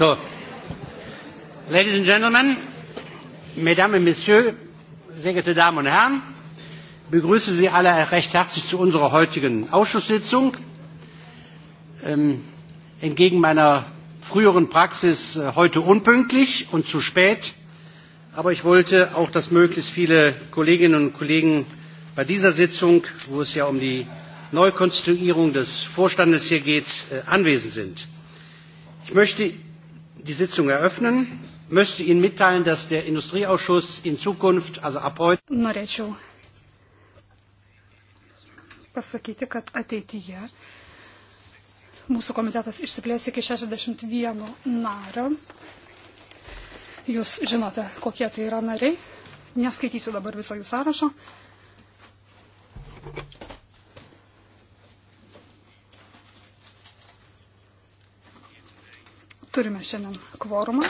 So, ladies and gentlemen, mesdames et messieurs, sehr geehrte Damen und Herren, ich begrüße Sie alle recht herzlich zu unserer heutigen Ausschusssitzung. Ähm, entgegen meiner früheren Praxis äh, heute unpünktlich und zu spät, aber ich wollte auch, dass möglichst viele Kolleginnen und Kollegen bei dieser Sitzung, wo es ja um die Neukonstituierung des Vorstandes hier geht, äh, anwesend sind. Ich möchte die Sitzung eröffnen. Möchte Ihnen mitteilen, dass der Industrieausschuss in Zukunft, also ab heute. Norėčiau pasakyti, kad ateityje mūsų komitetas išsiplės iki 61 nario. Jūs žinote, kokie tai yra nariai. Neskaitysiu dabar viso jų sąrašo. Turime šiandien kvorumą,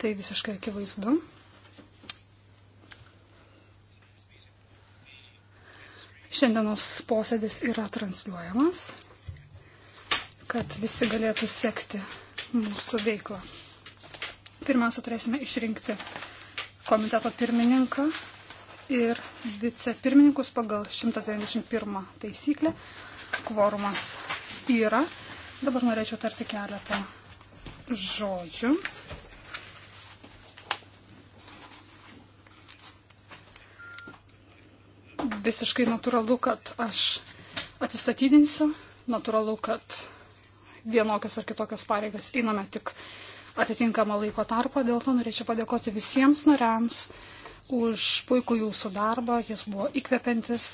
tai visiškai akivaizdu. Šiandienos posėdis yra transliuojamas, kad visi galėtų sekti mūsų veiklą. Pirmiausia, turėsime išrinkti komiteto pirmininką ir vicepirmininkus pagal 191 taisyklę. Kvorumas yra. Dabar norėčiau tarti keletą žodžių. Visiškai natūralu, kad aš atsistatydinsiu, natūralu, kad vienokias ar kitokias pareigas einame tik atitinkamą laiko tarpą, dėl to norėčiau padėkoti visiems nariams už puikų jūsų darbą, jis buvo įkvepiantis,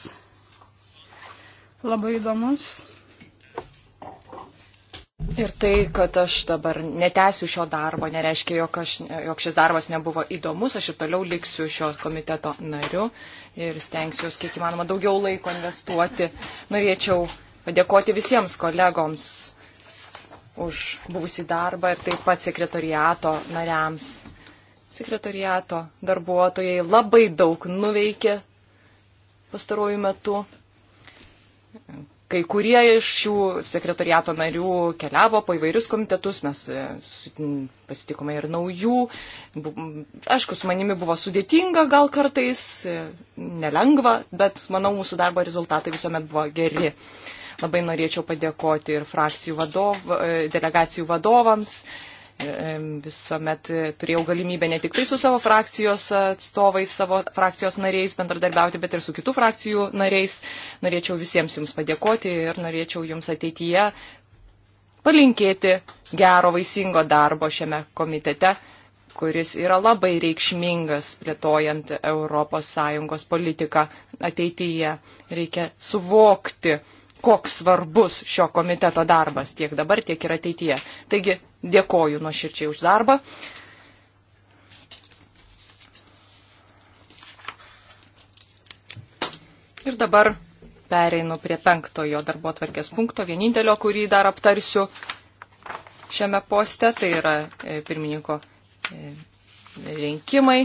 labai įdomus. Ir tai, kad aš dabar netęsiu šio darbo, nereiškia, jog, aš, jog šis darbas nebuvo įdomus, aš ir toliau liksiu šio komiteto nariu ir stengsiuosi, kiek įmanoma, daugiau laiko investuoti. Norėčiau padėkoti visiems kolegoms už buvusi darbą ir taip pat sekretoriato nariams. Sekretoriato darbuotojai labai daug nuveikė pastaruoju metu Kai kurie iš šių sekretoriato narių keliavo po įvairius komitetus, mes e, pasitikome ir naujų. Aišku, su manimi buvo sudėtinga gal kartais, e, nelengva, bet manau, mūsų darbo rezultatai visuomet buvo geri. Labai norėčiau padėkoti ir frakcijų vadov, e, delegacijų vadovams, visuomet e, turėjau galimybę ne tik tai su savo frakcijos atstovais, savo frakcijos nariais bendradarbiauti, bet ir su kitų frakcijų nariais. Norėčiau visiems Jums padėkoti ir norėčiau Jums ateityje palinkėti gero vaisingo darbo šiame komitete kuris yra labai reikšmingas plėtojant ES politiką ateityje. Reikia suvokti, koks svarbus šio komiteto darbas tiek dabar, tiek ir ateityje. Taigi dėkoju nuoširčiai už darbą. Ir dabar pereinu prie penktojo darbo atvarkės punkto, vienintelio, kurį dar aptarsiu šiame poste, tai yra e, pirmininko e, rinkimai.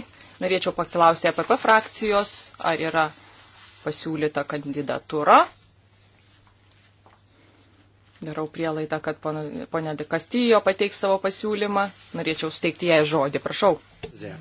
Norėčiau paklausti APP e frakcijos, ar yra pasiūlyta kandidatūra. Darau prielaidą, kad ponė De Castillo pateiks savo pasiūlymą. Norėčiau suteikti jai žodį, prašau. Yeah.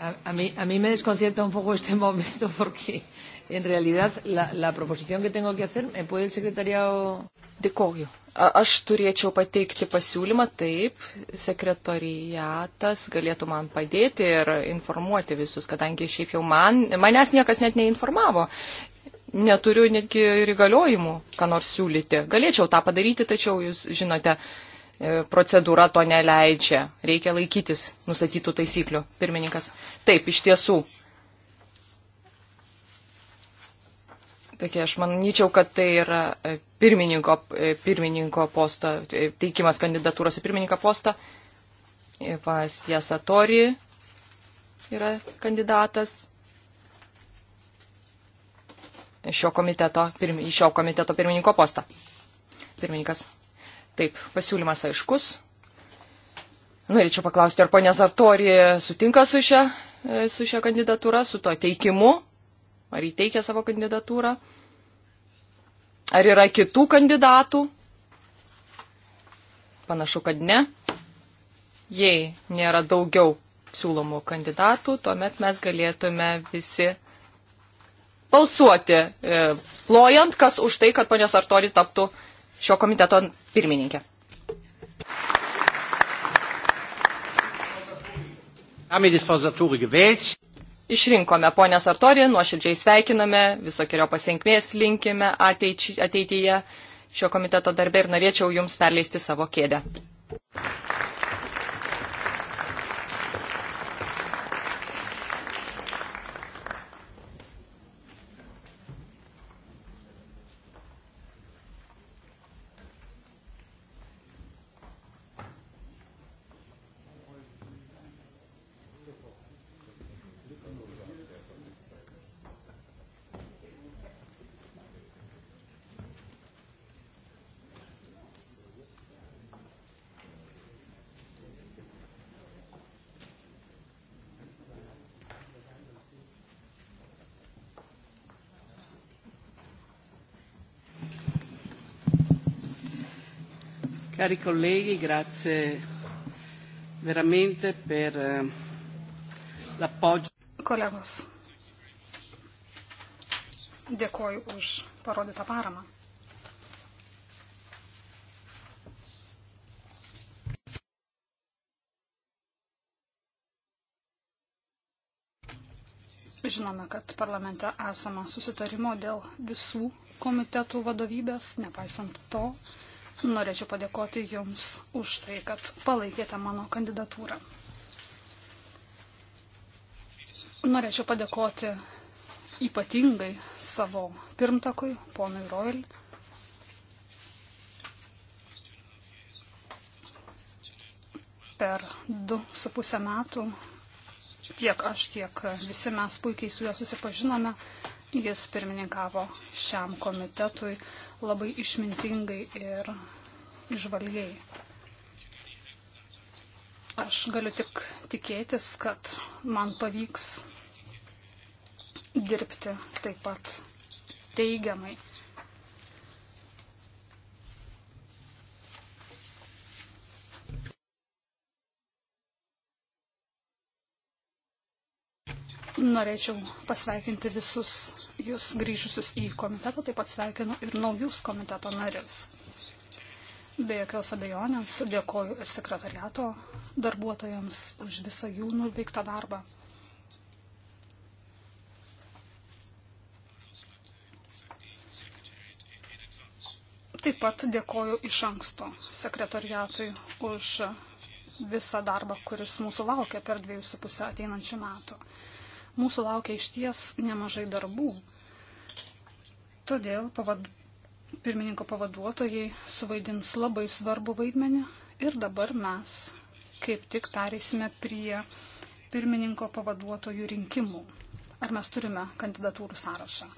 A, a, mí, a mí me desconcierta un poco este momento porque en realidad la, la proposición que tengo que hacer me puede el secretariado. Dėkoju. Aš turėčiau pateikti pasiūlymą, taip, sekretariatas galėtų man padėti ir informuoti visus, kadangi šiaip jau man, manęs niekas net neinformavo neturiu netgi ir įgaliojimų, ką nors siūlyti. Galėčiau tą padaryti, tačiau jūs žinote, e, procedūra to neleidžia. Reikia laikytis nustatytų taisyklių. Pirmininkas. Taip, iš tiesų. Taigi aš manyčiau, kad tai yra e, pirmininko, e, pirmininko posto, teikimas kandidatūros į pirmininką postą. Pas Jasatori yra kandidatas šio komiteto, pirmi, šio komiteto pirmininko postą. Pirmininkas. Taip, pasiūlymas aiškus. Norėčiau paklausti, ar ponė Sartori sutinka su šia, su šia kandidatūra, su to teikimu, ar įteikia savo kandidatūrą, ar yra kitų kandidatų. Panašu, kad ne. Jei nėra daugiau siūlomų kandidatų, tuomet mes galėtume visi balsuoti, e, plojant, kas už tai, kad ponės Artori taptų šio komiteto pirmininkė. Išrinkome ponę Sartorį, nuoširdžiai sveikiname, visokiojo pasiekmės linkime ateityje šio komiteto darbė ir norėčiau Jums perleisti savo kėdę. Cari colleghi, grazie veramente per eh, l'appoggio. Kolegos, dėkoju už parodytą paramą. Žinome, kad parlamente esama susitarimo dėl visų komitetų vadovybės, nepaisant to, Norėčiau padėkoti Jums už tai, kad palaikėte mano kandidatūrą. Norėčiau padėkoti ypatingai savo pirmtakui, ponui Royal. Per du su pusę metų tiek aš, tiek visi mes puikiai su juo susipažinome. Jis pirmininkavo šiam komitetui labai išmintingai ir išvalgiai. Aš galiu tik tikėtis, kad man pavyks dirbti taip pat teigiamai. norėčiau pasveikinti visus jūs grįžusius į komitetą, taip pat sveikinu ir naujus komiteto narius. Be jokios abejonės dėkoju ir sekretariato darbuotojams už visą jų nuveiktą darbą. Taip pat dėkoju iš anksto sekretariatui už visą darbą, kuris mūsų laukia per dviejus su pusę ateinančių metų. Mūsų laukia iš ties nemažai darbų, Todėl pavad... pirmininko pavaduotojai suvaidins labai svarbu vaidmenį ir dabar mes kaip tik tarysime prie pirmininko pavaduotojų rinkimų. Ar mes turime kandidatūrų sąrašą?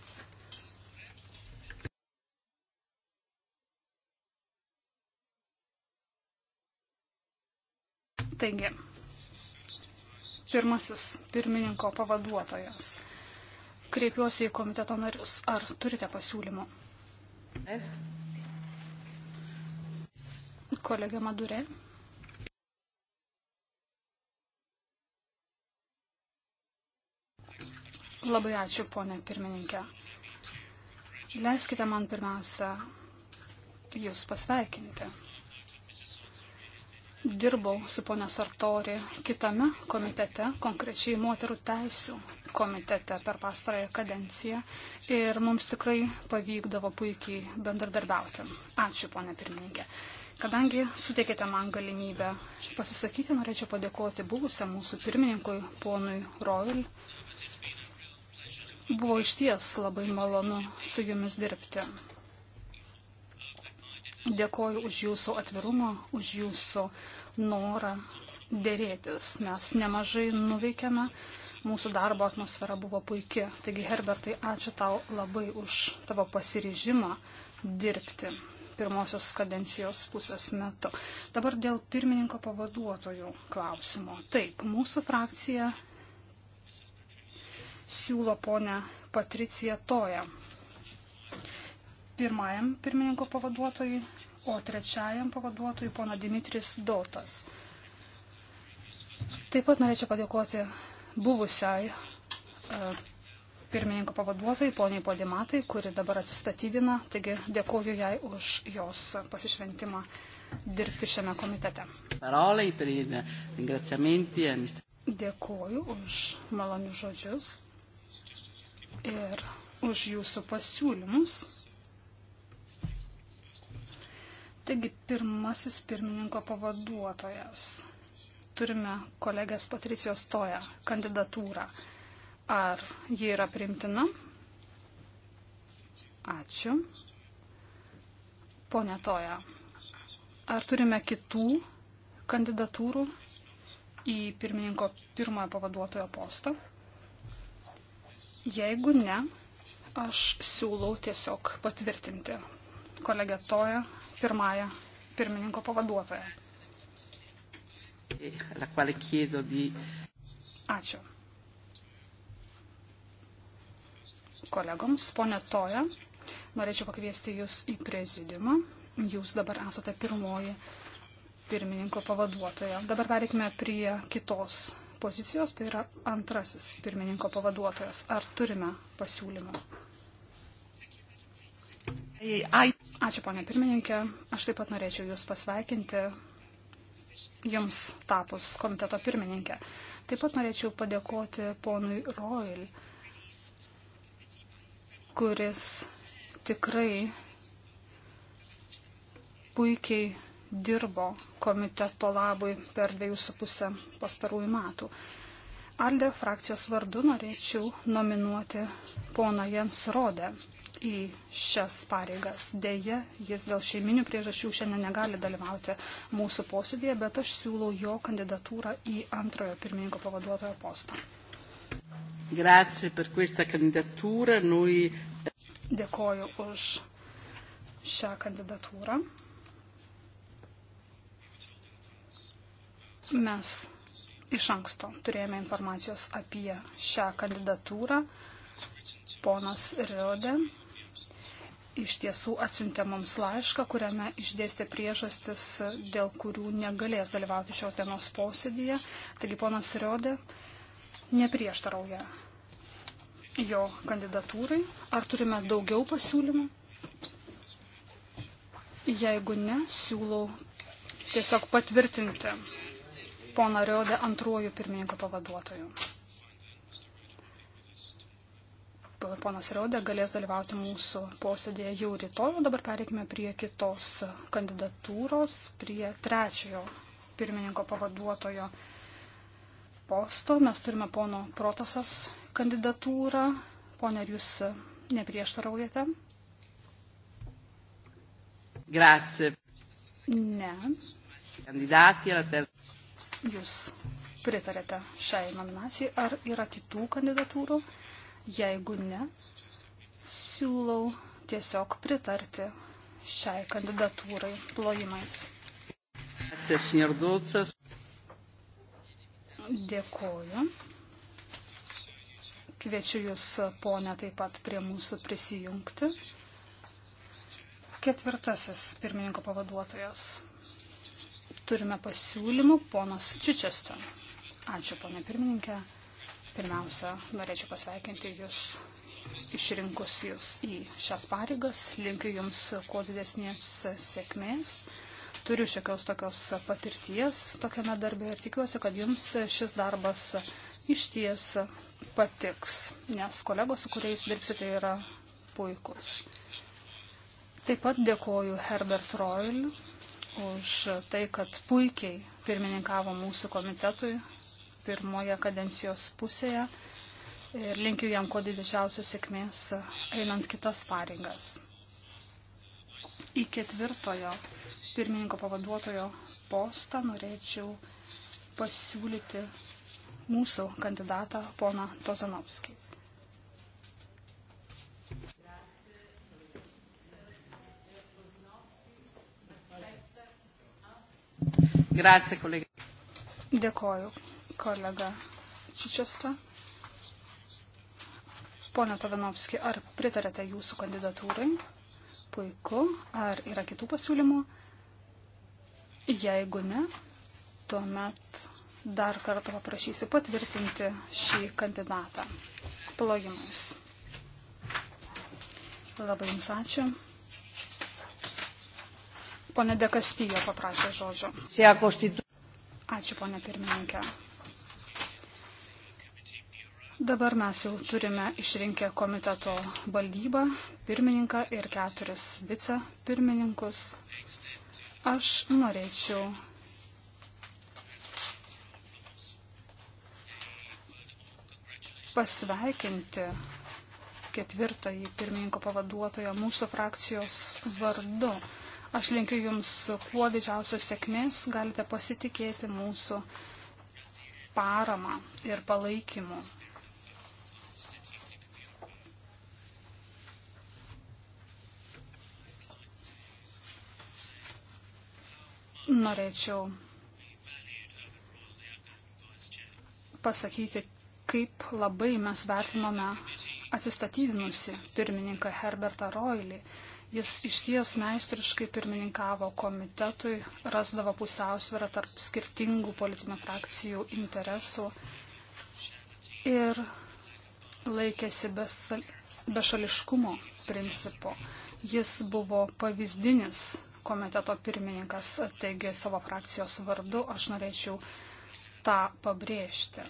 Taigi, pirmasis pirmininko pavaduotojas kreipiuosi į komiteto narius. Ar turite pasiūlymų? Kolegė Madurė. Labai ačiū, ponė pirmininkė. Leiskite man pirmiausia Jūs pasveikinti dirbau su ponia Sartori kitame komitete, konkrečiai moterų teisų komitete per pastarąją kadenciją ir mums tikrai pavykdavo puikiai bendradarbiauti. Ačiū, ponia pirmininkė. Kadangi suteikėte man galimybę pasisakyti, norėčiau padėkoti buvusiam mūsų pirmininkui, ponui Royal. Buvo iš ties labai malonu su jumis dirbti. Dėkoju už jūsų atvirumą, už jūsų norą dėrėtis. Mes nemažai nuveikėme, mūsų darbo atmosfera buvo puikia. Taigi, Herbertai, ačiū tau labai už tavo pasiryžimą dirbti pirmosios kadencijos pusės metu. Dabar dėl pirmininko pavaduotojų klausimo. Taip, mūsų frakcija siūlo ponę Patriciją Toją pirmajam pirmininko pavaduotojui, o trečiajam pavaduotojui pono Dimitris Dotas. Taip pat norėčiau padėkoti buvusiai e, pirmininko pavaduotojai, poniai Podimatai, kuri dabar atsistatydina, taigi dėkoju jai už jos pasišventimą dirbti šiame komitete. Dėkoju už malonius žodžius ir už jūsų pasiūlymus. Taigi pirmasis pirmininko pavaduotojas. Turime kolegės Patricijos Toja kandidatūrą. Ar ji yra primtina? Ačiū. Pone Toja, ar turime kitų kandidatūrų į pirmininko pirmojo pavaduotojo postą? Jeigu ne, aš siūlau tiesiog patvirtinti kolegę Toja pirmąją pirmininko pavaduotoją. Ačiū. Kolegoms, ponė Toja, norėčiau pakviesti Jūs į prezidiumą. Jūs dabar esate pirmoji pirmininko pavaduotoja. Dabar pereikime prie kitos pozicijos, tai yra antrasis pirmininko pavaduotojas. Ar turime pasiūlymą? Ačiū, ponė pirmininkė. Aš taip pat norėčiau Jūs pasveikinti Jums tapus komiteto pirmininkė. Taip pat norėčiau padėkoti ponui Royal, kuris tikrai puikiai dirbo komiteto labui per dviejus su pusę pastarųjų metų. Alde frakcijos vardu norėčiau nominuoti poną Jens Rodę į šias pareigas. Deja, jis dėl šeiminių priežasčių šiandien negali dalyvauti mūsų posėdėje, bet aš siūlau jo kandidatūrą į antrojo pirmininko pavaduotojo postą. Grazie per questa candidatura. Noi... Eh, Dėkoju už šią kandidatūrą. Mes iš anksto turėjome informacijos apie šią kandidatūrą. Ponas Riode iš tiesų atsiuntė mums laišką, kuriame išdėstė priežastis, dėl kurių negalės dalyvauti šios dienos posėdėje. Taigi ponas Riodė neprieštarauja jo kandidatūrai. Ar turime daugiau pasiūlymų? Jeigu ne, siūlau tiesiog patvirtinti poną Riodę antrojų pirmininko pavaduotojų. ponas Raudė galės dalyvauti mūsų posėdėje jau rytoj. Dabar pereikime prie kitos kandidatūros, prie trečiojo pirmininko pavaduotojo posto. Mes turime pono Protasas kandidatūrą. Pone, ar jūs neprieštaraujate? Grazie. Ne. Kandidatė yra per. Jūs pritarėte šiai nominacijai. Ar yra kitų kandidatūrų? Jeigu ne, siūlau tiesiog pritarti šiai kandidatūrai plojimais. Dėkoju. Kviečiu Jūs, ponė, taip pat prie mūsų prisijungti. Ketvirtasis pirmininko pavaduotojas. Turime pasiūlymų, ponas Čičeston. Ačiū, ponė pirmininkė. Pirmiausia, norėčiau pasveikinti Jūs išrinkus Jūs į šias pareigas. Linkiu Jums kuo didesnės sėkmės. Turiu šiekios tokios patirties tokiame darbe ir tikiuosi, kad Jums šis darbas iš ties patiks, nes kolegos, su kuriais dirbsite, yra puikus. Taip pat dėkoju Herbert Royal už tai, kad puikiai pirmininkavo mūsų komitetui pirmoje kadencijos pusėje ir linkiu jam kuo didžiausios sėkmės einant kitas pareigas. Į ketvirtojo pirmininko pavaduotojo postą norėčiau pasiūlyti mūsų kandidatą poną Tozanovskį. Grazie, kolega. Dėkoju, kolega Čičesta. Pone Tovinovski, ar pritarėte jūsų kandidatūrai? Puiku. Ar yra kitų pasiūlymų? Jeigu ne, tuomet dar kartą paprašysiu patvirtinti šį kandidatą. Plojimais. Labai jums ačiū. Pone Dekastijo paprašė žodžio. Ačiū, ponė pirmininkė. Dabar mes jau turime išrinkę komiteto valdybą, pirmininką ir keturis vicepirmininkus. Aš norėčiau pasveikinti ketvirtąjį pirmininko pavaduotoją mūsų frakcijos vardu. Aš linkiu Jums kuo didžiausios sėkmės, galite pasitikėti mūsų paramą ir palaikymu. Norėčiau pasakyti, kaip labai mes vertinome atsistatydinusi pirmininką Herbertą Roilį. Jis iš ties meistriškai pirmininkavo komitetui, rasdavo pusiausvyrą tarp skirtingų politinių frakcijų interesų ir laikėsi bešališkumo principo. Jis buvo pavyzdinis komiteto pirmininkas. Taigi savo frakcijos vardu aš norėčiau tą pabrėžti.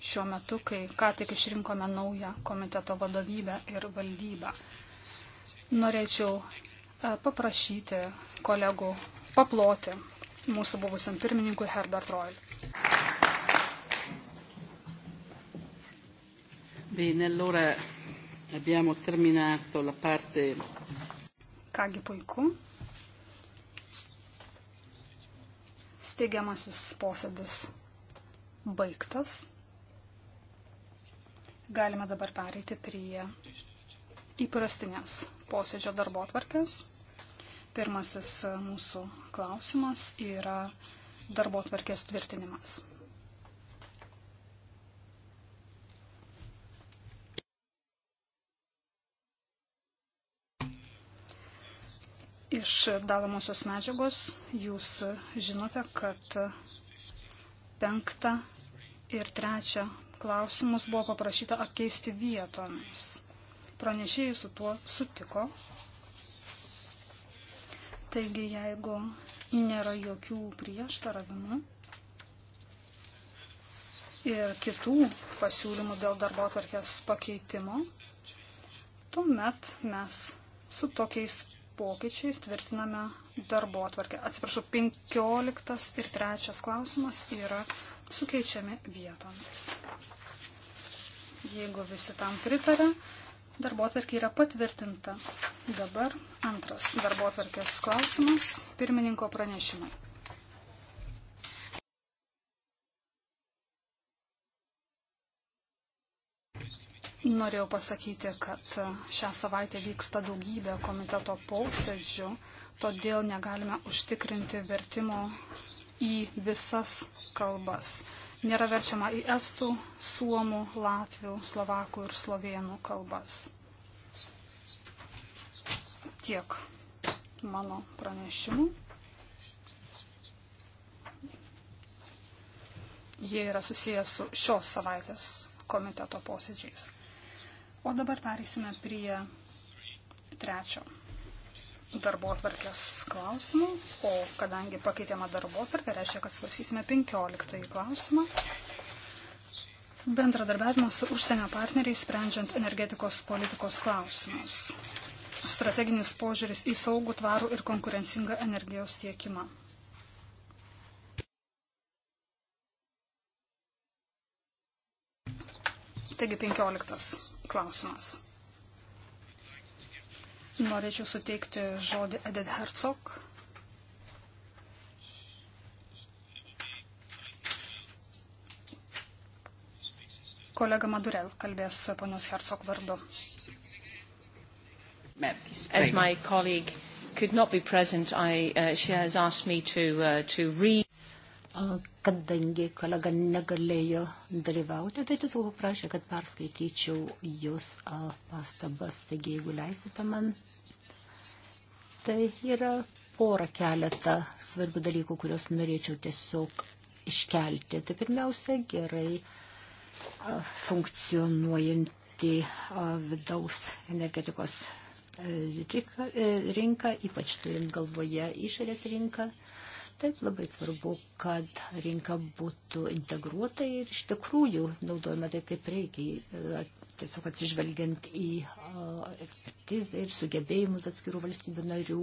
Šiuo metu, kai ką tik išrinkome naują komiteto vadovybę ir valdybą, norėčiau e, paprašyti kolegų paploti mūsų buvusiam pirmininkui Herbert Royal. Bene, allora abbiamo terminato la parte Kągi puiku. Steigiamasis posėdis baigtas. Galime dabar pereiti prie įprastinės posėdžio darbo atvarkės. Pirmasis mūsų klausimas yra darbo atvarkės tvirtinimas. iš dalomosios medžiagos. Jūs žinote, kad penktą ir trečią klausimus buvo paprašyta apkeisti vietomis. Pranešėjai su tuo sutiko. Taigi, jeigu nėra jokių prieštaravimų ir kitų pasiūlymų dėl darbo atvarkės pakeitimo, tuomet mes su tokiais pokyčiais tvirtiname darbo atvarkę. Atsiprašau, 15 ir 3 klausimas yra sukeičiami vietomis. Jeigu visi tam pritarė, darbo atvarkė yra patvirtinta. Dabar antras darbo atvarkės klausimas - pirmininko pranešimai. Norėjau pasakyti, kad šią savaitę vyksta daugybė komiteto posėdžių, todėl negalime užtikrinti vertimo į visas kalbas. Nėra verčiama į estų, suomų, latvių, slovakų ir slovėnų kalbas. Tiek mano pranešimų. Jie yra susijęs su šios savaitės komiteto posėdžiais. O dabar perėsime prie trečio darbo atvarkės klausimų, o kadangi pakeitėma darbo atvarkė, reiškia, kad svarsysime 15 klausimą. Bendradarbiavimas su užsienio partneriais sprendžiant energetikos politikos klausimus. Strateginis požiūris į saugų, tvarų ir konkurencingą energijos tiekimą. Taigi 15 klausimas. Norėčiau suteikti žodį Edith Herzog. Kolega Madurel kalbės ponios Herzog vardu. As my colleague could not be present, I, uh, she has asked me to, uh, to read. Uh, kadangi kolega negalėjo dalyvauti, tai tiesiog paprašė, kad perskaityčiau jūs pastabas. Taigi, jeigu leisite man, tai yra pora keletą svarbių dalykų, kuriuos norėčiau tiesiog iškelti. Tai pirmiausia, gerai funkcionuojanti vidaus energetikos e, e, rinka, ypač turint galvoje išorės rinką. Rinka Taip labai svarbu, kad rinka būtų integruota ir iš tikrųjų naudojame taip, kaip reikia, e, tiesiog atsižvelgiant į e, ekspertizę ir sugebėjimus atskirų valstybių narių.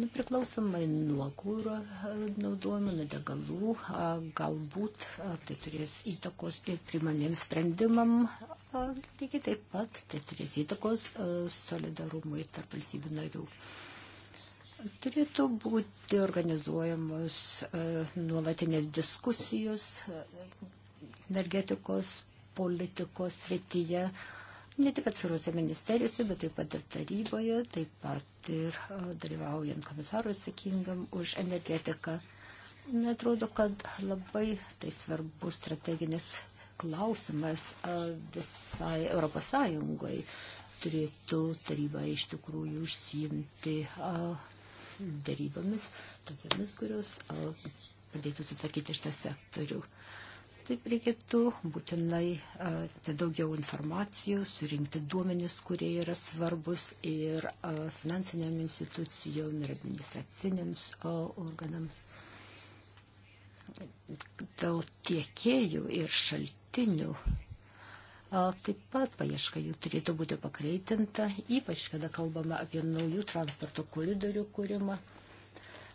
Nu, priklausomai nuo kūro e, naudojimo, nuo degalų, galbūt tai turės įtakos ir primamiems sprendimam, lygiai taip pat tai turės įtakos solidarumui tarp valstybių narių. Turėtų būti organizuojamos e, nuolatinės diskusijos e, energetikos politikos srityje, ne tik atsirose ministerijose, bet taip pat ir taryboje, taip pat ir e, dalyvaujant komisarui atsakingam už energetiką. Man atrodo, kad labai tai svarbus strateginis klausimas visai Europos Sąjungai turėtų taryba iš tikrųjų užsiimti darybomis, tokiamis, kurios padėtų sutvarkyti šitą sektorių. Taip reikėtų būtinai a, tai daugiau informacijos, surinkti duomenis, kurie yra svarbus ir a, finansiniam institucijom, ir administraciniams organams. Dėl tiekėjų ir šaltinių Taip pat paieška jų turėtų būti pakreitinta, ypač kada kalbame apie naujų transporto koridorių kūrimą.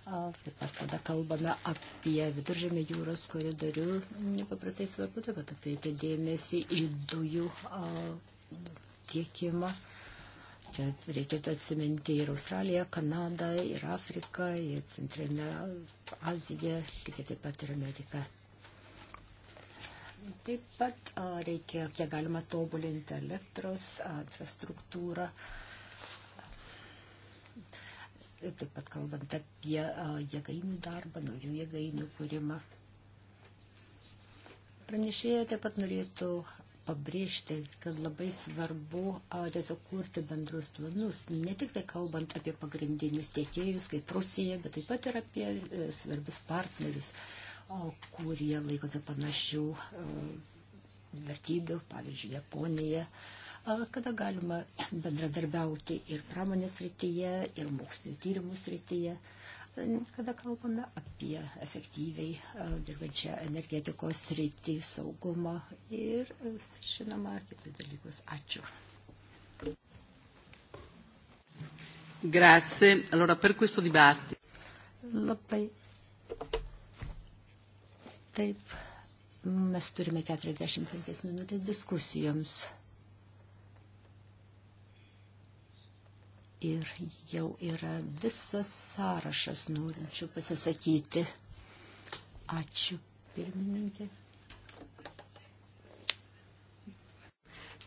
Taip pat, kada kalbame apie viduržėmė jūros koridorių, nepaprastai svarbu taip pat atkreipti dėmesį į dujų tiekimą. Čia reikėtų atsiminti ir Australiją, Kanadą, ir Afriką, ir Centrinę Aziją, lygiai taip pat ir Ameriką. Taip pat reikia, kiek galima tobulinti elektros infrastruktūrą. Taip pat kalbant apie jėgainių darbą, naujų jėgainių kūrimą. Pranešėja taip pat norėtų pabrėžti, kad labai svarbu a, tiesiog kurti bendrus planus, ne tik tai kalbant apie pagrindinius tiekėjus kaip Rusija, bet taip pat ir apie e, svarbius partnerius. A, kurie laikosi panašių e, vertybių, pavyzdžiui, Japonija, e, kada galima bendradarbiauti ir pramonės rytyje, ir mokslinio tyrimų rytyje, e, kada kalbame apie efektyviai dirbančią energetikos rytį, saugumą ir, žinoma, kitus dalykus. Ačiū. Grazie. Allora, per questo dibattito. Labai Taip, mes turime 45 minutės diskusijoms. Ir jau yra visas sąrašas norinčių pasisakyti. Ačiū, pirmininkė.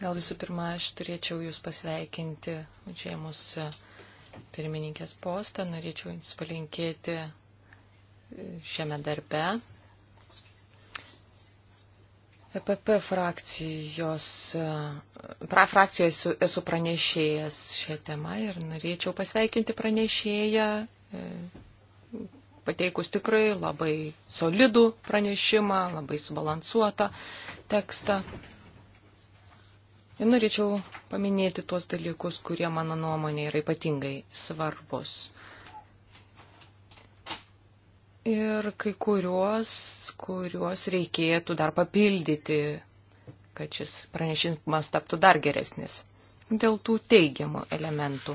Gal visų pirma, aš turėčiau Jūs pasveikinti užėmus pirmininkės postą, norėčiau Jums palinkėti šiame darbe EPP frakcijos, e, pra, frakcijos esu, esu pranešėjas šią temą ir norėčiau pasveikinti pranešėją, e, pateikus tikrai labai solidų pranešimą, labai subalansuotą tekstą. Ir norėčiau paminėti tuos dalykus, kurie mano nuomonė yra ypatingai svarbus ir kai kuriuos, kuriuos reikėtų dar papildyti, kad šis pranešimas taptų dar geresnis dėl tų teigiamų elementų.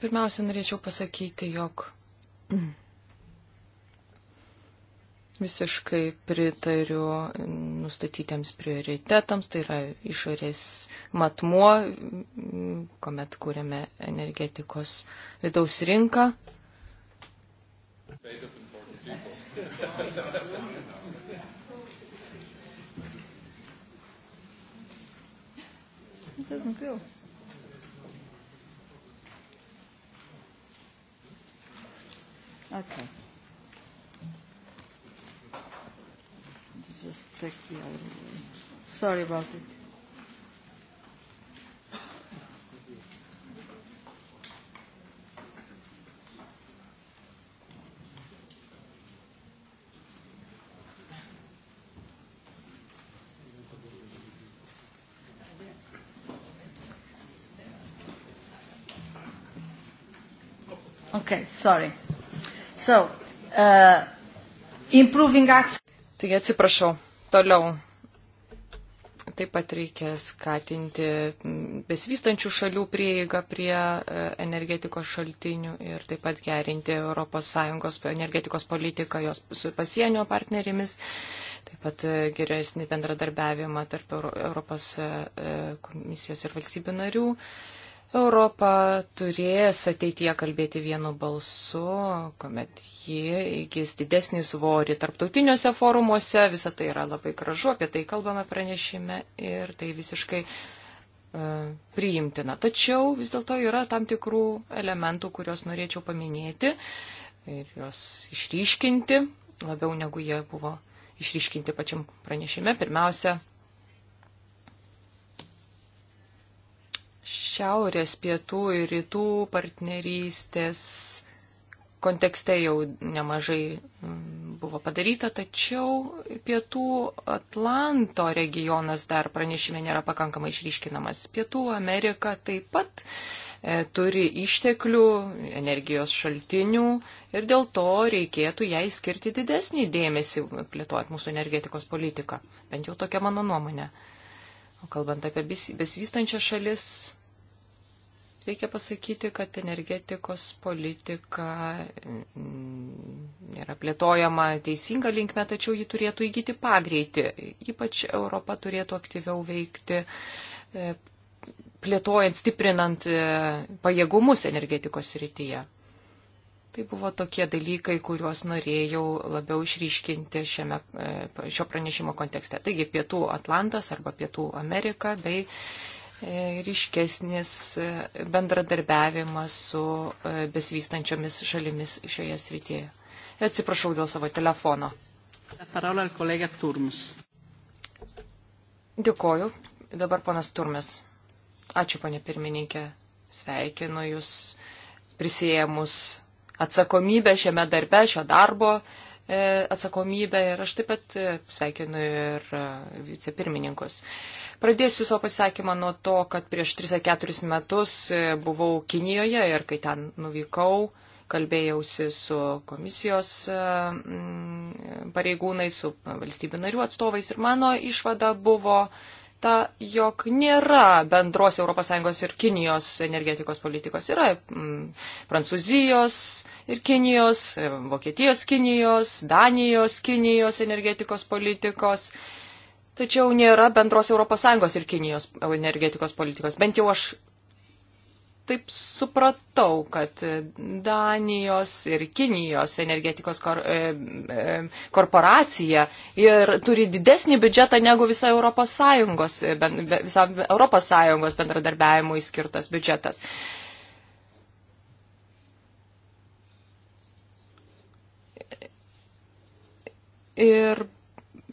Pirmiausia, norėčiau pasakyti, jog mm. Visiškai pritariu nustatytiems prioritetams, tai yra išorės matmuo, kuomet kūrėme energetikos vidaus rinką. It doesn't go. Okay. just take the other one. Sorry about it. Okay, sorry. So, uh, improving access. Taigi atsiprašau, toliau. Taip pat reikia skatinti besivystančių šalių prieigą prie e, energetikos šaltinių ir taip pat gerinti ES energetikos politiką jos su pasienio partnerimis, taip pat e, geresnį bendradarbiavimą tarp ES e, komisijos ir valstybių narių. Europa turės ateityje kalbėti vienu balsu, kuomet ji įgis didesnį svorį tarptautiniuose forumuose. Visą tai yra labai gražu, apie tai kalbame pranešime ir tai visiškai uh, priimtina. Tačiau vis dėlto yra tam tikrų elementų, kuriuos norėčiau paminėti ir juos išryškinti labiau negu jie buvo išryškinti pačiam pranešime. Pirmiausia, šiaurės, pietų ir rytų partnerystės kontekste jau nemažai mm, buvo padaryta, tačiau pietų Atlanto regionas dar pranešime nėra pakankamai išryškinamas. Pietų Amerika taip pat e, turi išteklių, energijos šaltinių ir dėl to reikėtų jai skirti didesnį dėmesį plėtojant mūsų energetikos politiką. Bent jau tokia mano nuomonė. O kalbant apie besivystančias šalis, Reikia pasakyti, kad energetikos politika yra plėtojama teisinga linkme, tačiau ji turėtų įgyti pagreitį. Ypač Europa turėtų aktyviau veikti, e, plėtojant, stiprinant e, pajėgumus energetikos rytyje. Tai buvo tokie dalykai, kuriuos norėjau labiau išryškinti šiame, e, šio pranešimo kontekste. Taigi Pietų Atlantas arba Pietų Amerika bei E, ryškesnis e, bendradarbiavimas su e, besivystančiomis šalimis šioje srityje. Atsiprašau dėl savo telefono. Dėkoju. Dabar ponas Turmes. Ačiū, ponė pirmininkė. Sveikinu Jūs prisėmus atsakomybę šiame darbe, šio darbo. E, atsakomybę ir aš taip pat e, sveikinu ir e, vicepirmininkus. Pradėsiu savo pasakymą nuo to, kad prieš 3-4 metus buvau Kinijoje ir kai ten nuvykau, kalbėjausi su komisijos pareigūnais, su valstybių narių atstovais ir mano išvada buvo ta, jog nėra bendros ES ir Kinijos energetikos politikos. Yra mm, Prancūzijos ir Kinijos, Vokietijos Kinijos, Danijos Kinijos energetikos politikos. Tačiau nėra bendros ES ir Kinijos energetikos politikos. Bent jau aš taip supratau, kad Danijos ir Kinijos energetikos kor, e, e, korporacija ir turi didesnį biudžetą negu visa Europos Sąjungos, e, ben, visa Europos Sąjungos bendradarbiavimui skirtas biudžetas. Ir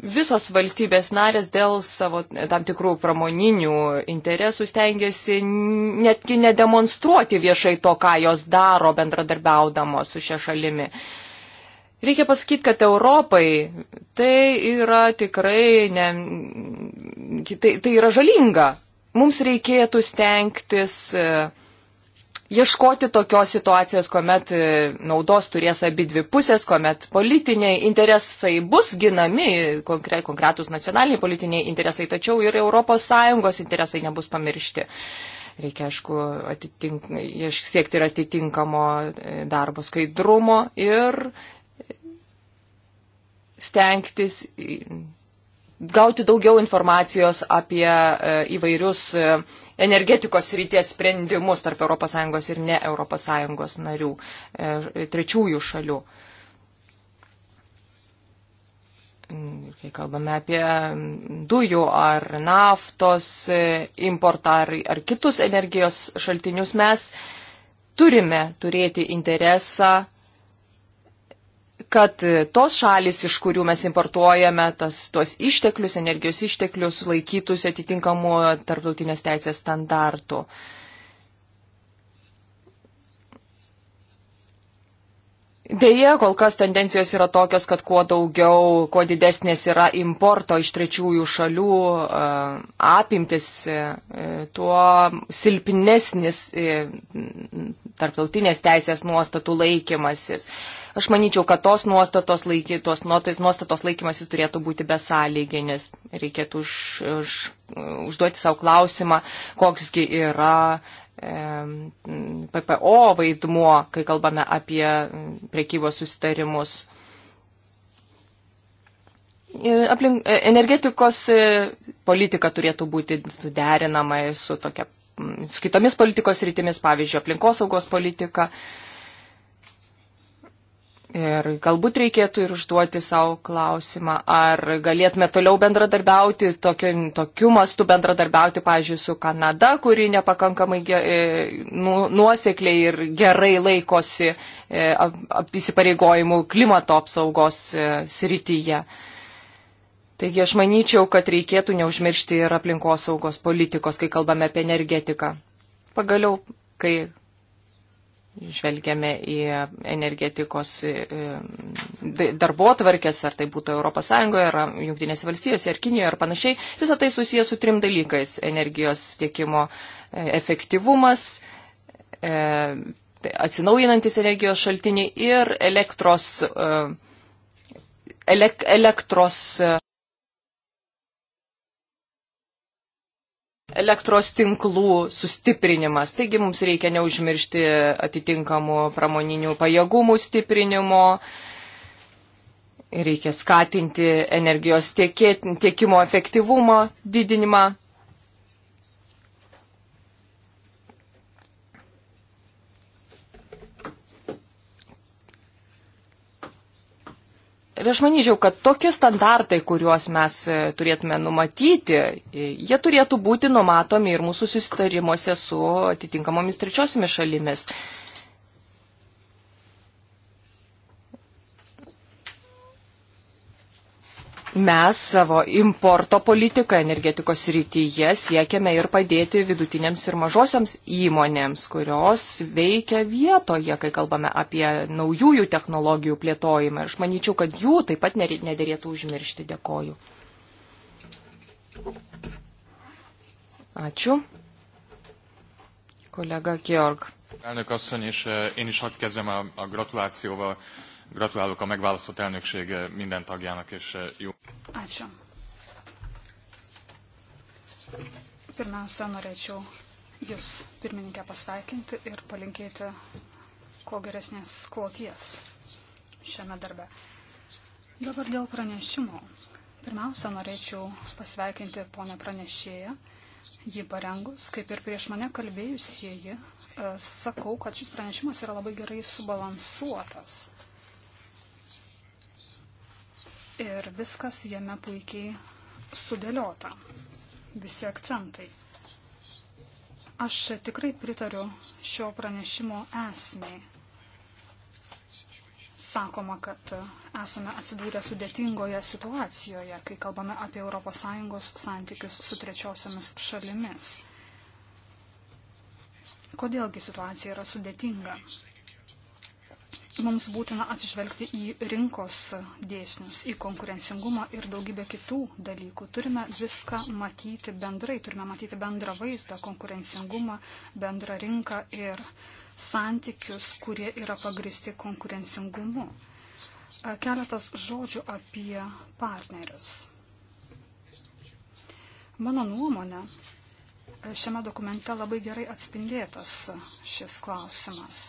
visos valstybės narės dėl savo tam tikrų pramoninių interesų stengiasi netgi nedemonstruoti viešai to, ką jos daro bendradarbiaudamos su šia šalimi. Reikia pasakyti, kad Europai tai yra tikrai ne, tai, tai yra žalinga. Mums reikėtų stengtis uh, ieškoti tokios situacijos, kuomet e, naudos turės abi dvi pusės, kuomet politiniai interesai bus ginami, konkre, konkretus nacionaliniai politiniai interesai, tačiau ir ES interesai nebus pamiršti. Reikia, aišku, atitink, siekti ir atitinkamo e, darbo skaidrumo ir stengtis gauti daugiau informacijos apie e, įvairius energetikos ryties sprendimus tarp ES ir ne ES narių, e, trečiųjų šalių. Kai kalbame apie dujų ar naftos e, importą ar, ar kitus energijos šaltinius, mes turime turėti interesą kad e, tos šalis, iš kurių mes importuojame tas, tos išteklius, energijos išteklius, laikytųsi atitinkamų tarptautinės teisės standartų. Deja, kol kas tendencijos yra tokios, kad kuo daugiau, kuo didesnės yra importo iš trečiųjų šalių e, apimtis, e, tuo silpnesnis tarptautinės teisės nuostatų laikymasis. Aš manyčiau, kad tos nuostatos, laiky, tos nuostatos laikymasis turėtų būti besąlyginis. Reikėtų už, už, užduoti savo klausimą, koksgi yra e, PPO vaidmuo, kai kalbame apie prekybos sustarimus. E, aplink, e, energetikos e, politika turėtų būti suderinama su tokia su kitomis politikos rytimis, pavyzdžiui, aplinkosaugos politika. Ir galbūt reikėtų ir užduoti savo klausimą, ar galėtume toliau bendradarbiauti, tokiu, tokiu mastu bendradarbiauti, pavyzdžiui, su Kanada, kuri nepakankamai ge, e, nu, nuosekliai ir gerai laikosi e, ap, įsipareigojimų klimato apsaugos e, srityje. E, Taigi aš manyčiau, kad reikėtų neužmiršti ir aplinkosaugos politikos, kai kalbame apie energetiką. Pagaliau, kai žvelgiame į energetikos e, e, darbo tvarkės, ar tai būtų ES, ar Junktinėse valstijose, ar Kinijoje, ar panašiai, visą tai susijęs su trim dalykais - energijos tiekimo e, efektyvumas, tai atsinaujinantis energijos šaltiniai ir elektros. Elektros elektros tinklų sustiprinimas. Taigi mums reikia neužmiršti atitinkamų pramoninių pajėgumų stiprinimo. Reikia skatinti energijos tiekimo efektyvumo didinimą. Ir aš manyčiau, kad tokie standartai, kuriuos mes e, turėtume numatyti, e, jie turėtų būti numatomi ir mūsų susitarimuose su atitinkamomis trečiosiomis šalimis. mes savo importo politiką energetikos rytyje siekiame ir padėti vidutinėms ir mažosioms įmonėms, kurios veikia vietoje, kai kalbame apie naujųjų technologijų plėtojimą. Ir aš manyčiau, kad jų taip pat nedėrėtų užmiršti. Dėkoju. Ačiū. Kollega Georg. Elnök asszony, és eh, én is hadd kezdem a, a gratulációval. Gratulálok a megválasztott elnökség minden tagjának, és eh, jó. Ačiū. Pirmiausia, norėčiau Jūs, pirmininkė, pasveikinti ir palinkėti kuo geresnės kloties šiame darbe. Dabar dėl pranešimo. Pirmiausia, norėčiau pasveikinti ponę pranešėją jį parengus, kaip ir prieš mane kalbėjusieji, eh, sakau, kad šis pranešimas yra labai gerai subalansuotas ir viskas jame puikiai sudėliota, visi akcentai. Aš tikrai pritariu šio pranešimo esmiai. Sakoma, kad esame atsidūrę sudėtingoje situacijoje, kai kalbame apie ES santykius su trečiosiamis šalimis. Kodėlgi situacija yra sudėtinga? mums būtina atsižvelgti į rinkos dėsnius, į konkurencingumą ir daugybę kitų dalykų. Turime viską matyti bendrai, turime matyti bendrą vaizdą, konkurencingumą, bendrą rinką ir santykius, kurie yra pagristi konkurencingumu. E, keletas žodžių apie partnerius. Mano nuomonė, e, šiame dokumente labai gerai atspindėtas šis klausimas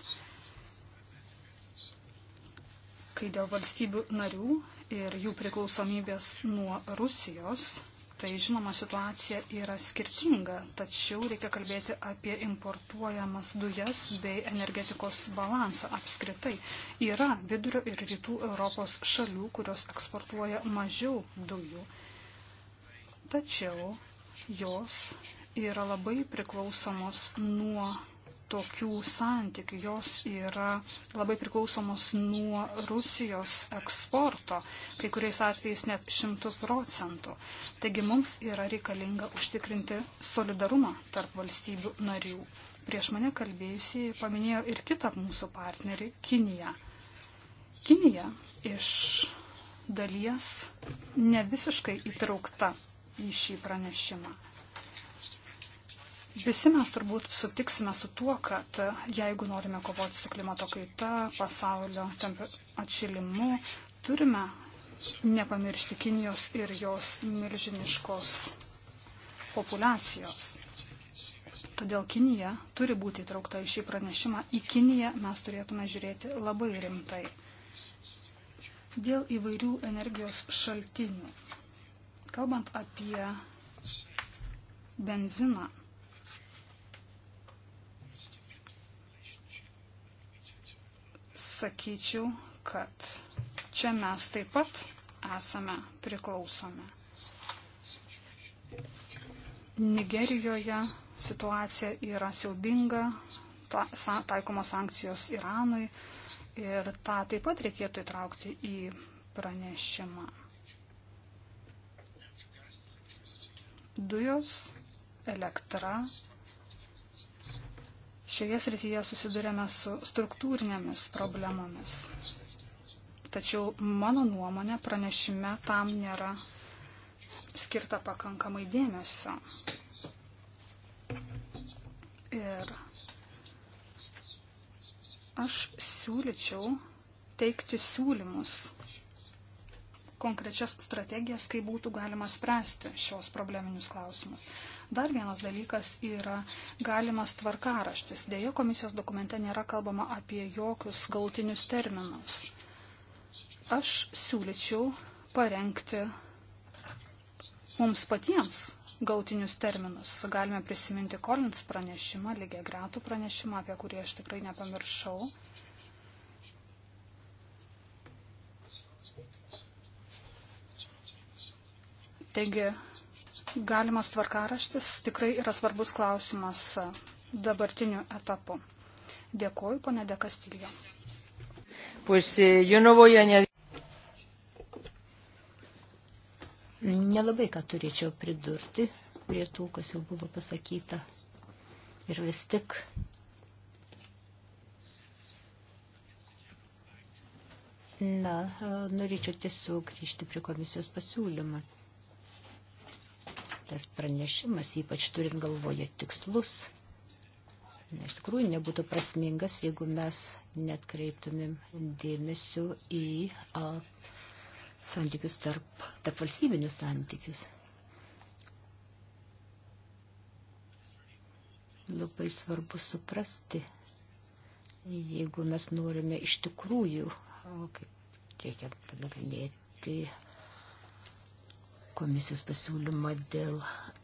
kai dėl valstybių narių ir jų priklausomybės nuo Rusijos, tai žinoma situacija yra skirtinga, tačiau reikia kalbėti apie importuojamas dujas bei energetikos balansą apskritai. Yra vidurio ir rytų Europos šalių, kurios eksportuoja mažiau dujų, tačiau jos yra labai priklausomos nuo tokių santykių. Jos yra labai priklausomos nuo Rusijos eksporto, kai kuriais atvejais net šimtų procentų. Taigi mums yra reikalinga užtikrinti solidarumą tarp valstybių narių. Prieš mane kalbėjusiai paminėjo ir kitą mūsų partnerį - Kiniją. Kinija iš dalies ne visiškai įtraukta į šį pranešimą. Visi mes turbūt sutiksime su tuo, kad jeigu norime kovoti su klimato kaita, pasaulio atšilimu, turime nepamiršti Kinijos ir jos milžiniškos populacijos. Todėl Kinija turi būti įtraukta į šį pranešimą. Į Kiniją mes turėtume žiūrėti labai rimtai. Dėl įvairių energijos šaltinių. Kalbant apie benziną, sakyčiau, kad čia mes taip pat esame priklausomi. Nigerijoje situacija yra siaubinga, ta, sa, taikomos sankcijos Iranui ir tą taip pat reikėtų įtraukti į pranešimą. Dujos, elektra, Šioje srityje susidurėme su struktūrinėmis problemomis. Tačiau mano nuomonė pranešime tam nėra skirta pakankamai dėmesio. Ir aš siūlyčiau teikti siūlymus, konkrečias strategijas, kaip būtų galima spręsti šios probleminius klausimus. Dar vienas dalykas yra galimas tvarkaraštis. Deja, komisijos dokumente nėra kalbama apie jokius galtinius terminus. Aš siūlyčiau parengti mums patiems gautinius terminus. Galime prisiminti Collins pranešimą, lygiai gretų pranešimą, apie kurį aš tikrai nepamiršau. Taigi Galimas tvarkaraštis tikrai yra svarbus klausimas dabartiniu etapu. Dėkuoju, ponė Dekastilio. Pues, eh, yo no voy a añadir... Nelabai ką turėčiau pridurti prie tų, kas jau buvo pasakyta. Ir vis tik. Na, norėčiau tiesiog grįžti prie komisijos pasiūlymą tas pranešimas, ypač turint galvoje tikslus, iš tikrųjų nebūtų prasmingas, jeigu mes netkreiptumėm dėmesio į a, santykius tarp, tarp valstybinius santykius. Labai svarbu suprasti, jeigu mes norime iš tikrųjų, o kaip reikia panagrinėti komisijos pasiūlymą dėl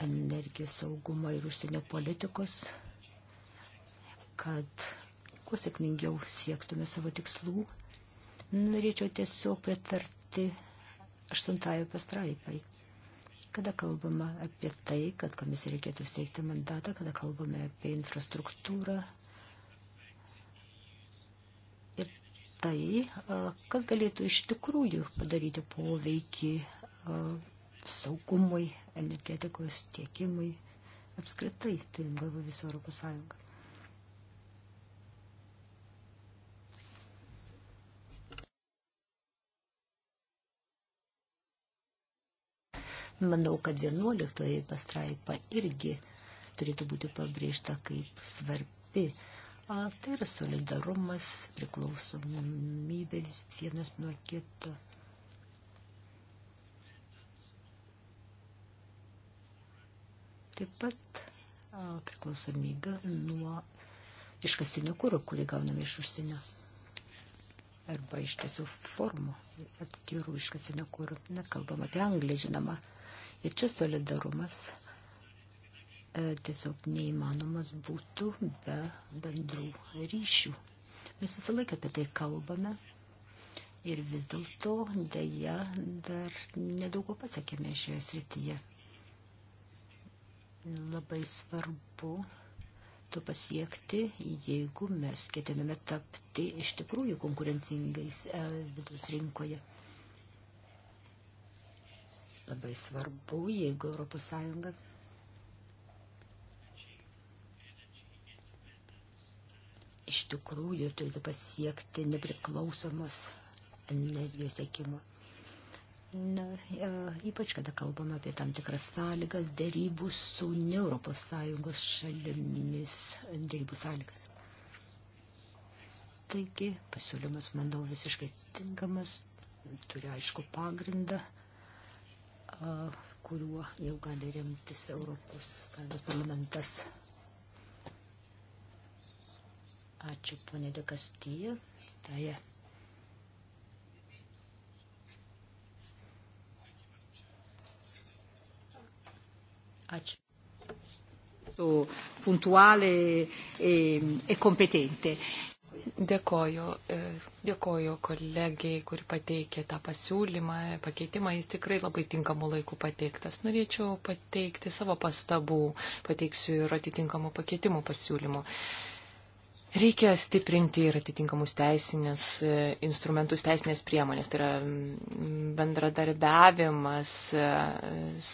energijos saugumo ir užsienio politikos, kad kuo sėkmingiau siektume savo tikslų. Norėčiau tiesiog pritarti aštuntąją pastraipai, kada kalbama apie tai, kad komisija reikėtų steigti mandatą, kada kalbame apie infrastruktūrą, tai, kas galėtų iš tikrųjų padaryti poveikį saugumui, energetikos tiekimui, apskritai, turint galvo visą Europos Sąjungą. Manau, kad 11 pastraipa irgi turėtų būti pabrėžta kaip svarbi. A, tai yra solidarumas, priklausomybė vienas nuo kito. Taip pat priklausomybė nuo iškastinio kūro, kurį gauname iš užsienio arba iš tiesų formų atityrų iškasinio kūro. Na, kalbam apie Angliją, žinoma. Ir čia solidarumas e, tiesiog neįmanomas būtų be bendrų ryšių. Mes visą laiką apie tai kalbame ir vis dėlto dėja dar nedaug ko pasiekėme šioje srityje labai svarbu to pasiekti, jeigu mes ketiname tapti iš tikrųjų konkurencingais e, vidaus rinkoje. Labai svarbu, jeigu ES iš tikrųjų turėtų pasiekti nepriklausomos energijos tiekimo Na, e, ypač, kada kalbame apie tam tikras sąlygas, dėrybų su ne Europos Sąjungos šalimis dėrybų sąlygas. Taigi, pasiūlymas, manau, visiškai tinkamas, turi aišku pagrindą, e, kuriuo jau gali remtis Europos Sąjungos parlamentas. Ačiū, ponė Dekastyje. Tai Ačiū. Puntuale e, e competente. Dėkoju, e, dėkoju kolegijai, kuri pateikė tą pasiūlymą, pakeitimą, jis tikrai labai tinkamu laiku pateiktas. Norėčiau pateikti savo pastabų, pateiksiu ir atitinkamų pakeitimų pasiūlymų. Reikia stiprinti ir atitinkamus teisinės e, instrumentus, teisinės priemonės, tai yra bendradarbiavimas e,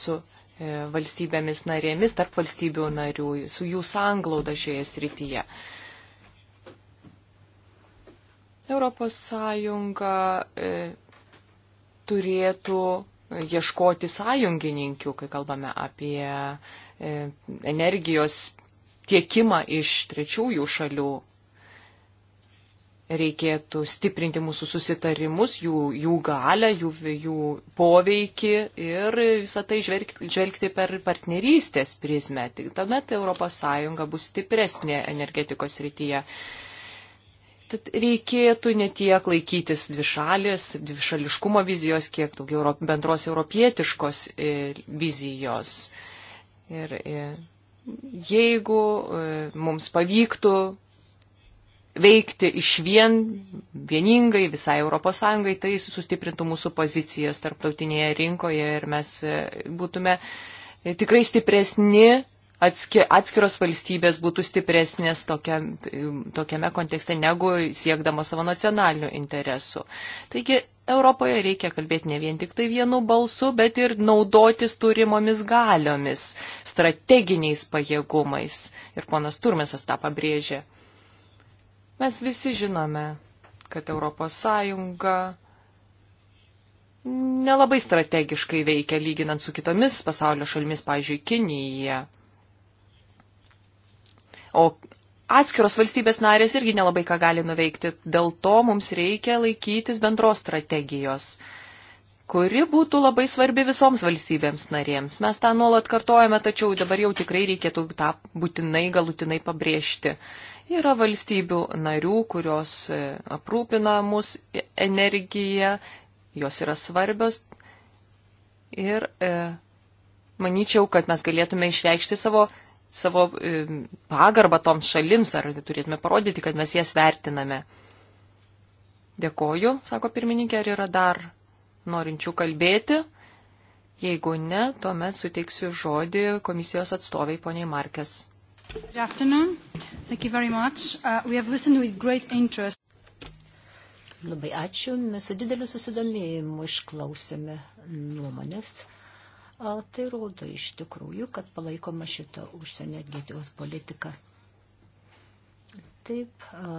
su E, valstybėmis narėmis, tarp valstybių narių, su jų sanglauda šioje srityje. Europos Sąjunga e, turėtų ieškoti sąjungininkių, kai kalbame apie e, energijos tiekimą iš trečiųjų šalių reikėtų stiprinti mūsų susitarimus, jų, jų galę, jų, jų poveikį ir visą tai žvelgti, žvelgti per partnerystės prizmę. Tik tuomet ES bus stipresnė energetikos rytyje. Tad reikėtų ne tiek laikytis dvišalės, dvišališkumo vizijos, kiek daugiau euro, bendros europietiškos e, vizijos. Ir e, jeigu e, mums pavyktų veikti iš vien, vieningai visai ES, tai sustiprintų mūsų pozicijas tarptautinėje rinkoje ir mes e, būtume e, tikrai stipresni, atski, atskiros valstybės būtų stipresnės tokia, tokiame kontekste negu siekdamos savo nacionalinių interesų. Taigi Europoje reikia kalbėti ne vien tik tai vienu balsu, bet ir naudotis turimomis galiomis, strateginiais pajėgumais. Ir ponas Turmesas tą pabrėžė. Mes visi žinome, kad ES nelabai strategiškai veikia lyginant su kitomis pasaulio šalimis, pavyzdžiui, Kinija. O atskiros valstybės narės irgi nelabai ką gali nuveikti. Dėl to mums reikia laikytis bendros strategijos, kuri būtų labai svarbi visoms valstybėms narėms. Mes tą nuolat kartojame, tačiau dabar jau tikrai reikėtų tą būtinai galutinai pabrėžti. Yra valstybių narių, kurios e, aprūpina mus e, energiją, jos yra svarbios. Ir e, manyčiau, kad mes galėtume išreikšti savo, savo e, pagarbą toms šalims, ar turėtume parodyti, kad mes jas vertiname. Dėkoju, sako pirmininkė, ar yra dar norinčių kalbėti. Jeigu ne, tuomet suteiksiu žodį komisijos atstoviai poniai Markės. Good afternoon. Thank you very much. Uh, we have listened with great interest. Labai ačiū. Mes su dideliu susidomėjimu išklausėme nuomonės. A, tai rodo iš tikrųjų, kad palaikoma šita užsienio energetikos politika. Taip, a,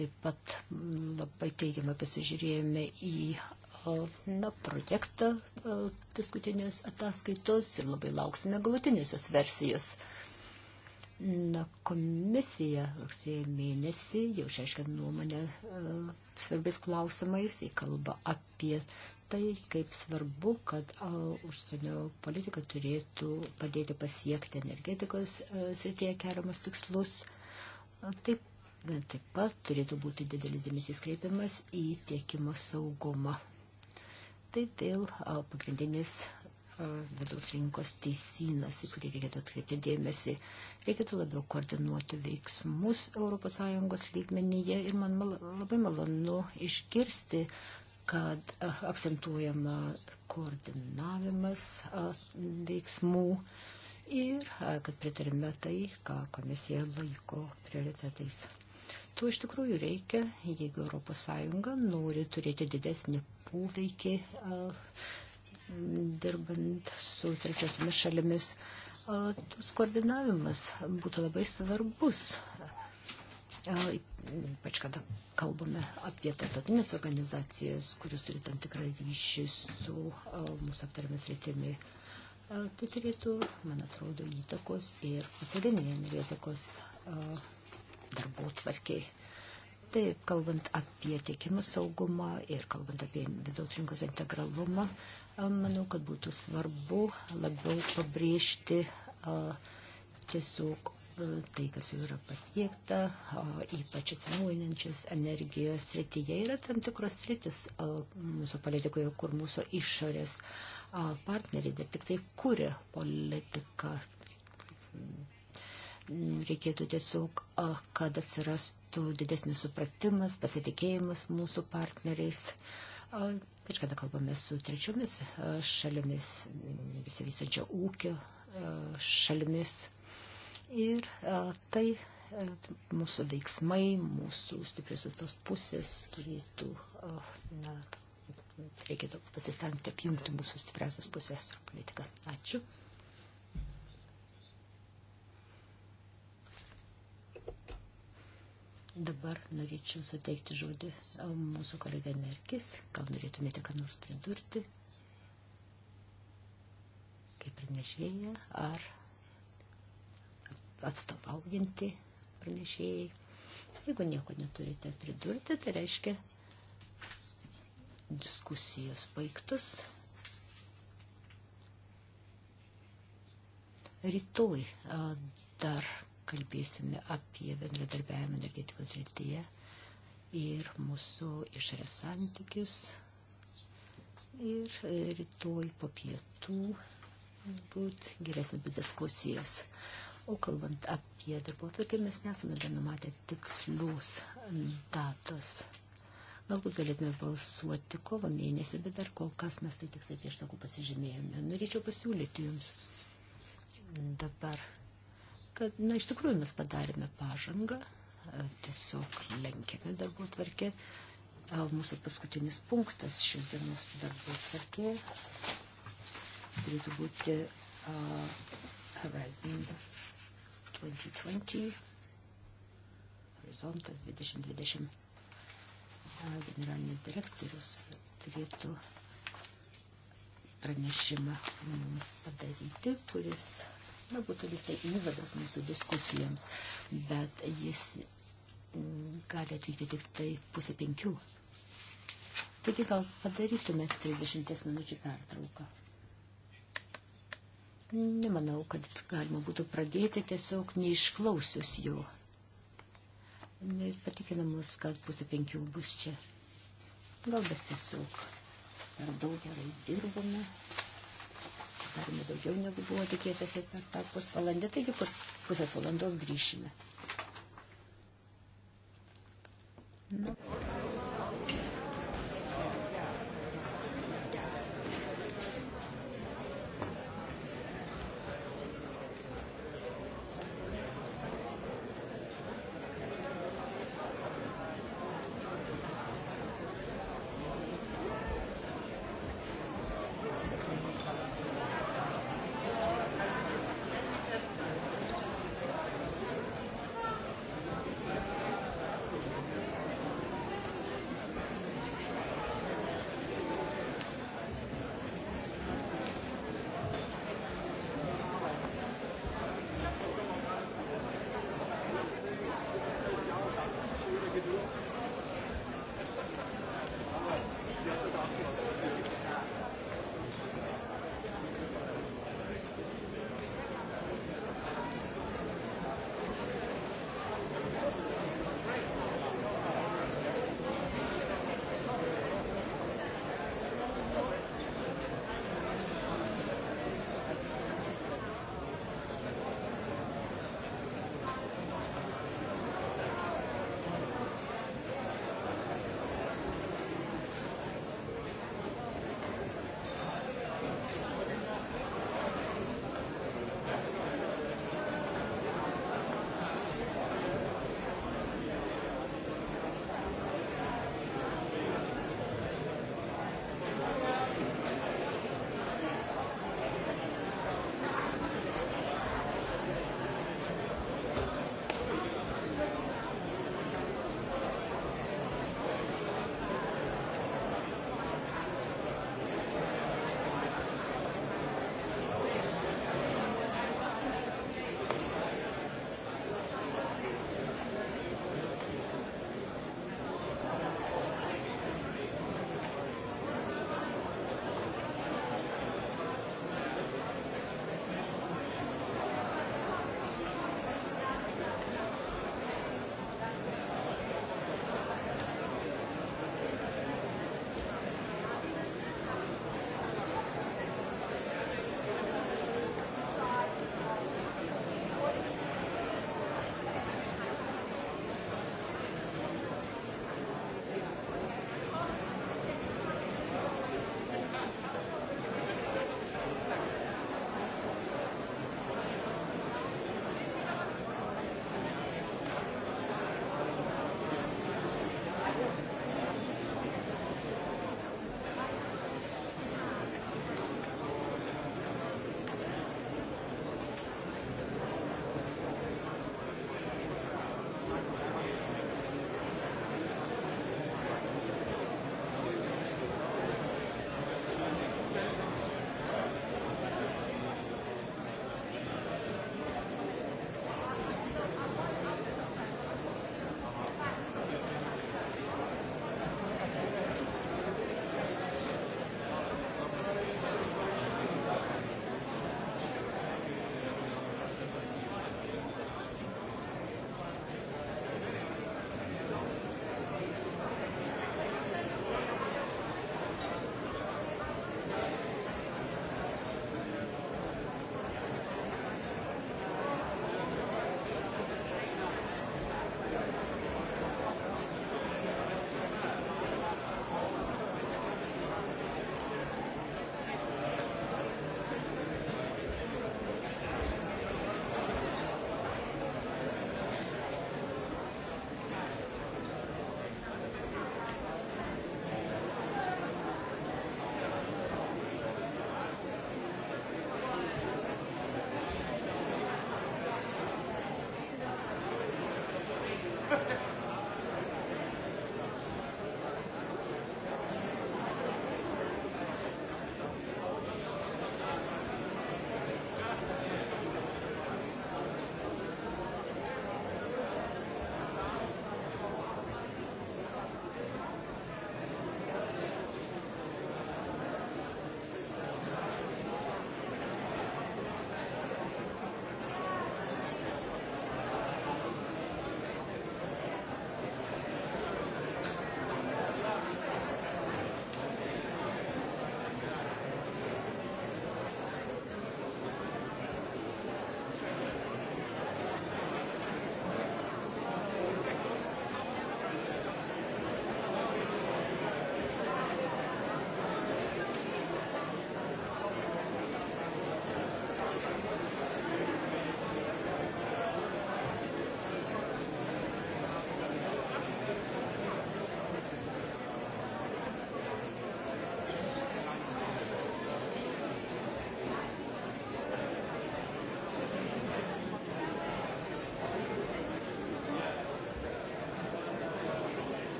taip pat labai teigiamai pasižiūrėjome į na, projektą paskutinės ataskaitos ir labai lauksime galutinės jos versijos. A, Na, komisija rugsėjo mėnesį jau išaiškė nuomonę e, svarbiais klausimais, jį kalba apie tai, kaip svarbu, kad e, užsienio politika turėtų padėti pasiekti energetikos e, srityje keliamas tikslus. Taip, taip pat turėtų būti didelis dėmesys kreipiamas į tiekimo saugumą. Tai dėl pagrindinės vidaus rinkos teisynas, į kurį reikėtų atkreipti dėmesį. Reikėtų labiau koordinuoti veiksmus ES lygmenyje ir man mal, labai malonu išgirsti, kad akcentuojama koordinavimas veiksmų ir kad pritarime tai, ką komisija laiko prioritetais. To iš tikrųjų reikia, jeigu ES nori turėti didesnį poveikį dirbant su trečiosiomis šalimis, tos koordinavimas būtų labai svarbus. Ypač kada kalbame apie tarptautinės organizacijas, kurios turi tam tikrą ryšį su mūsų aptariamis rytimi. Tai turėtų, man atrodo, įtakos ir pasaulinėje energetikos darbų tvarkiai. Taip, kalbant apie tiekimų saugumą ir kalbant apie vidaus rinkos integralumą, Manau, kad būtų svarbu labiau pabrėžti tiesiog tai, kas jau yra pasiekta, ypač atsinaujinančias energijos srityje, yra tam tikros sritis mūsų politikoje, kur mūsų išorės partneriai dar tik tai kūrė politiką. Reikėtų tiesiog, kad atsirastų didesnis supratimas, pasitikėjimas mūsų partneriais Ypač kada kalbame su trečiomis e, šalimis, besivystančio ūkio e, šalimis. Ir e, tai mūsų veiksmai, mūsų stipriosios pusės turėtų na, reikėtų pasistengti apjungti mūsų stipriasias pusės ir politiką. Ačiū. Dabar norėčiau suteikti žodį mūsų kolega Merkis. Gal norėtumėte ką nors pridurti? Kaip pranešėja ar atstovaujanti pranešėjai. Jeigu nieko neturite pridurti, tai reiškia diskusijos baigtus. Rytoj dar kalbėsime apie bendradarbiavimą energetikos rytyje ir mūsų išorės santykis. Ir rytoj po pietų būt geresnės būt diskusijos. O kalbant apie darbo atvarkę, mes nesame dar numatę tikslius datos. Galbūt galėtume balsuoti kovo mėnesį, bet dar kol kas mes tai tik taip iš tokų pasižymėjome. Norėčiau pasiūlyti jums dabar kad, na, iš tikrųjų mes padarėme pažangą, e, tiesiog lenkėme darbo tvarkę. E, mūsų paskutinis punktas šios dienos darbo tvarkė turėtų būti uh, Horizon 2020, Horizontas 2020. Uh, generalinis direktorius turėtų pranešimą mums padaryti, kuris Na, būtų lyg tai įvadas mūsų diskusijoms, bet jis mm, gali atvykti tik tai pusę penkių. Taigi gal padarytume 30 minučių pertrauką. Nemanau, kad galima būtų pradėti tiesiog neišklausius jų. Jis patikino mus, kad pusė penkių bus čia. Gal mes tiesiog per daug gerai dirbome padarėme daugiau negu buvo tikėtasi per tą pusvalandį, taigi po pusės valandos grįšime. Nu.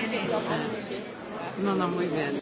tiene. No, no, muy bien.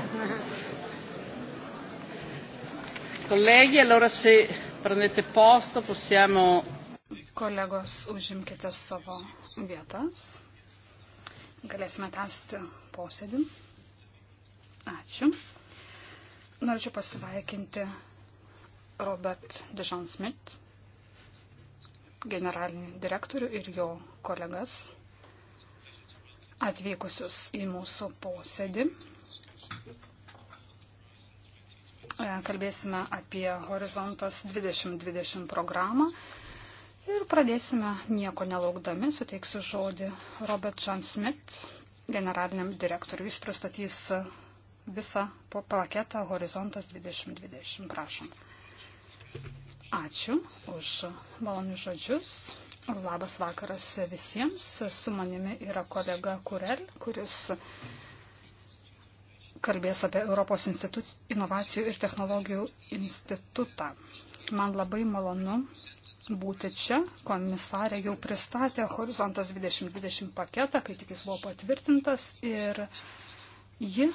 Colleghi, allora se prendete posto possiamo. Kolegos, užimkite savo vietas. Galėsime tęsti posėdį. Ačiū. Norėčiau pasveikinti Robert Dežan Smith, generalinį direktorių ir jo kolegas atvykusius į mūsų posėdį. E, kalbėsime apie Horizontas 2020 programą ir pradėsime nieko nelaukdami. Suteiksiu žodį Robert John Smith, generaliniam direktoriui. Jis pristatys visą paketą Horizontas 2020. Prašom. Ačiū už malonius žodžius. Labas vakaras visiems. Su manimi yra kolega Kurel, kuris kalbės apie Europos inovacijų ir technologijų institutą. Man labai malonu būti čia. Komisarė jau pristatė Horizontas 2020 paketą, kai tik jis buvo patvirtintas. Ir ji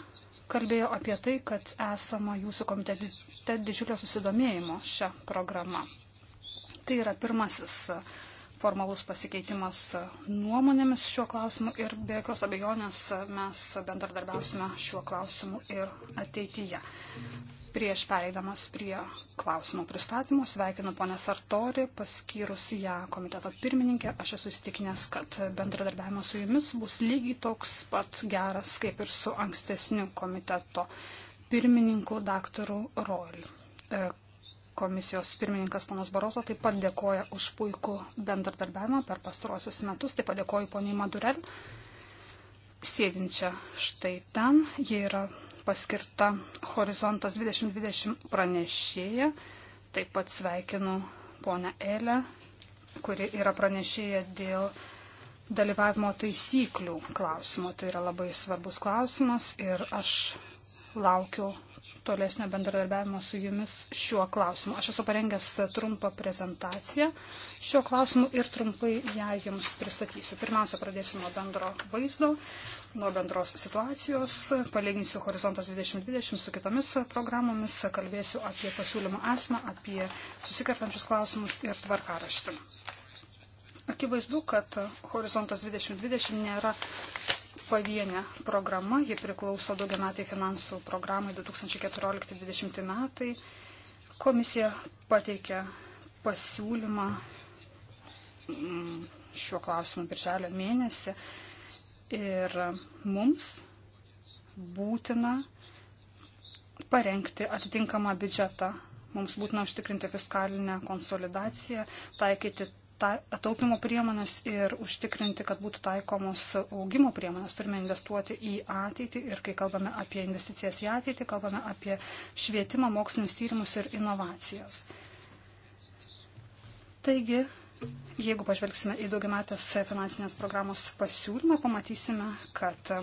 kalbėjo apie tai, kad esama jūsų komitete didžiulio susidomėjimo šią programą. Tai yra pirmasis uh, formalus pasikeitimas nuomonėmis šiuo klausimu ir be jokios abejonės mes bendradarbiausime šiuo klausimu ir ateityje. Prieš pereidamas prie klausimo pristatymo sveikinu ponę Sartori, paskyrus ją komiteto pirmininkę, aš esu įstikinęs, kad bendradarbiavimas su jumis bus lygiai toks pat geras kaip ir su ankstesniu komiteto pirmininku daktaru Roiliu e, komisijos pirmininkas ponas Barozo taip pat dėkoja už puikų bendradarbiavimą per pastarosius metus. Taip pat dėkoju poniai Madurel, sėdinčią štai ten. Ji yra paskirta Horizontas 2020 pranešėja. Taip pat sveikinu ponę Elę, kuri yra pranešėja dėl dalyvavimo taisyklių klausimo. Tai yra labai svarbus klausimas ir aš laukiu tolesnio bendradarbiavimo su jumis šiuo klausimu. Aš esu parengęs trumpą prezentaciją šiuo klausimu ir trumpai ją jums pristatysiu. Pirmiausia, pradėsiu nuo bendro vaizdo, nuo bendros situacijos, palyginsiu Horizontas 2020 su kitomis programomis, kalbėsiu apie pasiūlymo esmę, apie susikartančius klausimus ir tvarkaraštį. Akivaizdu, kad Horizontas 2020 nėra pavienė programa, ji priklauso daugiametai finansų programai 2014-2020 metai. Komisija pateikė pasiūlymą mm, šiuo klausimu birželio mėnesį ir mums būtina parengti atitinkamą biudžetą. Mums būtina užtikrinti fiskalinę konsolidaciją, taikyti taupimo priemonės ir užtikrinti, kad būtų taikomos augimo priemonės. Turime investuoti į ateitį ir kai kalbame apie investicijas į ateitį, kalbame apie švietimą, mokslinius tyrimus ir inovacijas. Taigi, jeigu pažvelgsime į daugiametės finansinės programos pasiūlymą, pamatysime, kad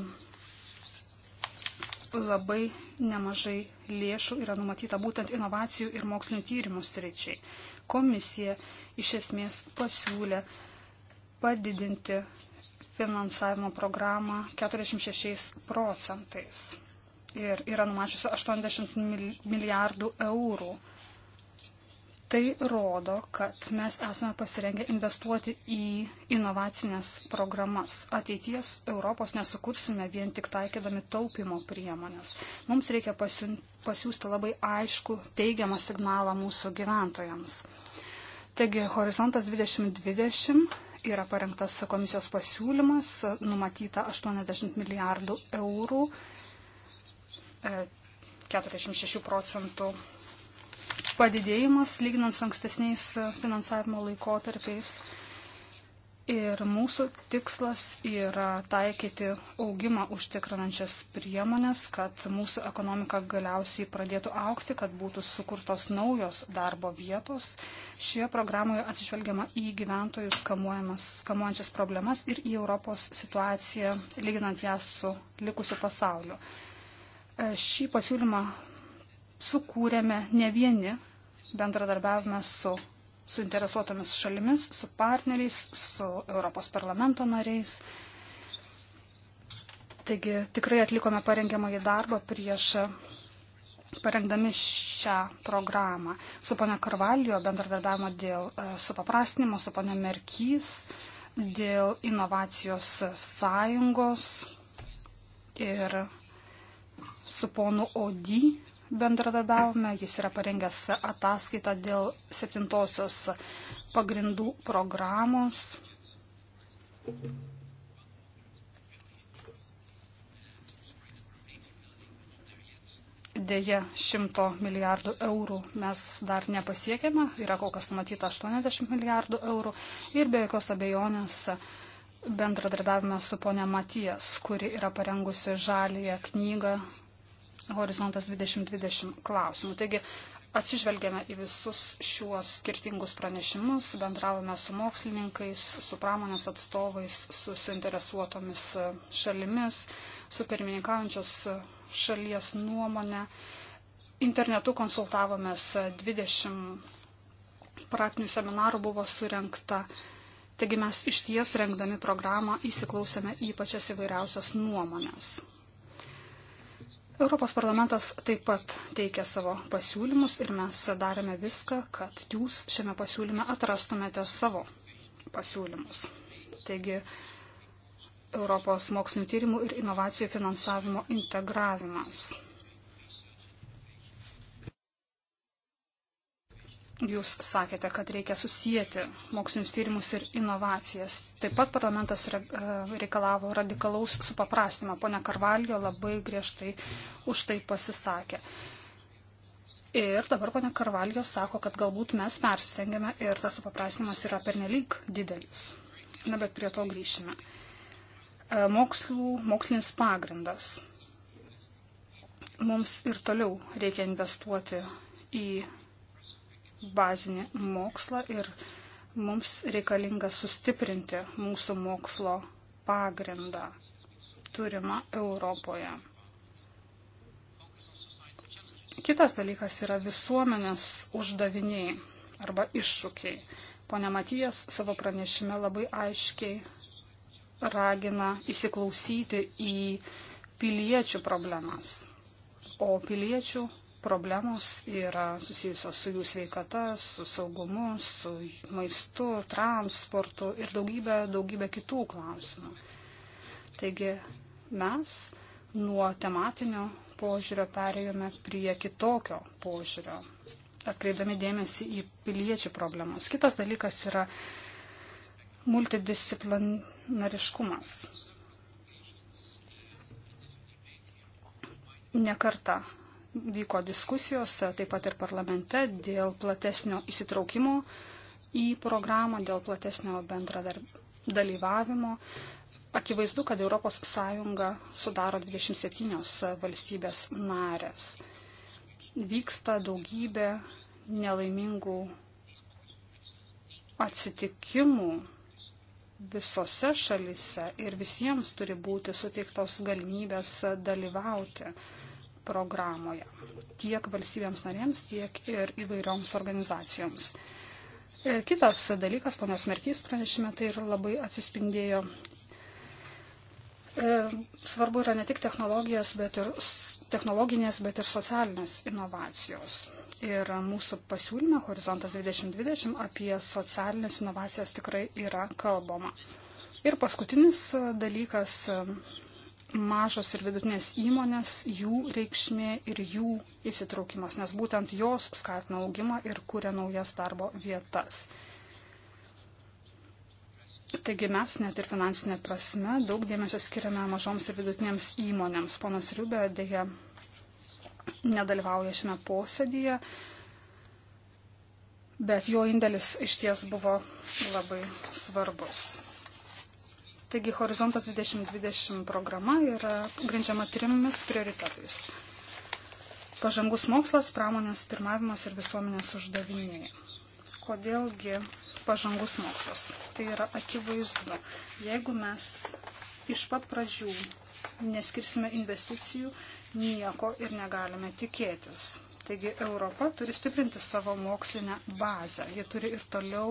labai nemažai lėšų yra numatyta būtent inovacijų ir mokslinių tyrimų sričiai komisija iš esmės pasiūlė padidinti finansavimo programą 46 procentais ir yra numačiusi 80 milijardų eurų Tai rodo, kad mes esame pasirengę investuoti į inovacinės programas. Ateities Europos nesukursime vien tik taikydami taupimo priemonės. Mums reikia pasiūsti labai aišku teigiamą signalą mūsų gyventojams. Taigi, horizontas 2020 yra parengtas komisijos pasiūlymas, numatyta 80 milijardų eurų, 46 e, procentų padidėjimas lyginant su ankstesniais e, finansavimo laikotarpiais. Ir mūsų tikslas yra taikyti augimą užtikrinančias priemonės, kad mūsų ekonomika galiausiai pradėtų aukti, kad būtų sukurtos naujos darbo vietos. Šioje programoje atsižvelgiama į gyventojus kamuojančias problemas ir į Europos situaciją, lyginant ją su likusiu pasauliu. E, šį pasiūlymą sukūrėme ne vieni, bendradarbiavome su suinteresuotomis šalimis, su partneriais, su Europos parlamento nariais. Taigi tikrai atlikome parengiamąjį darbą prieš parengdami šią programą. Su pana Karvalio bendradarbiavimo dėl e, supaprastinimo, su pana Merkys, dėl inovacijos sąjungos ir su ponu Odį bendradarbiavome. Jis yra parengęs ataskaitą dėl septintosios pagrindų programos. Deja, 100 milijardų eurų mes dar nepasiekėme, yra kol kas numatyta 80 milijardų eurų ir be jokios abejonės bendradarbiavime su ponia Matijas, kuri yra parengusi žalėje knygą horizontas 2020 klausimų. Taigi atsižvelgėme į visus šiuos skirtingus pranešimus, bendravome su mokslininkais, su pramonės atstovais, su suinteresuotomis e, šalimis, su pirmininkaujančios e, šalies nuomonė. Internetu konsultavomės 20 e, praktinių seminarų buvo surenkta. Taigi mes iš ties rengdami programą įsiklausėme į pačias įvairiausias nuomonės. Europos parlamentas taip pat teikia savo pasiūlymus ir mes darėme viską, kad jūs šiame pasiūlyme atrastumėte savo pasiūlymus. Taigi, Europos mokslinių tyrimų ir inovacijų finansavimo integravimas. Jūs sakėte, kad reikia susijęti mokslinius tyrimus ir inovacijas. Taip pat parlamentas e, reikalavo radikalaus supaprastymą. Pone Karvalio labai griežtai už tai pasisakė. Ir dabar ponia Karvalio sako, kad galbūt mes persistengėme ir tas supaprastymas yra pernelyg didelis. Na, bet prie to grįšime. E, mokslų, mokslinis pagrindas. Mums ir toliau reikia investuoti į bazinį mokslą ir mums reikalinga sustiprinti mūsų mokslo pagrindą turimą Europoje. Kitas dalykas yra visuomenės uždaviniai arba iššūkiai. Pone Matijas savo pranešime labai aiškiai ragina įsiklausyti į piliečių problemas. O piliečių problemos yra susijusios su jų sveikata, su saugumu, su maistu, transportu ir daugybė, daugybė kitų klausimų. Taigi mes nuo tematinio požiūrio perėjome prie kitokio požiūrio, atkreipdami dėmesį į piliečių problemas. Kitas dalykas yra multidisciplinariškumas. Nekarta vyko diskusijos taip pat ir parlamente dėl platesnio įsitraukimo į programą, dėl platesnio bendradalyvavimo. Akivaizdu, kad ES sudaro 27 valstybės narės. Vyksta daugybė nelaimingų atsitikimų visose šalise ir visiems turi būti suteiktos galimybės dalyvauti programoje tiek valstybėms narėms, tiek ir įvairioms organizacijoms. E, kitas dalykas, ponios Merkys pranešime, tai ir labai atsispindėjo. E, svarbu yra ne tik technologijas, bet ir technologinės, bet ir socialinės inovacijos. Ir mūsų pasiūlyme Horizontas 2020 apie socialinės inovacijas tikrai yra kalbama. Ir paskutinis dalykas mažos ir vidutinės įmonės, jų reikšmė ir jų įsitraukimas, nes būtent jos skatina augimą ir kuria naujas darbo vietas. Taigi mes net ir finansinė prasme daug dėmesio skiriame mažoms ir vidutinėms įmonėms. Ponas Riubė dėja nedalyvauja šiame posėdyje, bet jo indėlis iš ties buvo labai svarbus. Taigi Horizontas 2020 programa yra grindžiama trimis prioritetais. Pažangus mokslas, pramonės pirmavimas ir visuomenės uždaviniai. Kodėlgi pažangus mokslas? Tai yra akivaizdu. Jeigu mes iš pat pradžių neskirsime investicijų, nieko ir negalime tikėtis. Taigi Europa turi stiprinti savo mokslinę bazę. Ji turi ir toliau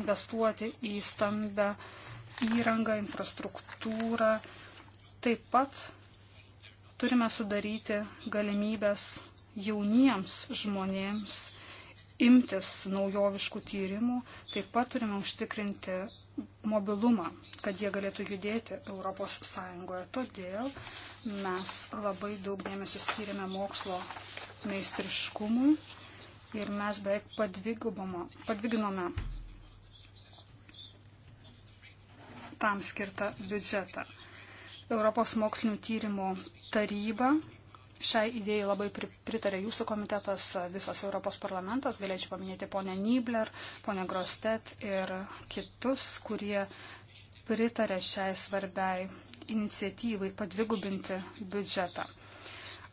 investuoti į stambę uh, įrangą, infrastruktūrą. Taip pat turime sudaryti galimybės jauniems žmonėms imtis naujoviškų tyrimų, taip pat turime užtikrinti mobilumą, kad jie galėtų judėti ES. Todėl mes labai daug dėmesio skiriame mokslo meistriškumui ir mes beveik padviginome tam skirtą biudžetą. Europos mokslinių tyrimų taryba. Šiai idėjai labai pritarė jūsų komitetas, visas Europos parlamentas, galėčiau paminėti ponę Nibler, ponę Grostet ir kitus, kurie pritarė šiai svarbiai iniciatyvai padvigubinti biudžetą.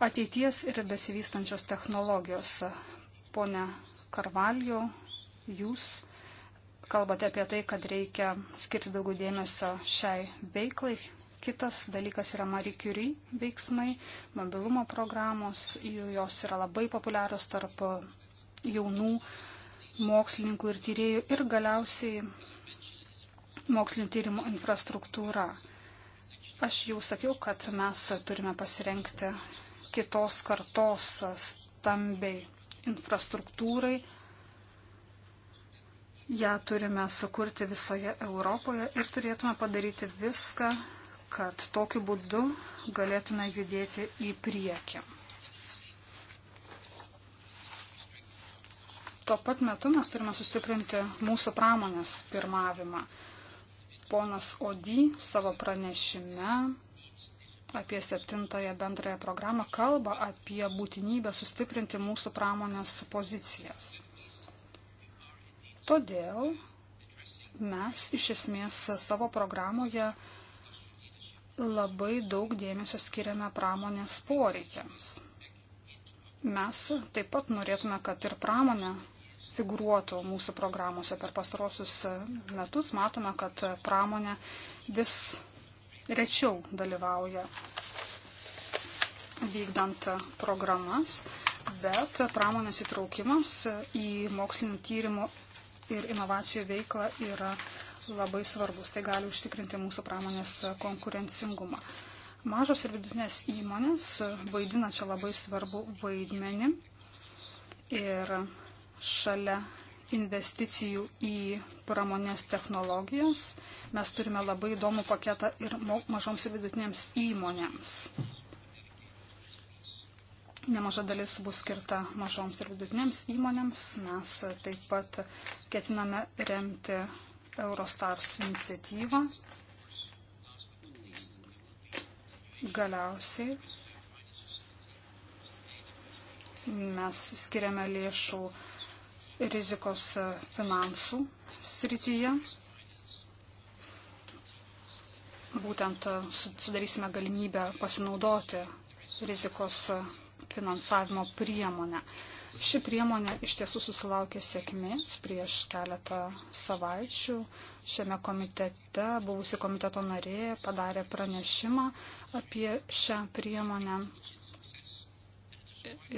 Ateities ir besivystančios technologijos. Pone Karvalio, jūs kalbate apie tai, kad reikia skirti daugiau dėmesio šiai veiklai. Kitas dalykas yra Marie Curie veiksmai, mobilumo programos, jos yra labai populiarios tarp jaunų mokslininkų ir tyriejų ir galiausiai mokslinio tyrimo infrastruktūra. Aš jau sakiau, kad mes turime pasirenkti kitos kartos stambiai infrastruktūrai, ją turime sukurti visoje Europoje ir turėtume padaryti viską, kad tokiu būdu galėtume judėti į priekį. Tuo pat metu mes turime sustiprinti mūsų pramonės pirmavimą. Ponas Odį savo pranešime apie septintąją bendrąją programą kalba apie būtinybę sustiprinti mūsų pramonės pozicijas. Todėl mes iš esmės savo programoje labai daug dėmesio skiriame pramonės poreikiams. Mes taip pat norėtume, kad ir pramonė figuruotų mūsų programuose. Per pastarosius metus matome, kad pramonė vis rečiau dalyvauja vykdant programas, bet pramonės įtraukimas į mokslinių tyrimų ir inovacijų veikla yra labai svarbus. Tai gali užtikrinti mūsų pramonės konkurencingumą. Mažos ir vidutinės įmonės vaidina čia labai svarbu vaidmenį ir šalia investicijų į pramonės technologijas mes turime labai įdomų paketą ir mažoms ir vidutinėms įmonėms. Nemaža dalis bus skirta mažoms ir vidutinėms įmonėms. Mes taip pat ketiname remti Eurostars iniciatyvą. Galiausiai mes skiriame lėšų rizikos finansų srityje. Būtent sudarysime galimybę pasinaudoti rizikos finansų finansavimo priemonę. Ši priemonė iš tiesų susilaukė sėkmės prieš keletą savaičių. Šiame komitete buvusi komiteto narė padarė pranešimą apie šią priemonę.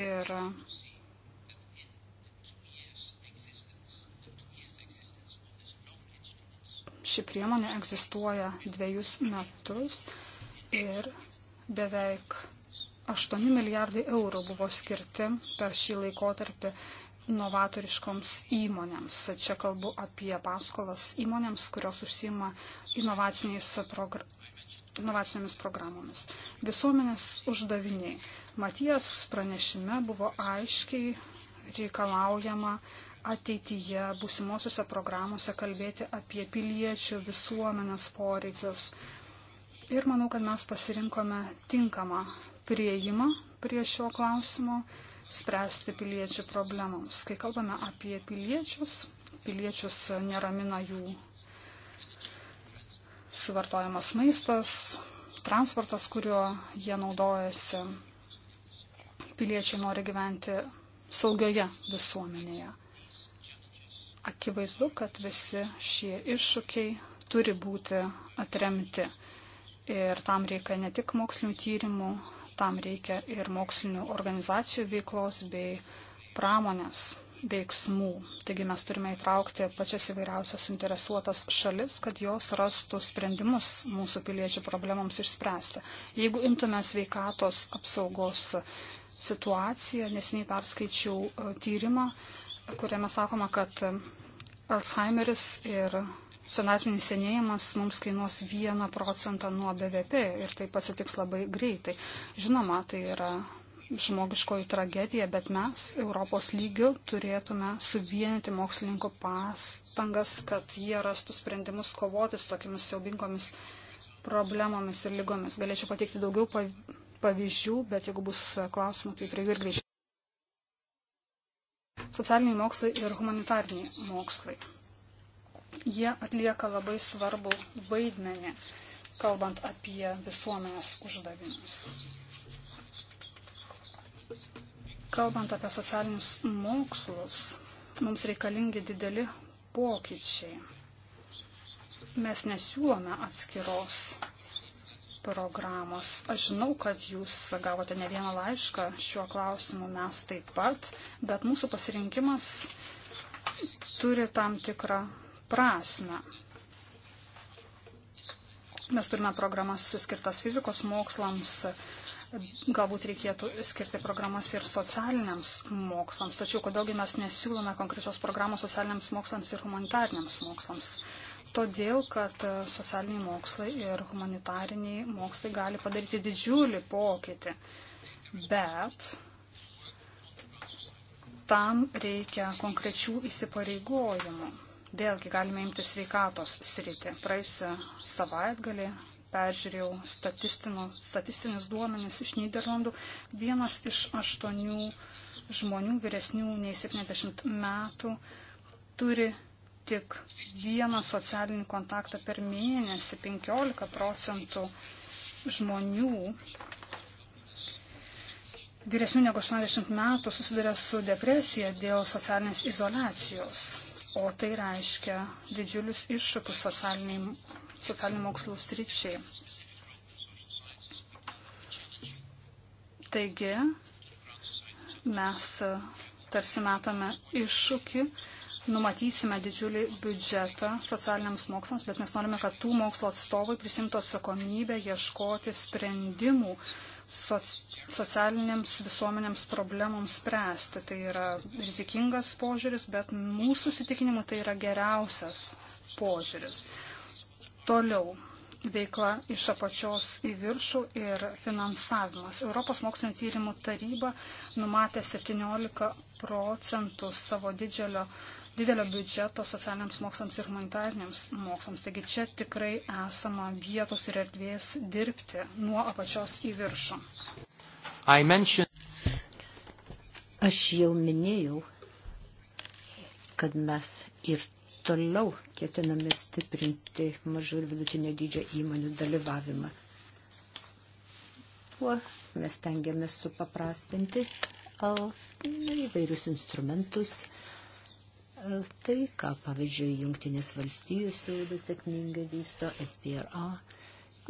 Ir ši priemonė egzistuoja dviejus metus ir beveik 8 milijardai eurų buvo skirti per šį laikotarpį novatoriškoms įmonėms. Čia kalbu apie paskolas įmonėms, kurios užsima progr... inovacinėmis programomis. Visuomenės uždaviniai. Matijas pranešime buvo aiškiai reikalaujama ateityje būsimosiuose programuose kalbėti apie piliečių visuomenės poreikius. Ir manau, kad mes pasirinkome tinkamą prieimą prie šio klausimo, spręsti piliečių problemams. Kai kalbame apie piliečius, piliečius neramina jų suvartojamas maistas, transportas, kuriuo jie naudojasi. Piliečiai nori gyventi saugioje visuomenėje. Akivaizdu, kad visi šie iššūkiai turi būti atremti. Ir tam reikia ne tik mokslinių tyrimų, Tam reikia ir mokslinių organizacijų veiklos bei pramonės veiksmų. Taigi mes turime įtraukti pačias įvairiausias suinteresuotas šalis, kad jos rastų sprendimus mūsų piliečių problemams išspręsti. Jeigu imtume sveikatos apsaugos situaciją, nesiniai perskaičiau e, tyrimą, kuriame sakoma, kad e, Alzheimeris ir senatvinis senėjimas mums kainuos 1 procentą nuo BVP ir tai pasitiks labai greitai. Žinoma, tai yra žmogiškoji tragedija, bet mes Europos lygių turėtume suvienyti mokslininkų pastangas, kad jie rastų sprendimus kovoti su tokiamis siaubingomis problemomis ir lygomis. Galėčiau pateikti daugiau pavyzdžių, bet jeigu bus klausimų, tai prie jų ir grįžčiau. Socialiniai mokslai ir humanitariniai mokslai. Jie atlieka labai svarbu vaidmenį, kalbant apie visuomenės uždavinius. Kalbant apie socialinius mokslus, mums reikalingi dideli pokyčiai. Mes nesiūlome atskiros programos. Aš žinau, kad jūs gavote ne vieną laišką šiuo klausimu, mes taip pat, bet mūsų pasirinkimas turi tam tikrą prasme. Mes turime programas skirtas fizikos mokslams, galbūt reikėtų skirti programas ir socialiniams mokslams, tačiau kodėlgi mes nesiūlome konkrečios programos socialiniams mokslams ir humanitariniams mokslams. Todėl, kad socialiniai mokslai ir humanitariniai mokslai gali padaryti didžiulį pokytį, bet tam reikia konkrečių įsipareigojimų. Vėlgi galime imti sveikatos sritį. Praėjusią savaitgalį peržiūrėjau statistinius duomenis iš Niderlandų. Vienas iš aštuonių žmonių vyresnių nei 70 metų turi tik vieną socialinį kontaktą per mėnesį, 15 procentų žmonių vyresnių negu 80 metų susiduria su depresija dėl socialinės izolacijos o tai reiškia didžiulius iššūkius socialinių mokslų sričiai. Taigi, mes tarsi metame iššūkį, numatysime didžiulį biudžetą socialiniams mokslams, bet mes norime, kad tų mokslo atstovai prisimtų atsakomybę ieškoti sprendimų, uh, socialinėms visuomenėms problemoms spręsti. Tai yra rizikingas požiūris, bet mūsų sitikinimu tai yra geriausias požiūris. Toliau veikla iš apačios į viršų ir finansavimas. Europos mokslinio tyrimų taryba numatė 17 procentų savo didžiulio didelio biudžeto socialiniams mokslams ir humanitariniams mokslams. Taigi čia tikrai esama vietos ir erdvės dirbti nuo apačios į viršų. Aš jau minėjau, kad mes ir toliau ketiname stiprinti mažų ir vidutinio dydžio įmonių dalyvavimą. Tuo mes tengiamės supaprastinti įvairius instrumentus, Tai, ką, pavyzdžiui, Junktinės valstijos jau labai sėkmingai vysto SPRA,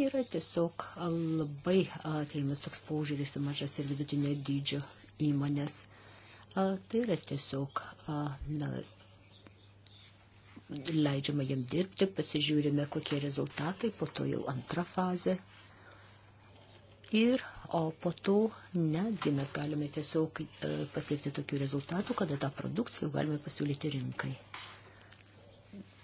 yra tiesiog labai ateimas toks paužiūris į mažas ir vidutinio dydžio įmonės. A, tai yra tiesiog a, na, leidžiama jam dirbti, pasižiūrime, kokie rezultatai, po to jau antra fazė. Ir o po to netgi mes galime tiesiog e, pasiekti tokių rezultatų, kada tą produkciją galime pasiūlyti rinkai.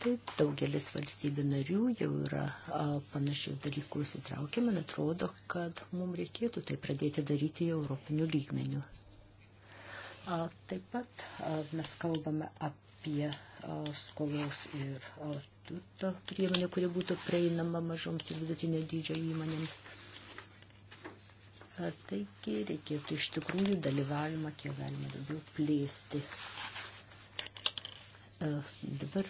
Taip, daugelis valstybių narių jau yra a, panašių dalykų įsitraukę, man atrodo, kad mums reikėtų tai pradėti daryti europinių lygmenių. A, taip pat a, mes kalbame apie a, skolos ir a, turto priemonę, kuri būtų prieinama mažoms ir vidutinio dydžio įmonėms. A, Taigi reikėtų iš tikrųjų dalyvavimą kiek galima daugiau plėsti. Dabar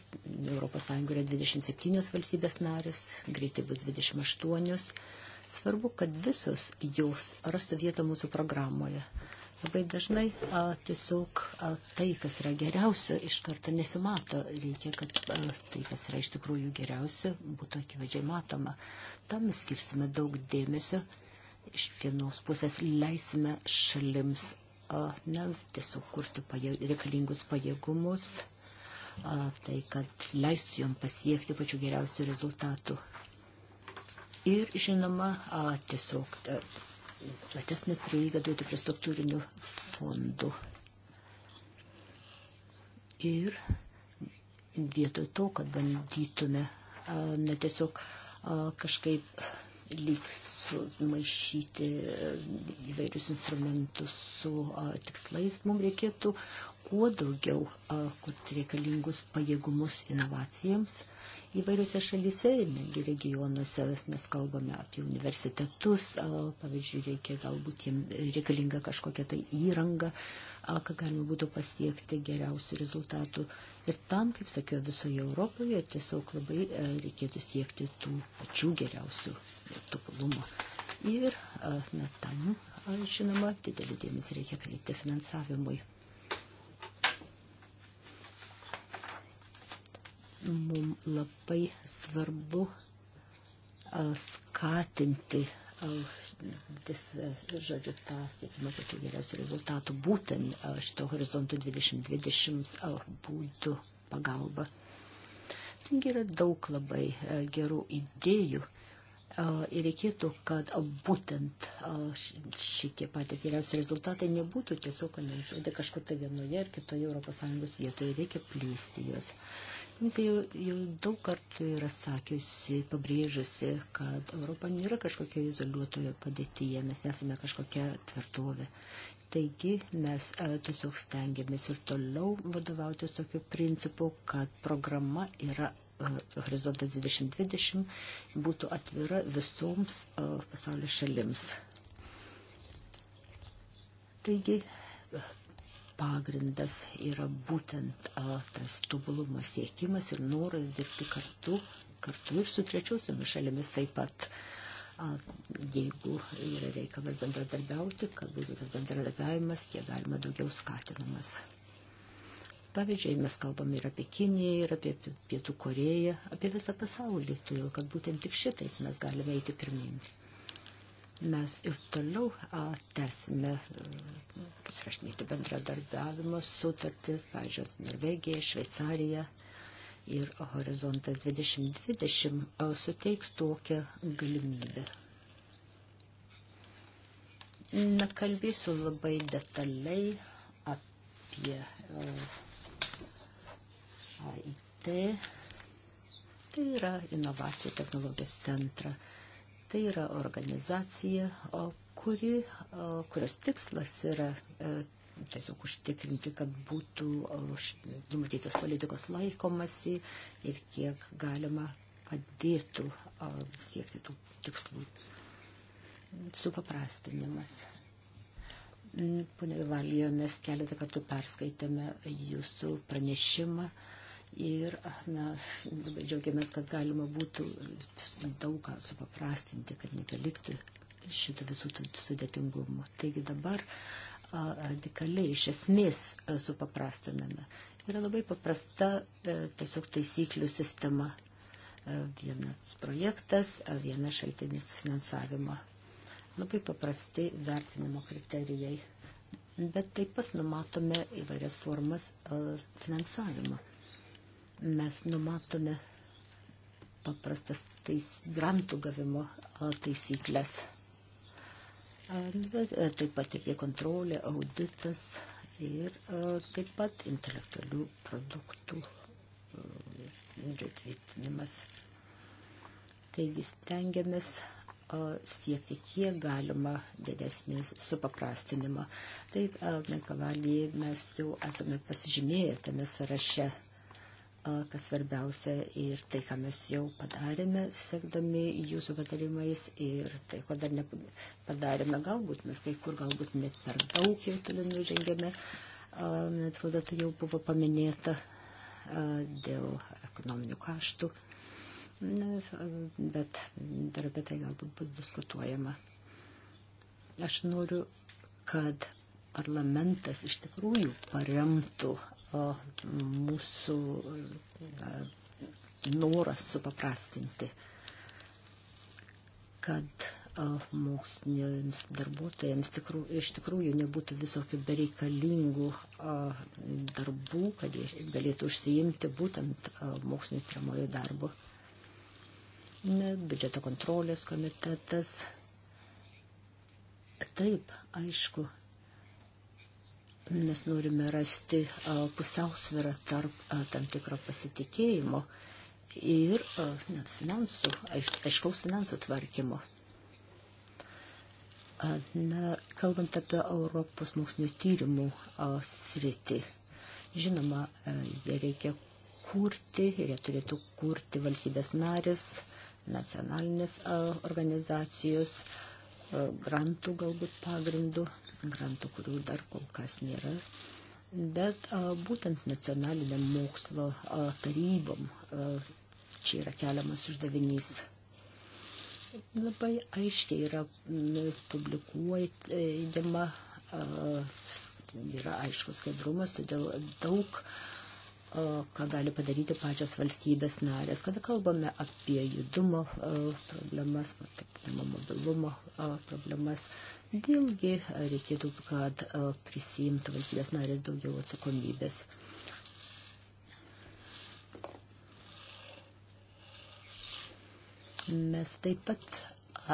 ES yra 27 valstybės narės, greitai bus 28. Svarbu, kad visos jos rastų vietą mūsų programoje. Labai dažnai a, tiesiog a, tai, kas yra geriausia, iš karto nesimato. Reikia, kad a, tai, kas yra iš tikrųjų geriausia, būtų akivaizdžiai matoma. Tam mes skirsime daug dėmesio iš vienos pusės leisime šalims na, tiesiog kurti pajėg, reikalingus pajėgumus, tai kad leistų jom pasiekti pačių geriausių rezultatų. Ir žinoma, tiesiog platesnė prieiga duoti prie struktūrinių fondų. Ir vietoj to, kad bandytume, na tiesiog kažkaip lygs sumaišyti įvairius instrumentus su a, tikslais. Mums reikėtų kuo daugiau a, kurti reikalingus pajėgumus inovacijams įvairiose šalyse, netgi regionuose mes kalbame apie universitetus, pavyzdžiui, reikia galbūt jiems reikalinga kažkokia tai įranga, kad galima būtų pasiekti geriausių rezultatų. Ir tam, kaip sakiau, visoje Europoje tiesiog labai e, reikėtų siekti tų pačių geriausių tobulumo. Ir na, tam, žinoma, didelį dėmesį reikia kreipti finansavimui. mums labai svarbu skatinti visą, žodžiu, pasiekimą pačių geriausių rezultatų būtent šito horizontų 2020 būdų pagalba. Taigi yra daug labai gerų idėjų ir reikėtų, kad būtent šitie patys geriausi rezultatai nebūtų tiesiog analizuoti kažkur tai vienoje ar kitoje ES vietoje, reikia plėsti juos. Komisija jau, jau daug kartų yra sakiusi, pabrėžusi, kad Europa nėra kažkokia izoliuotojo padėtyje, mes nesame kažkokia tvirtovė. Taigi mes a, e, tiesiog stengiamės ir toliau vadovautis tokiu principu, kad programa yra e, Horizontas 2020 būtų atvira visoms e, pasaulio šalims. Taigi pagrindas yra būtent a, tas tobulumo siekimas ir noras dirbti kartu, kartu ir su trečiosiomis šalimis taip pat. A, jeigu yra reikalas bendradarbiauti, kad būtų tas bendradarbiavimas, kiek galima daugiau skatinamas. Pavyzdžiui, mes kalbame ir apie Kiniją, ir apie Pietų Koreją, apie visą pasaulį, todėl kad būtent tik šitaip mes galime eiti pirmin. Mes ir toliau a, tersime e, pasirašinėti bendradarbiavimo sutartis, pažiūrėjau, Norvegija, Šveicarija ir Horizontas 2020 a, e, suteiks tokią galimybę. Nekalbėsiu labai detaliai apie e, AIT, tai yra inovacijų technologijos centrą Tai yra organizacija, kuri, kurios tikslas yra e, tiesiog užtikrinti, kad būtų numatytos politikos laikomasi ir kiek galima padėtų siekti tų tikslų. Supaprastinimas. Pone Valijo, mes keletą kartų perskaitėme jūsų pranešimą. Uh, Ir, na, labai džiaugiamės, kad galima būtų daug ką supaprastinti, kad nebeliktų šitų visų sudėtingumų. Taigi dabar radikaliai iš esmės supaprastiname. Yra labai paprasta e, tiesiog taisyklių sistema. E, vienas projektas, e, vienas šaltinis finansavimo. Labai paprasti vertinimo kriterijai. Bet taip pat numatome įvairias formas finansavimo mes numatome paprastas tais, grantų gavimo taisyklės. E, taip pat apie kontrolę, auditas ir e, taip pat intelektualių produktų e, tvirtinimas. Taigi stengiamės siekti kiek galima didesnį supaprastinimą. Taip, Elne Kavalį mes jau esame pasižymėję tame sąraše kas svarbiausia ir tai, ką mes jau padarėme, sekdami jūsų patarimais ir tai, ko dar nepadarėme, galbūt mes kai kur galbūt net per daug jau toli nužengėme, man atrodo, tai jau buvo paminėta dėl ekonominių kaštų, bet dar apie tai galbūt bus diskutuojama. Aš noriu, kad parlamentas iš tikrųjų paremtų mūsų noras supaprastinti, kad moksliniams darbuotojams tikrų, iš tikrųjų nebūtų visokių bereikalingų a, darbų, kad jie galėtų užsiimti būtent a, mokslinio tyriamojo darbo. Ne, biudžeto kontrolės komitetas. Taip, aišku, Mes norime rasti pusiausvyrą tarp tam tikro pasitikėjimo ir finansų, aiškaus finansų tvarkymo. Na, kalbant apie Europos mokslinio tyrimų sritį, žinoma, jie reikia kurti ir jie turėtų kurti valstybės narės, nacionalinės organizacijos, grantų galbūt pagrindų, grantų, kurių dar kol kas nėra. Bet a, būtent nacionaliniam mokslo a, tarybom a, čia yra keliamas uždavinys. Labai aiškiai yra publikuojama, yra aiškus skaidrumas, todėl daug a, ką gali padaryti pačios valstybės narės, kada kalbame apie judumo problemas, tarptautinio mobilumo problemas. Vėlgi reikėtų, kad prisimtų valstybės narės daugiau atsakomybės. Mes taip pat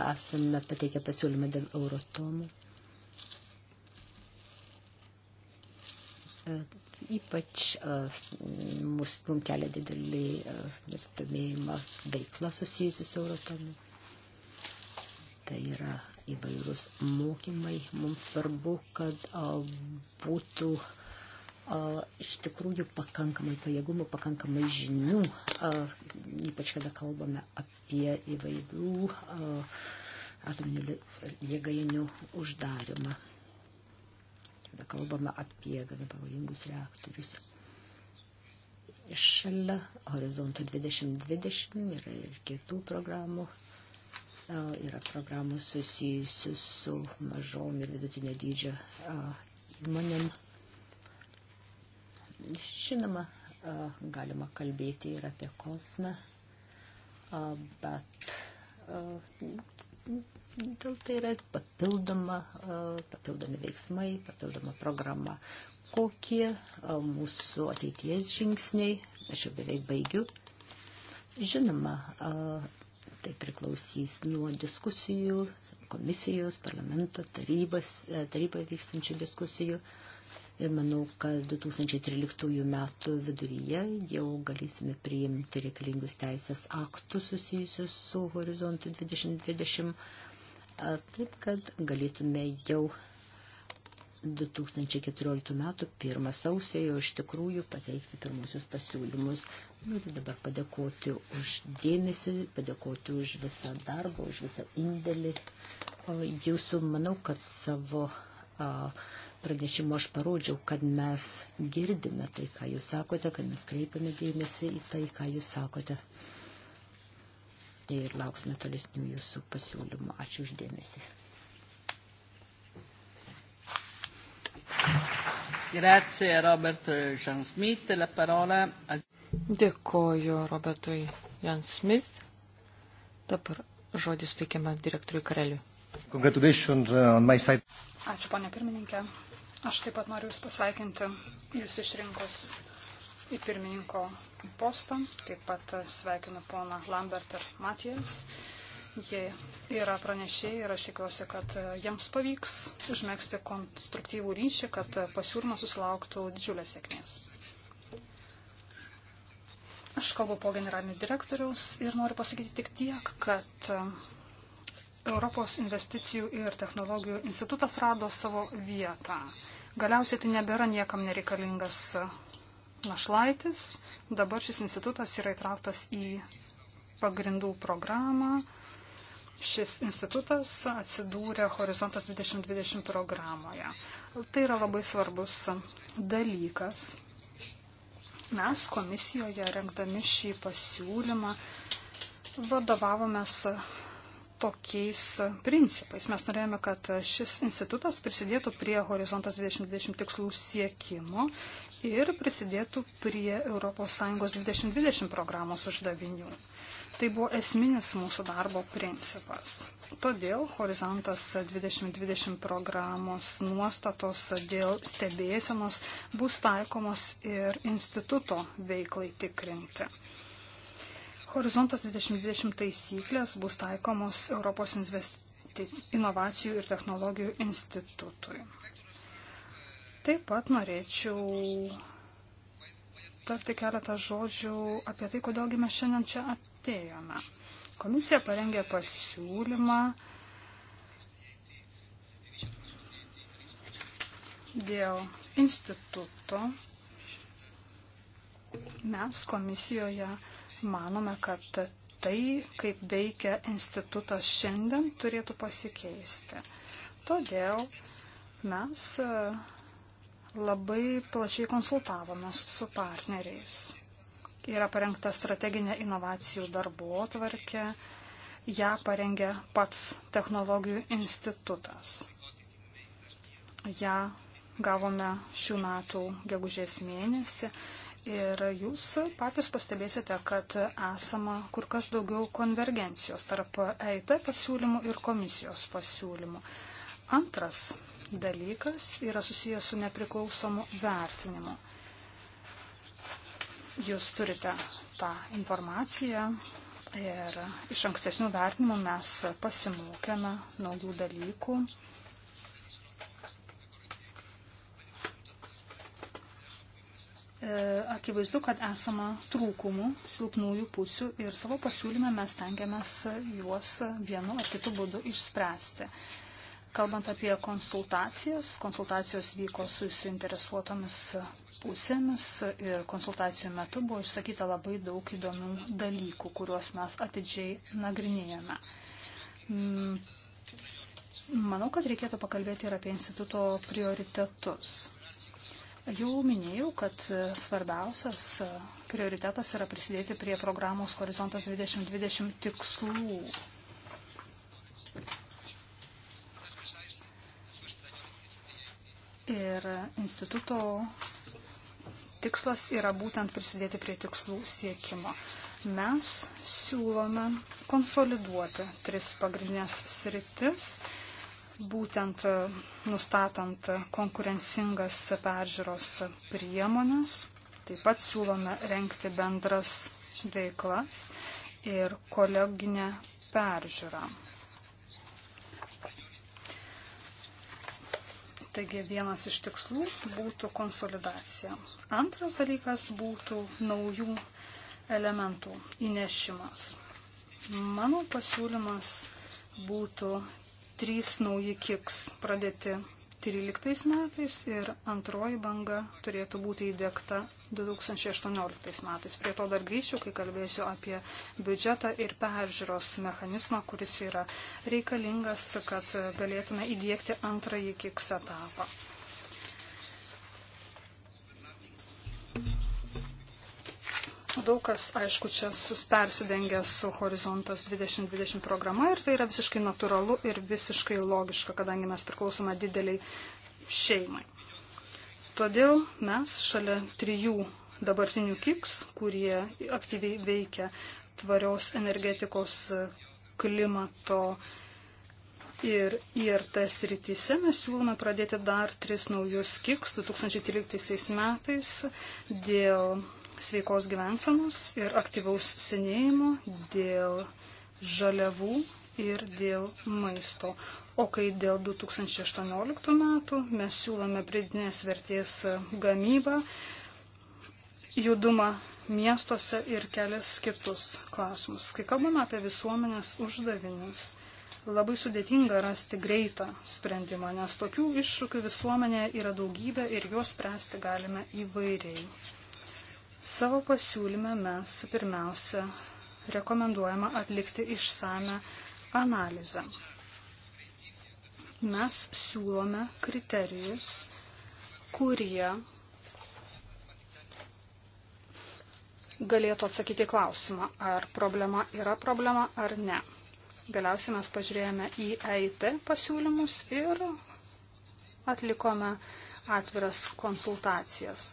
esame pateikę pasiūlymą dėl eurotomų e, Ypač mums, mums kelia didelį nesidomėjimą veiklą susijusi su Eurotomu. Tai yra įvairūs mokymai. Mums svarbu, kad a, būtų a, iš tikrųjų pakankamai pajėgumų, pakankamai žinių, a, ypač kada kalbame apie įvairių a, atominių jėgainių uždarimą kada kalbame apie gana pavojingus reaktorius. Šalia Horizonto 2020 yra ir kitų programų. Yra programų susijusių su mažom ir vidutinio dydžio įmonėm. Žinoma, galima kalbėti ir apie kosmę, bet Dėl tai yra papildoma, papildomi veiksmai, papildoma programa. Kokie mūsų ateities žingsniai, aš jau beveik baigiu. Žinoma, tai priklausys nuo diskusijų, komisijos, parlamento, tarybas, e, taryboje vykstančių diskusijų. Ir manau, kad 2013 metų viduryje jau galėsime priimti reikalingus teisės aktus susijusius su horizontu 2020 taip kad galėtume jau 2014 metų 1 sausio jau iš tikrųjų pateikti pirmusius pasiūlymus. Noriu dabar padėkoti už dėmesį, padėkoti už visą darbą, už visą indėlį. Jūsų, manau, kad savo pranešimo aš parodžiau, kad mes girdime tai, ką jūs sakote, kad mes kreipiame dėmesį į tai, ką jūs sakote ir lauksime tolesnių jūsų pasiūlymų. Ačiū uždėmesi. Grazie Robert Jean Smith, la parola. A... Dėkoju Robertui Jan Smith. Dabar žodis suteikiama direktoriui Kareliui. Uh, Ačiū, ponė pirmininkė. Aš taip pat noriu Jūs pasveikinti Jūs išrinkus į pirmininko postą. Taip pat sveikinu poną Lambert ir Matijas. Jie yra pranešėjai ir aš tikiuosi, kad jiems pavyks užmėgsti konstruktyvų ryšį, kad pasiūlymas susilauktų didžiulės sėkmės. Aš kalbu po generalinių direktoriaus ir noriu pasakyti tik tiek, kad Europos investicijų ir technologijų institutas rado savo vietą. Galiausiai tai nebėra niekam nereikalingas Našlaitis. Dabar šis institutas yra įtrauktas į pagrindų programą. Šis institutas atsidūrė Horizontas 2020 programoje. Tai yra labai svarbus dalykas. Mes komisijoje, rengdami šį pasiūlymą, vadovavomės tokiais principais. Mes norėjome, kad šis institutas prisidėtų prie Horizontas 2020 tikslų siekimo ir prisidėtų prie ES 2020 programos uždavinių. Tai buvo esminis mūsų darbo principas. Todėl Horizontas 2020 programos nuostatos dėl stebėsenos bus taikomos ir instituto veiklai tikrinti. Horizontas 2020 taisyklės bus taikomos Europos inovacijų ir technologijų institutui. Taip pat norėčiau tarti keletą žodžių apie tai, kodėlgi mes šiandien čia atėjome. Komisija parengė pasiūlymą dėl instituto. Mes komisijoje Manome, kad tai, kaip veikia institutas šiandien, turėtų pasikeisti. Todėl mes e, labai plačiai konsultavomės su partneriais. Yra parengta strateginė inovacijų darbo tvarkė, ją parengė pats technologijų institutas. Ja gavome šių metų gegužės mėnesį. Ir jūs patys pastebėsite, kad esama kur kas daugiau konvergencijos tarp EIT pasiūlymų ir komisijos pasiūlymų. Antras dalykas yra susijęs su nepriklausomu vertinimu. Jūs turite tą informaciją ir iš ankstesnių vertinimų mes pasimokėme naujų dalykų E, akivaizdu, kad esama trūkumų, silpnųjų pusių ir savo pasiūlyme mes tengiamės juos vienu ar kitu būdu išspręsti. Kalbant apie konsultacijas, konsultacijos vyko su suinteresuotomis pusėmis ir konsultacijų metu buvo išsakyta labai daug įdomių dalykų, kuriuos mes atidžiai nagrinėjame. Mm, manau, kad reikėtų pakalbėti ir apie instituto prioritetus. Jau minėjau, kad svarbiausias prioritetas yra prisidėti prie programos Horizontas 2020 tikslų. Ir instituto tikslas yra būtent prisidėti prie tikslų siekimo. Mes siūlome konsoliduoti tris pagrindinės sritis būtent e, nustatant konkurencingas peržiūros priemonės. Taip pat siūlome renkti bendras veiklas ir koleginę peržiūrą. Taigi vienas iš tikslų būtų konsolidacija. Antras dalykas būtų naujų elementų įnešimas. Mano pasiūlymas būtų trys nauji kiks pradėti 2013 metais ir antroji banga turėtų būti įdėkta 2018 metais. Prie to dar grįšiu, kai kalbėsiu apie biudžetą ir peržiūros mechanizmą, kuris yra reikalingas, kad galėtume įdėkti antrąjį kiks etapą. Daug kas, aišku, čia persidengia su Horizontas 2020 programa ir tai yra visiškai natūralu ir visiškai logiška, kadangi mes priklausome dideliai šeimai. Todėl mes šalia trijų dabartinių kiks, kurie aktyviai veikia tvarios energetikos klimato ir IRT srityse mes siūlome pradėti dar tris naujus kiks 2013 metais dėl sveikos gyvensenos ir aktyvaus senėjimo, dėl žaliavų ir dėl maisto. O kai dėl 2018 metų mes siūlome pridinės vertės gamybą, judumą miestuose ir kelias kitus klausimus. Kai kalbame apie visuomenės uždavinius, labai sudėtinga rasti greitą sprendimą, nes tokių iššūkių visuomenėje yra daugybė ir juos spręsti galime įvairiai. Savo pasiūlyme mes pirmiausia rekomenduojama atlikti išsame analizę. Mes siūlome kriterijus, kurie galėtų atsakyti klausimą, ar problema yra problema ar ne. Galiausiai mes pažiūrėjome į EIT pasiūlymus ir atlikome atviras konsultacijas.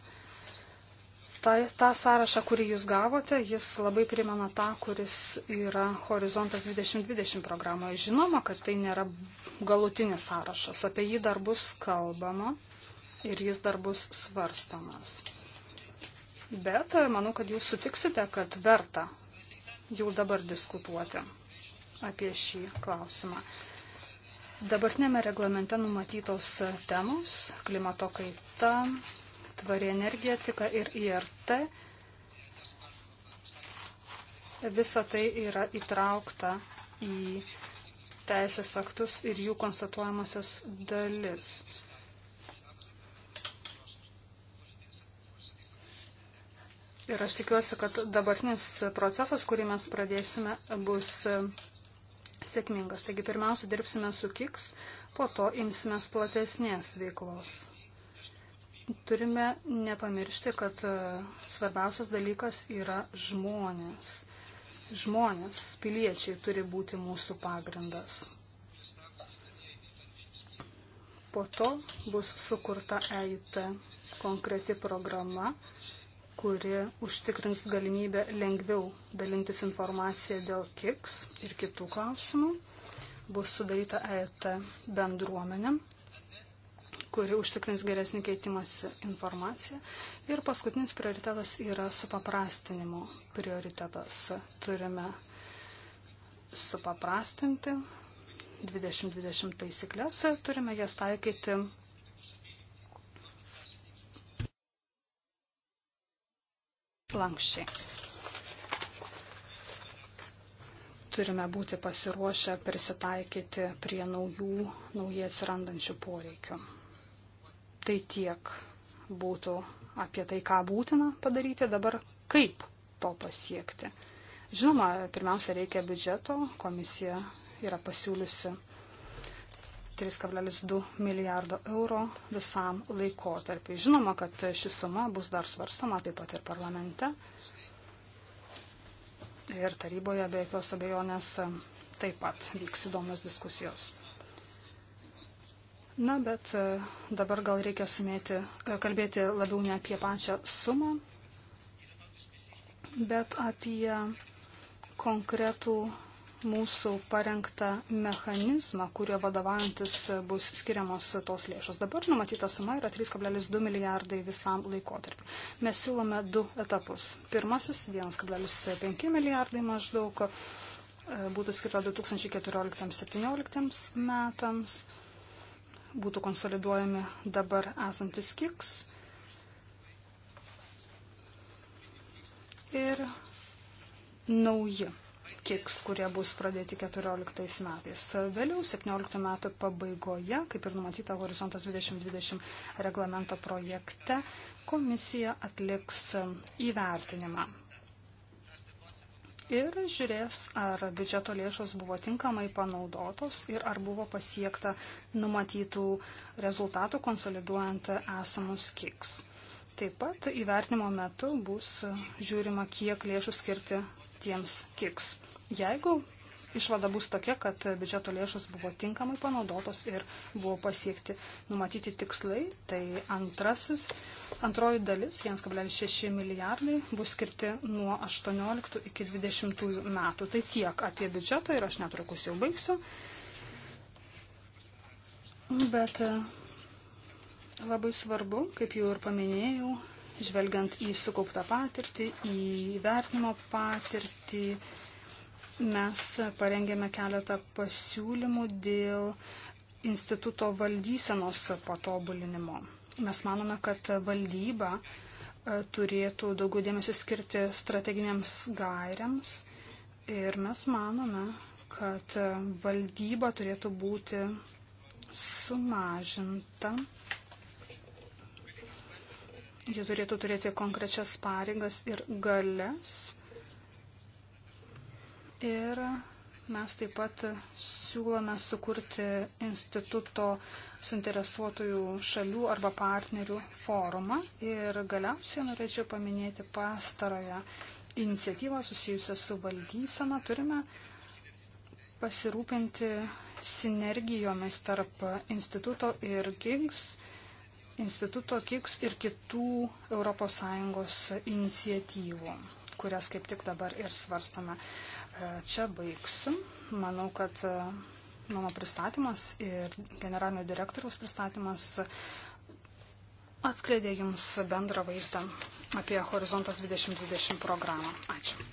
Ta, tą sąrašą, kurį jūs gavote, jis labai primena tą, kuris yra Horizontas 2020 programoje. Žinoma, kad tai nėra galutinis sąrašas. Apie jį dar bus kalbama ir jis dar bus svarstamas. Bet e, manau, kad jūs sutiksite, kad verta jau dabar diskutuoti apie šį klausimą. Dabartinėme reglamente numatytos temos - klimato kaita, tvari energetika ir IRT. Visa tai yra įtraukta į teisės aktus ir jų konstatuojamasias dalis. Ir aš tikiuosi, kad dabartinis procesas, kurį mes pradėsime, bus sėkmingas. Taigi pirmiausia, dirbsime su KIKS, po to imsimės platesnės veiklos turime nepamiršti, kad e, svarbiausias dalykas yra žmonės. Žmonės, piliečiai turi būti mūsų pagrindas. Po to bus sukurta EIT konkreti programa, kuri užtikrins galimybę lengviau dalintis informaciją dėl KIKS ir kitų klausimų. Bus sudaryta EIT bendruomenė, kuri užtikrins geresnį keitimąsi informaciją. Ir paskutinis prioritetas yra supaprastinimo prioritetas. Turime supaprastinti 2020 taisyklės, turime jas taikyti lankščiai. Turime būti pasiruošę prisitaikyti prie naujų, naujai atsirandančių poreikių. Tai tiek būtų apie tai, ką būtina padaryti dabar, kaip to pasiekti. Žinoma, pirmiausia, reikia biudžeto. Komisija yra pasiūliusi 3,2 milijardo eurų visam laikotarpiu. Žinoma, kad ši suma bus dar svarstama taip pat ir parlamente. Ir taryboje be jokios abejonės taip pat vyks įdomios diskusijos. Na, bet e, dabar gal reikia sumėti, e, kalbėti labiau ne apie pačią sumą, bet apie konkretų mūsų parengtą mechanizmą, kurio vadovaujantis bus skiriamos tos lėšos. Dabar numatyta suma yra 3,2 milijardai visam laikotarpiu. Mes siūlome du etapus. Pirmasis 1,5 milijardai maždaug e, būtų skirta 2014-2017 metams būtų konsoliduojami dabar esantis kiks. Ir nauji kiks, kurie bus pradėti 14 metais. Vėliau 17 metų pabaigoje, kaip ir numatyta Horizontas 2020 reglamento projekte, komisija atliks įvertinimą ir žiūrės, ar biudžeto lėšos buvo tinkamai panaudotos ir ar buvo pasiekta numatytų rezultatų konsoliduojant esamus kiks. Taip pat įvertinimo metu bus žiūrima, kiek lėšų skirti tiems kiks. Jeigu išvada bus tokia, kad biudžeto lėšos buvo tinkamai panaudotos ir buvo pasiekti numatyti tikslai. Tai antrasis, antroji dalis, 1,6 milijardai, bus skirti nuo 18 iki 20 metų. Tai tiek apie biudžetą ir aš netrukus jau baigsiu. Bet e, labai svarbu, kaip jau ir paminėjau, žvelgiant į sukauptą patirtį, į vertinimo patirtį, Mes parengėme keletą pasiūlymų dėl instituto valdysenos patobulinimo. Mes manome, kad valdyba e, turėtų daugiau dėmesio skirti strateginiams gairiams ir mes manome, kad valdyba turėtų būti sumažinta. Ji turėtų turėti konkrečias pareigas ir galės Ir mes taip pat siūlome sukurti instituto suinteresuotųjų šalių arba partnerių forumą. Ir galiausiai norėčiau paminėti pastarąją iniciatyvą susijusią su valdysena. Turime pasirūpinti sinergijomis tarp instituto ir GIGS, instituto GIGS ir kitų ES iniciatyvų, kurias kaip tik dabar ir svarstame čia baigsiu. Manau, kad e, mano pristatymas ir generalinio direktoriaus pristatymas atskleidė jums bendrą vaizdą apie Horizontas 2020 programą. Ačiū.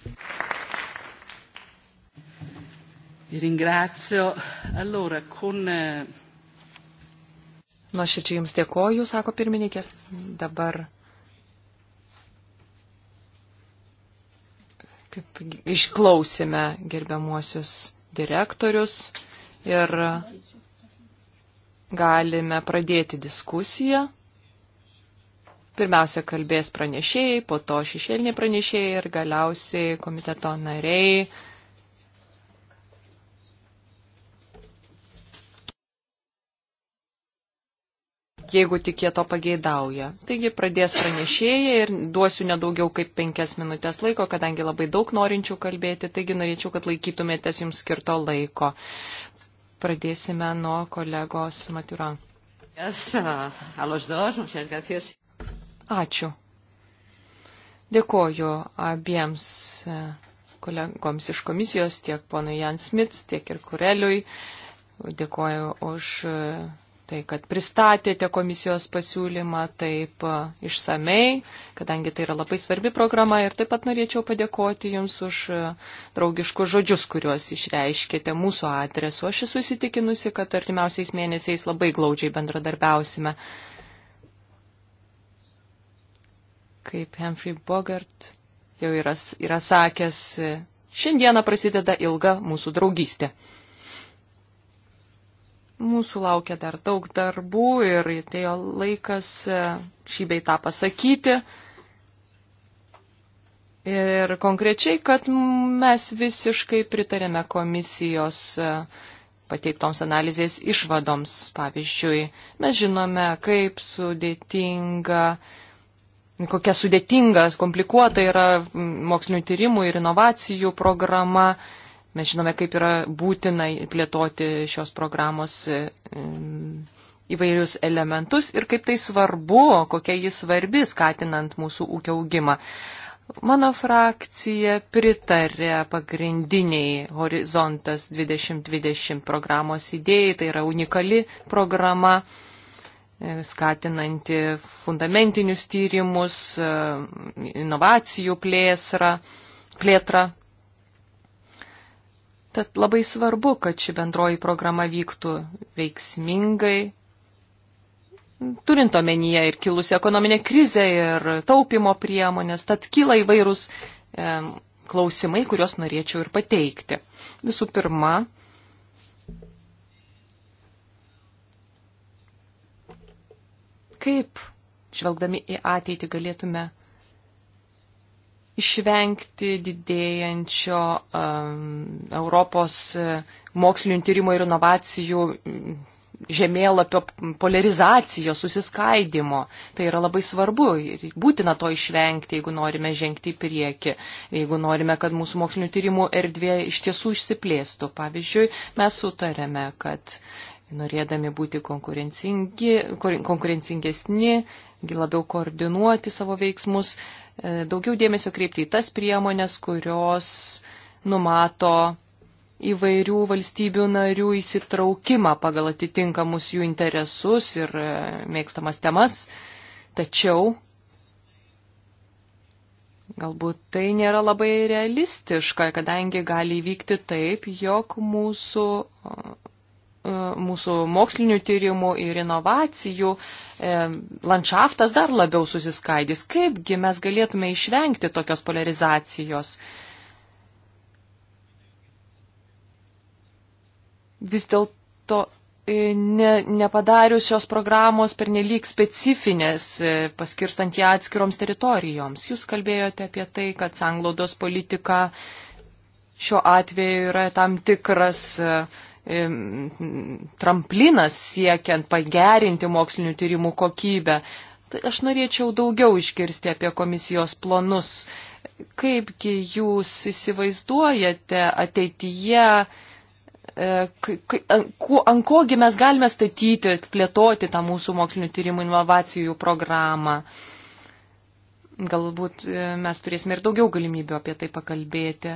Ringrazio. Allora, con... E, Nuoširdžiai Jums dėkoju, sako pirmininkė. Dabar kaip išklausėme gerbiamuosius direktorius ir galime pradėti diskusiją. Pirmiausia, kalbės pranešėjai, po to šešėliniai pranešėjai ir galiausiai komiteto nariai jeigu tik jie to pageidauja. Taigi pradės pranešėjai ir duosiu nedaugiau kaip penkias minutės laiko, kadangi labai daug norinčių kalbėti, taigi norėčiau, kad laikytumėtės jums skirto laiko. Pradėsime nuo kolegos Matiuran. Uh, Ačiū. Dėkoju abiems uh, kolegoms iš komisijos, tiek ponui Jan Smits, tiek ir Kureliui. Dėkoju už uh, tai, kad pristatėte komisijos pasiūlymą taip e, išsamei, kadangi tai yra labai svarbi programa ir taip pat norėčiau padėkoti Jums už e, draugiškus žodžius, kuriuos išreiškėte mūsų adresu. Aš esu įsitikinusi, kad artimiausiais mėnesiais labai glaudžiai bendradarbiausime. Kaip Humphrey Bogart jau yra, yra sakęs, e, šiandieną prasideda ilga mūsų draugystė. Mūsų laukia dar daug darbų ir atėjo laikas e, šį bei tą pasakyti. Ir konkrečiai, kad mes visiškai pritarėme komisijos e, pateiktoms analizės išvadoms. Pavyzdžiui, mes žinome, kaip sudėtinga, kokia sudėtinga, komplikuota yra mokslinių tyrimų ir inovacijų programa Mes žinome, kaip yra būtina plėtoti šios programos e, įvairius elementus ir kaip tai svarbu, kokia jis svarbi, skatinant mūsų ūkio augimą. Mano frakcija pritarė pagrindiniai Horizontas 2020 programos idėjai, tai yra unikali programa e, skatinanti fundamentinius tyrimus, e, inovacijų plėsrą, plėtrą. Tad labai svarbu, kad ši bendroji programa vyktų veiksmingai, turint omenyje ir kilusi ekonominė krizė ir taupimo priemonės, tad kyla įvairūs e, klausimai, kuriuos norėčiau ir pateikti. Visų pirma, kaip, žvelgdami į ateitį, galėtume išvengti didėjančio um, Europos e, mokslinių tyrimų ir inovacijų mm, žemėlapio polarizacijos, susiskaidimo. Tai yra labai svarbu ir būtina to išvengti, jeigu norime žengti į priekį, jeigu norime, kad mūsų mokslinių tyrimų erdvė iš tiesų išsiplėstų. Pavyzdžiui, mes sutarėme, kad norėdami būti konkurencingi, konkurencingesni, labiau koordinuoti savo veiksmus, E, daugiau dėmesio kreipti į tas priemonės, kurios numato įvairių valstybių narių įsitraukimą pagal atitinkamus jų interesus ir e, mėgstamas temas. Tačiau galbūt tai nėra labai realistiška, kadangi gali įvykti taip, jog mūsų, e, mūsų mokslinių tyrimų ir inovacijų uh, E, landšaftas dar labiau susiskaidys. Kaipgi mes galėtume išvengti tokios polarizacijos? Vis dėlto e, ne, nepadarius šios programos per nelik specifinės, e, paskirstant ją atskiroms teritorijoms. Jūs kalbėjote apie tai, kad sanglaudos politika šiuo atveju yra tam tikras uh, tramplinas siekiant pagerinti mokslinių tyrimų kokybę. Tai aš norėčiau daugiau išgirsti apie komisijos planus. Kaipgi jūs įsivaizduojate ateityje, e, ant kogi mes galime statyti, plėtoti tą mūsų mokslinių tyrimų inovacijų programą? Galbūt e, mes turėsime ir daugiau galimybių apie tai pakalbėti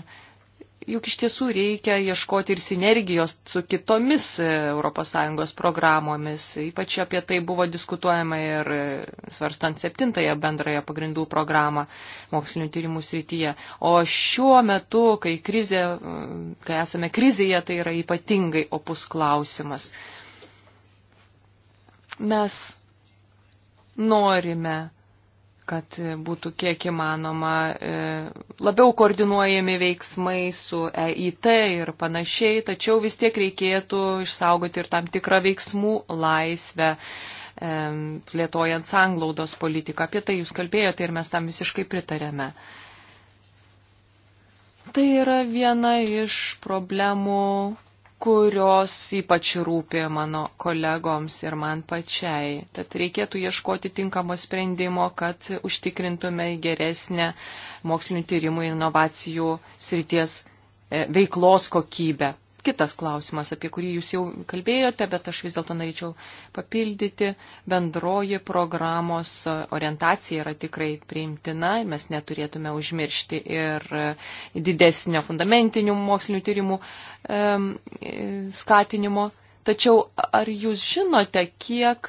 juk iš tiesų reikia ieškoti ir sinergijos su kitomis ES programomis. Ypač apie tai buvo diskutuojama ir e, svarstant septintąją bendrąją pagrindų programą mokslinio tyrimų srityje. O šiuo metu, kai, krizė, kai esame krizėje, tai yra ypatingai opus klausimas. Mes norime kad būtų kiek įmanoma e, labiau koordinuojami veiksmai su EIT ir panašiai, tačiau vis tiek reikėtų išsaugoti ir tam tikrą veiksmų laisvę, e, plėtojant sanglaudos politiką. Apie tai jūs kalbėjote ir mes tam visiškai pritarėme. Tai yra viena iš problemų kurios ypač rūpi mano kolegoms ir man pačiai. Tad reikėtų ieškoti tinkamo sprendimo, kad užtikrintume geresnę mokslinių tyrimų ir inovacijų srities e, veiklos kokybę kitas klausimas, apie kurį jūs jau kalbėjote, bet aš vis dėlto norėčiau papildyti. Bendroji programos orientacija yra tikrai priimtina ir mes neturėtume užmiršti ir didesnio fundamentinių mokslinių tyrimų skatinimo. Tačiau ar jūs žinote, kiek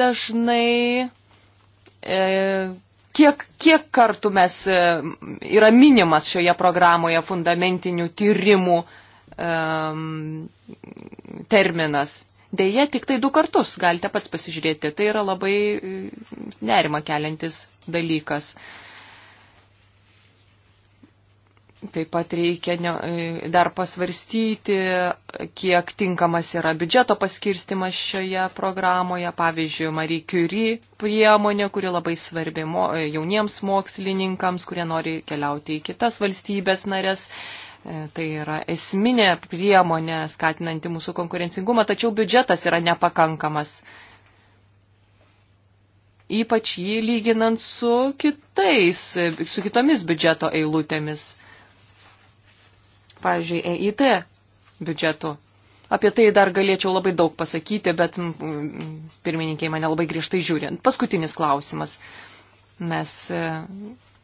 dažnai e, kiek, kiek kartų mes e, yra minimas šioje programoje fundamentinių tyrimų um, terminas. Deja, tik tai du kartus galite pats pasižiūrėti. Tai yra labai e, nerima keliantis dalykas. Uh, Taip pat reikia ne, dar pasvarstyti, kiek tinkamas yra biudžeto paskirstimas šioje programoje. Pavyzdžiui, Marie Curie priemonė, kuri labai svarbi mo, jauniems mokslininkams, kurie nori keliauti į kitas valstybės narės. E, tai yra esminė priemonė skatinanti mūsų konkurencingumą, tačiau biudžetas yra nepakankamas ypač jį lyginant su, kitais, su kitomis biudžeto eilutėmis pavyzdžiui, EIT biudžetu. Apie tai dar galėčiau labai daug pasakyti, bet mm, mm, pirmininkiai mane labai griežtai žiūri. Paskutinis klausimas. Mes e,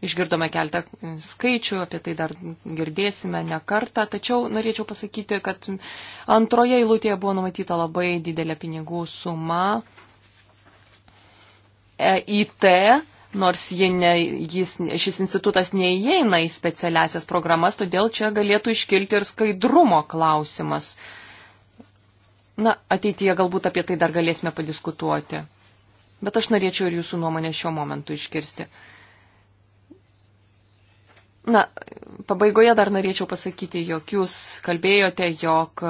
išgirdome keltą skaičių, apie tai dar girdėsime ne kartą, tačiau norėčiau pasakyti, kad antroje eilutėje buvo numatyta labai didelė pinigų suma. EIT nors ne, jis, šis institutas neįeina į specialiasias programas, todėl čia galėtų iškilti ir skaidrumo klausimas. Na, ateityje galbūt apie tai dar galėsime padiskutuoti. Bet aš norėčiau ir jūsų nuomonę šiuo momentu iškirsti. Na, pabaigoje dar norėčiau pasakyti, jog jūs kalbėjote, jog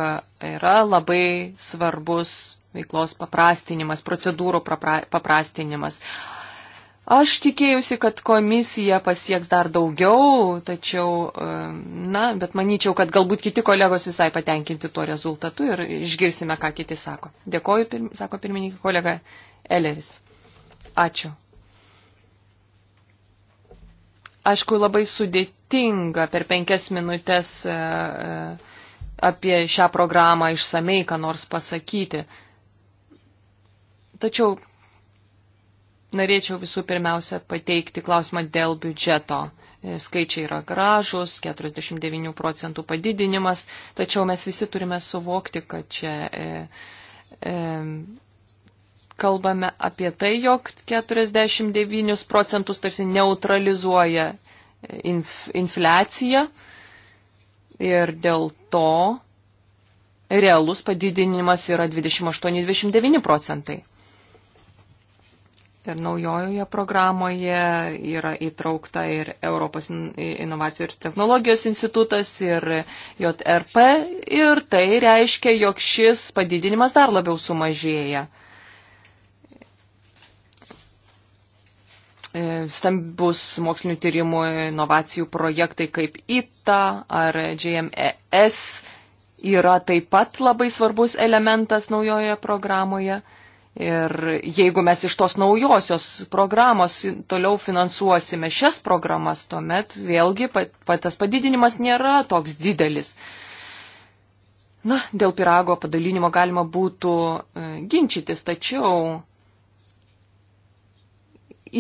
yra labai svarbus veiklos paprastinimas, procedūrų papra, paprastinimas. Aš tikėjusi, kad komisija pasieks dar daugiau, tačiau, e, na, bet manyčiau, kad galbūt kiti kolegos visai patenkinti tuo rezultatu ir išgirsime, ką kiti sako. Dėkoju, pirm, sako pirmininkai kolega Elleris. Ačiū. Aišku, labai sudėtinga per penkias minutės e, e, apie šią programą išsamei, ką nors pasakyti. Tačiau Norėčiau visų pirmiausia pateikti klausimą dėl biudžeto. E, skaičiai yra gražus, 49 procentų padidinimas, tačiau mes visi turime suvokti, kad čia e, e, kalbame apie tai, jog 49 procentus tarsi neutralizuoja e, inf, infliacija ir dėl to realus padidinimas yra 28-29 procentai. Ir naujojoje programoje yra įtraukta ir Europos inovacijų ir technologijos institutas ir JRP. Ir tai reiškia, jog šis padidinimas dar labiau sumažėja. E, stambus mokslinių tyrimų inovacijų projektai kaip ITA ar JMES yra taip pat labai svarbus elementas naujoje programoje. Ir jeigu mes iš tos naujosios programos toliau finansuosime šias programas, tuomet vėlgi pat, pat tas padidinimas nėra toks didelis. Na, dėl pirago padalinimo galima būtų e, ginčytis, tačiau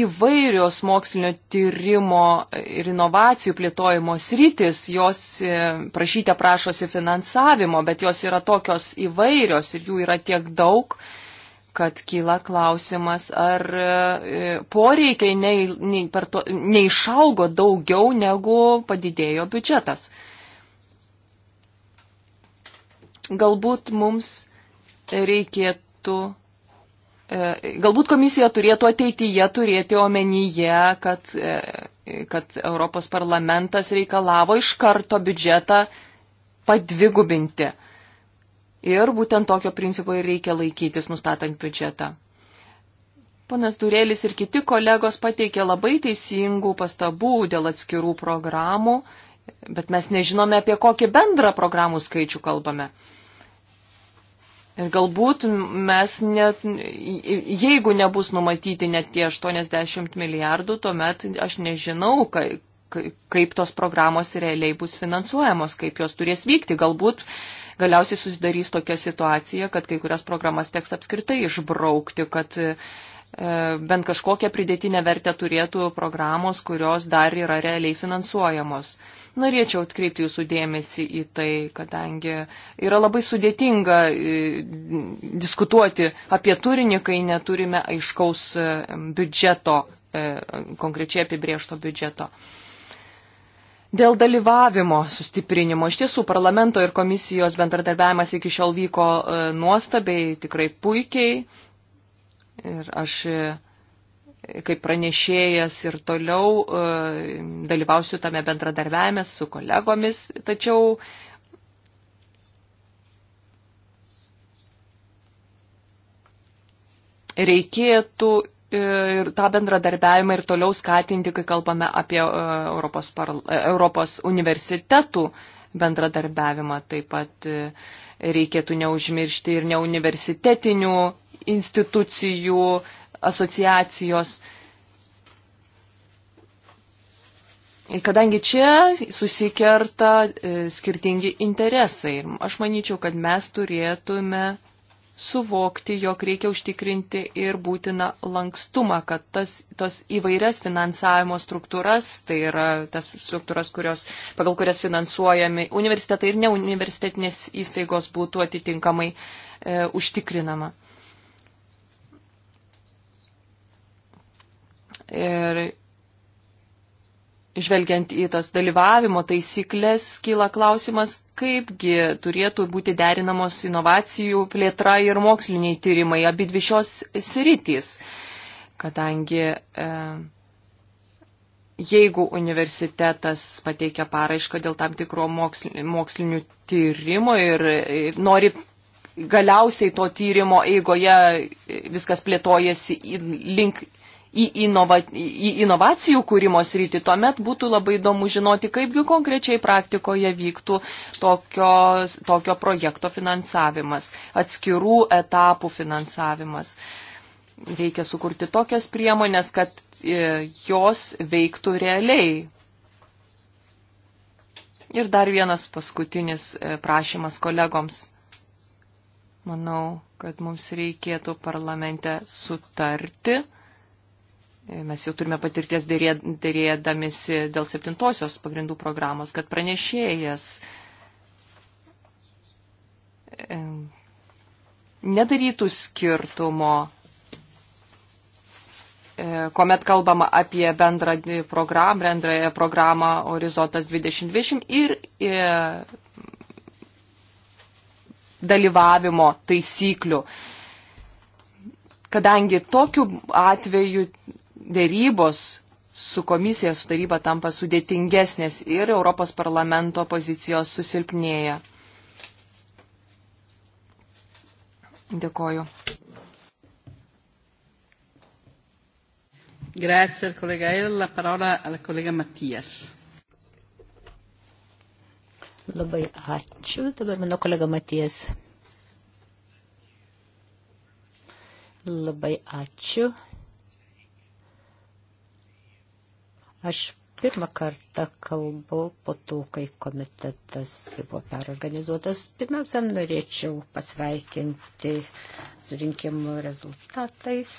įvairios mokslinio tyrimo ir inovacijų plėtojimo sritis, jos e, prašyte prašosi finansavimo, bet jos yra tokios įvairios ir jų yra tiek daug, kad kyla klausimas, ar e, poreikiai nei, nei to, neišaugo daugiau negu padidėjo biudžetas. Galbūt mums reikėtų, e, galbūt komisija turėtų ateityje turėti omenyje, kad, e, kad Europos parlamentas reikalavo iš karto biudžetą padvigubinti. Ir būtent tokio principo ir reikia laikytis, nustatant biudžetą. Panas Durėlis ir kiti kolegos pateikė labai teisingų pastabų dėl atskirų programų, bet mes nežinome, apie kokį bendrą programų skaičių kalbame. Ir galbūt mes net, jeigu nebus numatyti net tie 80 milijardų, tuomet aš nežinau, kaip tos programos realiai bus finansuojamos, kaip jos turės vykti. Galbūt uh, galiausiai susidarys tokia situacija, kad kai kurias programas teks apskritai išbraukti, kad e, bent kažkokią pridėtinę vertę turėtų programos, kurios dar yra realiai finansuojamos. Norėčiau atkreipti jūsų dėmesį į tai, kadangi yra labai sudėtinga e, diskutuoti apie turinį, kai neturime aiškaus e, biudžeto, konkrečiai apibriešto biudžeto. Uh, Dėl dalyvavimo sustiprinimo. Iš tiesų, parlamento ir komisijos bendradarbiavimas iki šiol vyko e, nuostabiai, tikrai puikiai. Ir aš e, kaip pranešėjas ir toliau e, dalyvausiu tame bendradarbiavime su kolegomis. Tačiau reikėtų ir tą bendradarbiavimą ir toliau skatinti, kai kalbame apie e, Europos, parla, e, Europos universitetų bendradarbiavimą. Taip pat e, reikėtų neužmiršti ir neuniversitetinių institucijų asociacijos. Kadangi čia susikerta skirtingi interesai ir aš manyčiau, kad mes turėtume suvokti, jog reikia užtikrinti ir būtiną lankstumą, kad tas, tos įvairias finansavimo struktūras, tai yra tas struktūras, kurios, pagal kurias finansuojami universitetai ir neuniversitetinės įstaigos būtų atitinkamai e, užtikrinama. Ir žvelgiant į tas dalyvavimo taisyklės, kyla klausimas, kaipgi turėtų būti derinamos inovacijų plėtra ir moksliniai tyrimai, abi dvi šios sritys, kadangi e, jeigu universitetas pateikia paraišką dėl tam tikro mokslinių tyrimo ir, ir nori galiausiai to tyrimo eigoje viskas plėtojasi link į, inova, į inovacijų kūrimo sritį, tuomet būtų labai įdomu žinoti, kaipgi konkrečiai praktikoje vyktų tokio, tokio projekto finansavimas, atskirų etapų finansavimas. Reikia sukurti tokias priemonės, kad e, jos veiktų realiai. Ir dar vienas paskutinis e, prašymas kolegoms. Manau, kad mums reikėtų parlamente sutarti Mes jau turime patirties dėrėdamėsi dėl septintosios pagrindų programos, kad pranešėjas nedarytų skirtumo, e, kuomet kalbama apie bendrą programą, bendrąją programą Horizontas 2020 ir e, dalyvavimo taisyklių kadangi tokiu atveju dėrybos su komisija, su taryba tampa sudėtingesnės ir Europos parlamento pozicijos susilpnėja. Dėkoju. Grazie al collega El. La parola al collega Mattias. Labai ačiū. Dabar mano kolega Matijas. Labai ačiū. Aš pirmą kartą kalbu po to, kai komitetas jau buvo perorganizuotas. Pirmiausia, norėčiau pasveikinti su rinkimų rezultatais.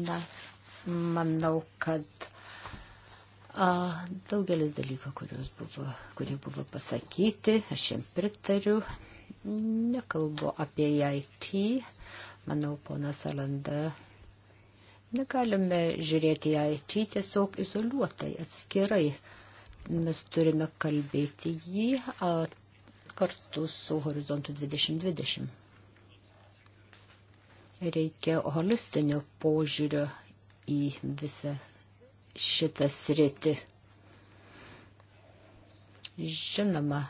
Na, manau, kad a, daugelis dalykų, buvo, kurie buvo pasakyti, aš jiem pritariu, nekalbu apie IT Manau, ponas Alanda, negalime žiūrėti į IT tiesiog izoliuotai, atskirai. Mes turime kalbėti jį a, kartu su horizontu 2020. Reikia holistinio požiūrio į visą šitą sritį. Žinoma,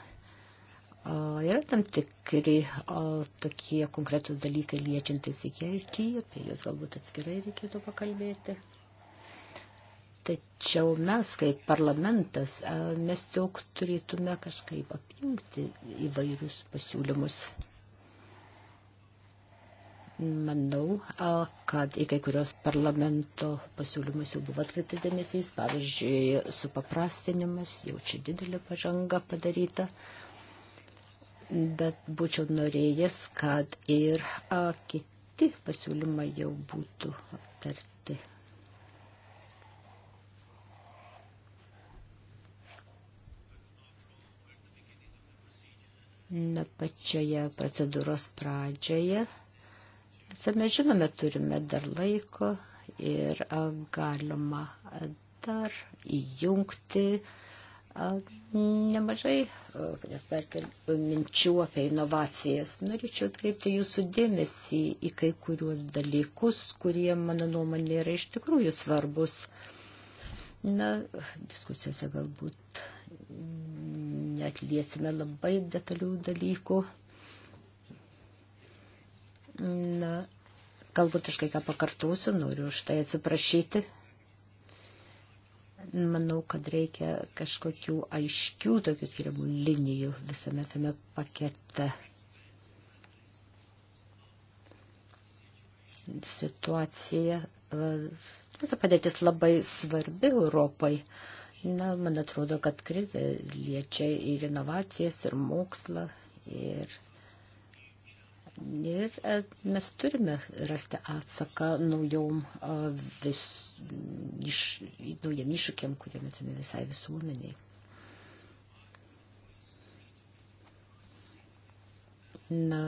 Yra tam tikri o, tokie konkretūs dalykai liečiantis iki iki, apie juos galbūt atskirai reikėtų pakalbėti. Tačiau mes kaip parlamentas, mes tiesiog turėtume kažkaip apjungti įvairius pasiūlymus. Manau, kad į kai kurios parlamento pasiūlymus jau buvo atkreipti dėmesys, pavyzdžiui, supaprastinimas, jau čia didelė pažanga padaryta bet būčiau norėjęs, kad ir a, kiti pasiūlymai jau būtų aptarti. Na pačioje procedūros pradžioje. Esame žinome, turime dar laiko ir galima dar įjungti uh, nemažai nes Merkel minčių apie inovacijas. Norėčiau atkreipti jūsų dėmesį į kai kuriuos dalykus, kurie, mano nuomonė, yra iš tikrųjų svarbus. Na, diskusijose galbūt netliesime labai detalių dalykų. Na, galbūt aš kai ką pakartosiu, noriu už tai atsiprašyti. Manau, kad reikia kažkokių aiškių tokių skiriamų linijų visame tame pakete. Situacija, visa padėtis labai svarbi Europai. Na, man atrodo, kad krizė liečia ir inovacijas, ir mokslą, ir Ir e, mes turime rasti atsaką naujom, e, vis, iš, naujam iššūkiam, kurie metami visai visuomeniai. Na,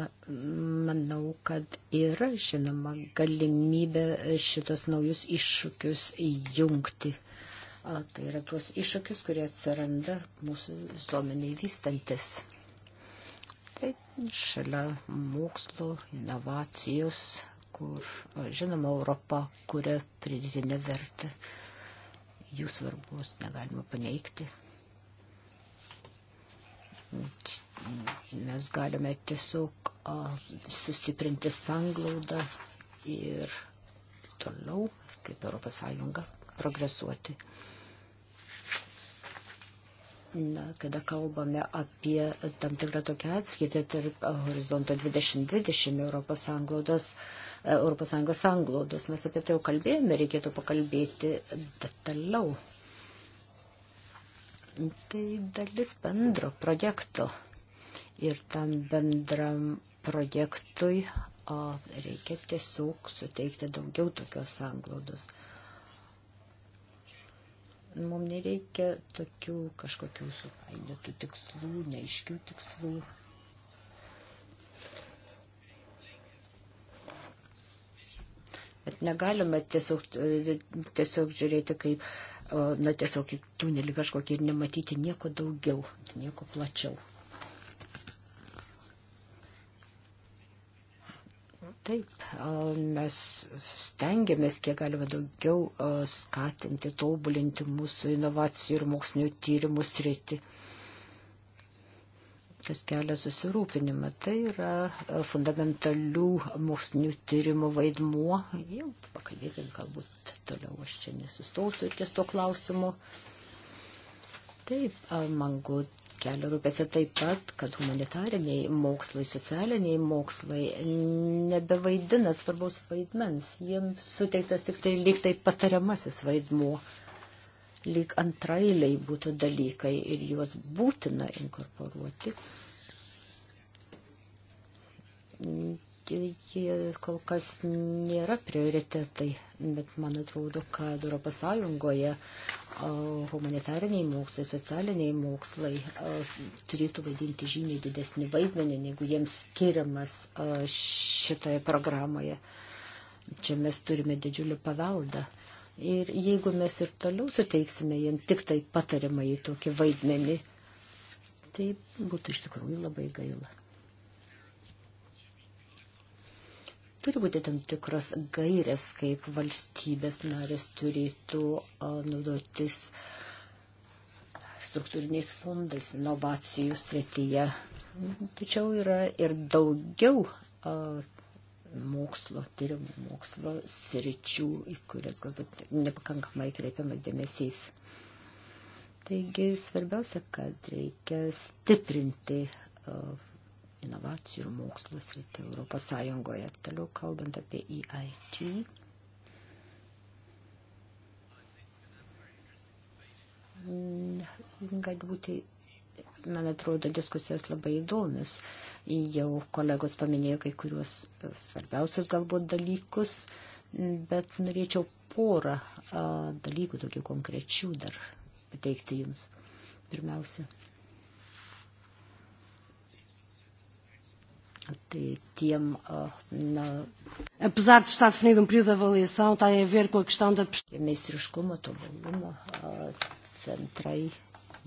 manau, kad yra, žinoma, galimybė šitos naujus iššūkius įjungti. A, tai yra tuos iššūkius, kurie atsiranda mūsų visuomeniai vystantis. Tai šalia mokslo, inovacijos, kur, žinoma, Europa kuria pridėtinę vertę. Jų svarbos negalima paneigti. Mes galime tiesiog a, sustiprinti sanglaudą ir toliau, kaip Europos Sąjunga, progresuoti. Na, kada kalbame apie tam tikrą tokią atskirtį tarp horizonto 2020 Europos sanglaudos, e, Europos Sąjungos sanglaudos, mes apie tai jau kalbėjome, reikėtų pakalbėti detaliau. Tai dalis bendro projekto ir tam bendram projektui o, reikia tiesiog suteikti daugiau tokios sanglaudos. Mums nereikia tokių kažkokių supainiotų tikslų, neaiškių tikslų. Bet negalime tiesiog, e, tiesiog žiūrėti kaip, na, tiesiog tunelį kažkokį ir nematyti nieko daugiau, nieko plačiau. Taip, mes stengiamės kiek galima daugiau skatinti, tobulinti mūsų inovacijų ir mokslinio tyrimų sritį. Kas kelia susirūpinimą, tai yra fundamentalių mokslinių tyrimų vaidmuo. Jau pakalbėkime galbūt toliau, aš čia nesustausiu ties tuo klausimu. Taip, man gut kelia rūpėsi taip pat, kad humanitariniai mokslai, socialiniai mokslai nebevaidina svarbaus vaidmens. Jiems suteiktas tik tai lyg tai patariamasis vaidmuo, lyg antrailiai būtų dalykai ir juos būtina inkorporuoti kol kas nėra prioritetai, bet man atrodo, kad ES humanitariniai mokslai, socialiniai mokslai turėtų vaidinti žymiai didesnį vaidmenį, negu jiems skiriamas šitoje programoje. Čia mes turime didžiulį paveldą. Ir jeigu mes ir toliau suteiksime jiem tik tai patariamą į tokį vaidmenį, tai būtų iš tikrųjų labai gaila. Turi būti tam tikros gairės, kaip valstybės narės turėtų naudotis struktūriniais fondais inovacijų srityje. Tačiau yra ir daugiau mokslo, tyrimų mokslo sričių, į kurias galbūt nepakankamai kreipiamas dėmesys. Taigi svarbiausia, kad reikia stiprinti uh, inovacijų ir mokslo sritį Europos Sąjungoje. Toliau kalbant apie EIT. Gali būti, man atrodo, diskusijos labai įdomios. Jau kolegos paminėjo kai kuriuos svarbiausius galbūt dalykus, bet norėčiau porą a, dalykų tokių konkrečių dar pateikti jums. Pirmiausia, Tai tiem na. Apesar de estar definido um período de avaliação, tem a ver com a questão da. Meistriškumo, tobumo, centrai,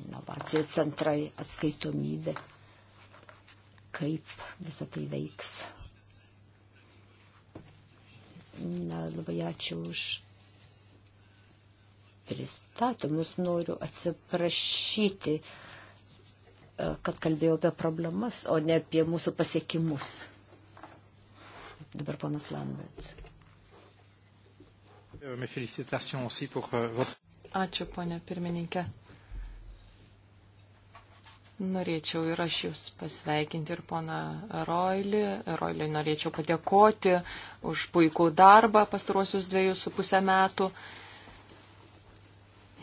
inovacijų centrai, atskaitomybė, kaip visą tai veiks. Na, labai ačiū už pristatymus, noriu atsiprašyti. Uh, E, kad kalbėjau apie problemas, o ne apie mūsų pasiekimus. Dabar ponas Lambert. Euh, euh, Ačiū, ponė pirmininkė. Norėčiau ir aš Jūs pasveikinti ir poną Roilį. Roilį norėčiau padėkoti už puikų darbą pastaruosius dviejus su pusę metų. Uh,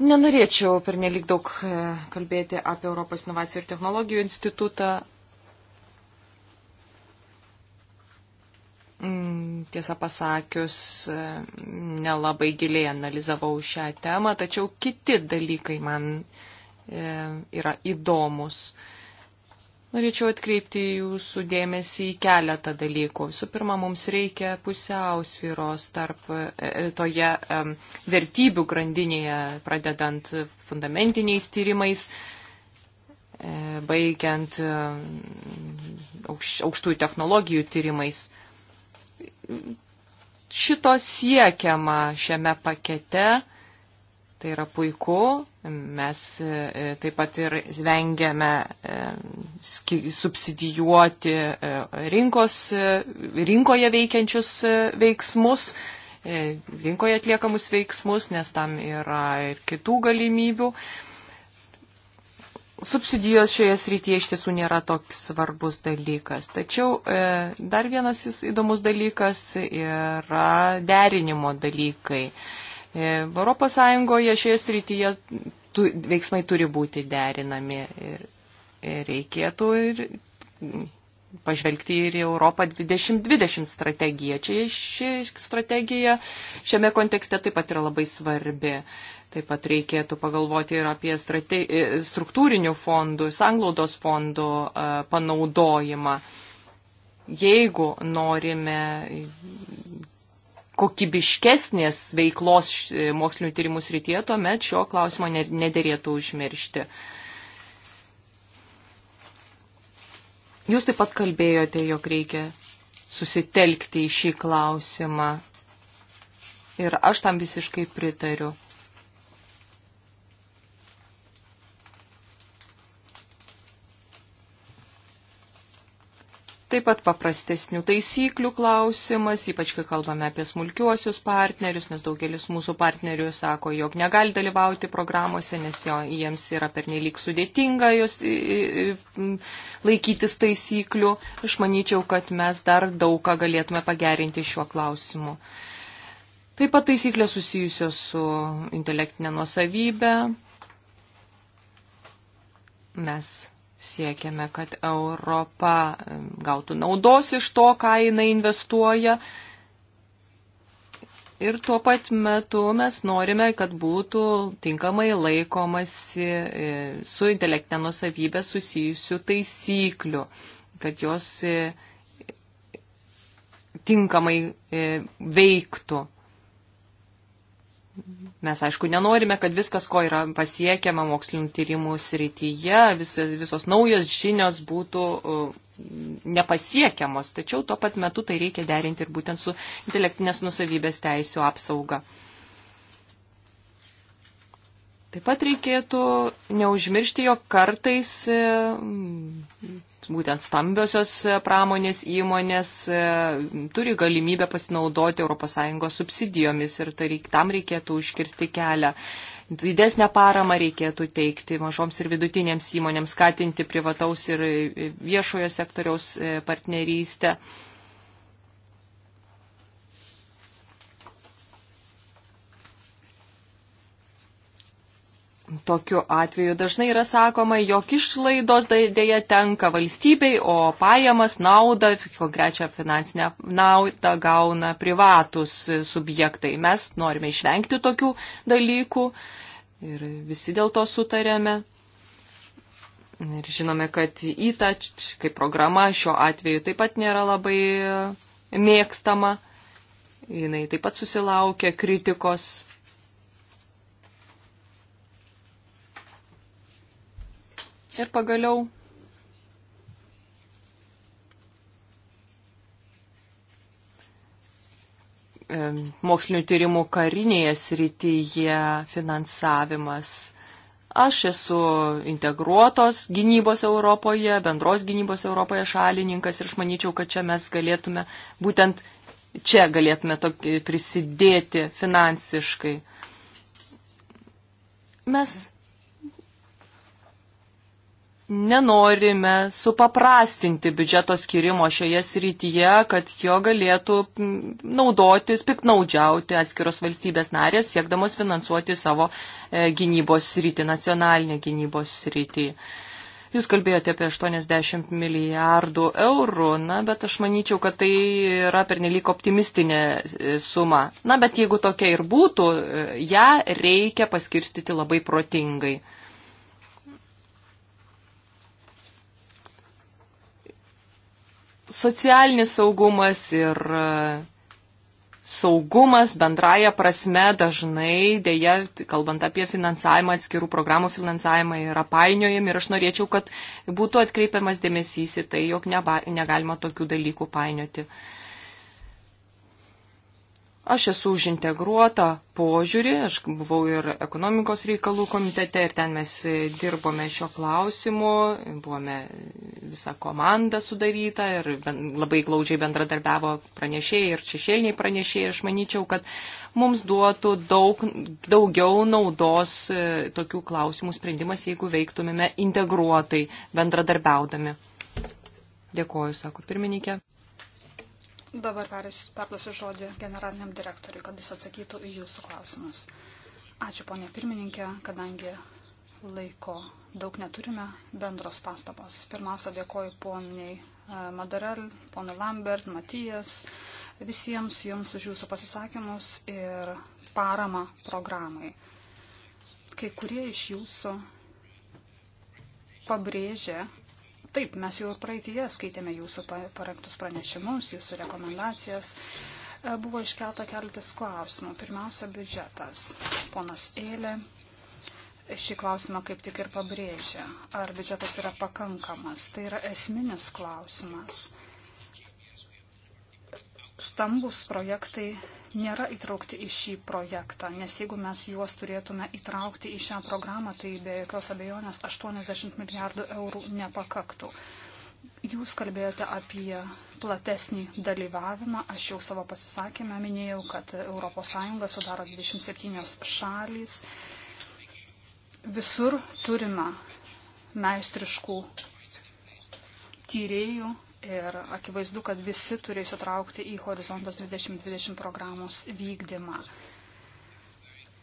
Nenorėčiau per nelik daug e, kalbėti apie Europos inovacijų ir technologijų institutą. Mm, tiesą pasakius, e, nelabai giliai analizavau šią temą, tačiau kiti dalykai man e, yra įdomus. Norėčiau atkreipti jūsų dėmesį į keletą dalykų. Visų pirma, mums reikia pusiausvyros tarp e, e, toje vertybių grandinėje, pradedant fundamentiniais tyrimais, e, baigiant aukštųjų technologijų tyrimais. Šito siekiama šiame pakete, tai yra puiku, Mes e, e, taip pat ir vengiame e, subsidijuoti rinkos, rinkoje veikiančius veiksmus, rinkoje atliekamus veiksmus, nes tam yra ir kitų galimybių. Subsidijos šioje srityje iš tiesų nėra toks svarbus dalykas. Tačiau dar vienas įdomus dalykas yra derinimo dalykai. E, Europos Sąjungoje šioje srityje tu, veiksmai turi būti derinami ir, ir reikėtų ir pažvelgti ir į Europą 2020 strategiją. Čia ši strategija šiame kontekste taip pat yra labai svarbi. Taip pat reikėtų pagalvoti ir apie strate... E, struktūrinių fondų, sanglaudos fondų e, panaudojimą. Jeigu norime kokybiškesnės veiklos e, mokslinių tyrimų srityje, tuomet šio klausimo nederėtų užmiršti. Jūs taip pat kalbėjote, jog reikia susitelkti į šį klausimą. Ir aš tam visiškai pritariu. Taip pat paprastesnių taisyklių klausimas, ypač kai kalbame apie smulkiuosius partnerius, nes daugelis mūsų partnerių sako, jog negali dalyvauti programuose, nes jo, jiems yra pernelyg sudėtinga jos laikytis taisyklių. Aš manyčiau, kad mes dar daug ką galėtume pagerinti šiuo klausimu. Taip pat taisyklės susijusios su intelektinė nuosavybė. Mes Siekiame, kad Europa gautų naudos iš to, ką jinai investuoja. Ir tuo pat metu mes norime, kad būtų tinkamai laikomasi e, su intelektinė nusavybė susijusių taisyklių, kad jos e, tinkamai e, veiktų. Mes, aišku, nenorime, kad viskas, ko yra pasiekiama mokslinių tyrimų srityje, vis, visos naujos žinios būtų uh, nepasiekiamos, tačiau tuo pat metu tai reikia derinti ir būtent su intelektinės nusavybės teisų apsauga. Taip pat reikėtų neužmiršti, jog kartais uh, būtent stambiosios e, pramonės įmonės e, turi galimybę pasinaudoti ES subsidijomis ir tai tam reikėtų užkirsti kelią. Didesnę paramą reikėtų teikti mažoms ir vidutinėms įmonėms, skatinti privataus ir e, viešojo sektoriaus partnerystę. tokiu atveju dažnai yra sakoma, jog išlaidos dėja tenka valstybei, o pajamas naudą, konkrečią finansinę naudą gauna privatus subjektai. Mes norime išvengti tokių dalykų ir visi dėl to sutarėme. Ir žinome, kad įtač, kaip programa šiuo atveju taip pat nėra labai mėgstama. Jis taip pat susilaukia kritikos Ir pagaliau mokslinių tyrimų karinėje srityje finansavimas. Aš esu integruotos gynybos Europoje, bendros gynybos Europoje šalininkas ir aš manyčiau, kad čia mes galėtume, būtent čia galėtume tokį prisidėti finansiškai. Mes nenorime supaprastinti biudžeto skirimo šioje srityje, kad jo galėtų naudotis, piknaudžiauti atskiros valstybės narės, siekdamos finansuoti savo e, gynybos sritį, nacionalinę gynybos sritį. Jūs kalbėjote apie 80 milijardų eurų, na, bet aš manyčiau, kad tai yra pernelyg optimistinė e, suma. Na, bet jeigu tokia ir būtų, e, ją reikia paskirstyti labai protingai. Socialinis saugumas ir e, saugumas bendraja prasme dažnai, dėja, kalbant apie finansavimą, atskirų programų finansavimą yra painiojami ir aš norėčiau, kad būtų atkreipiamas dėmesys į tai, jog negalima tokių dalykų painioti. Uh, Aš esu už integruotą požiūrį, aš buvau ir ekonomikos reikalų komitete ir ten mes e, dirbome šio klausimu, buvome visa komanda sudaryta ir labai glaudžiai bendradarbiavo pranešėjai ir šešėliniai pranešėjai. Aš manyčiau, kad mums duotų daug, daugiau naudos e, tokių klausimų sprendimas, jeigu veiktumėme integruotai bendradarbiaudami. Dėkoju, sako pirmininkė. Dabar perduosiu žodį generaliniam direktoriui, kad jis atsakytų į jūsų klausimus. Ačiū, ponė pirmininkė, kadangi laiko daug neturime, bendros pastabos. Pirmiausia, dėkoju poniai e, Madarel, ponui Lambert, Matijas, visiems jums už jūsų pasisakymus ir paramą programai. Kai kurie iš jūsų pabrėžė, Taip, mes jau praeitie skaitėme jūsų parengtus pranešimus, jūsų rekomendacijas. E, buvo iškelta keletas klausimų. Pirmiausia, biudžetas. Ponas Eilė šį klausimą kaip tik ir pabrėžia. Ar biudžetas yra pakankamas? Tai yra esminis klausimas. Stambus projektai nėra įtraukti į šį projektą, nes jeigu mes juos turėtume įtraukti į šią programą, tai be jokios abejonės 80 milijardų eurų nepakaktų. Jūs kalbėjote apie platesnį dalyvavimą. Aš jau savo pasisakymę minėjau, kad ES sudaro 27 šalys. Visur turime meistriškų tyriejų, Ir akivaizdu, kad visi turi įsitraukti į Horizontas 2020 programos vykdymą.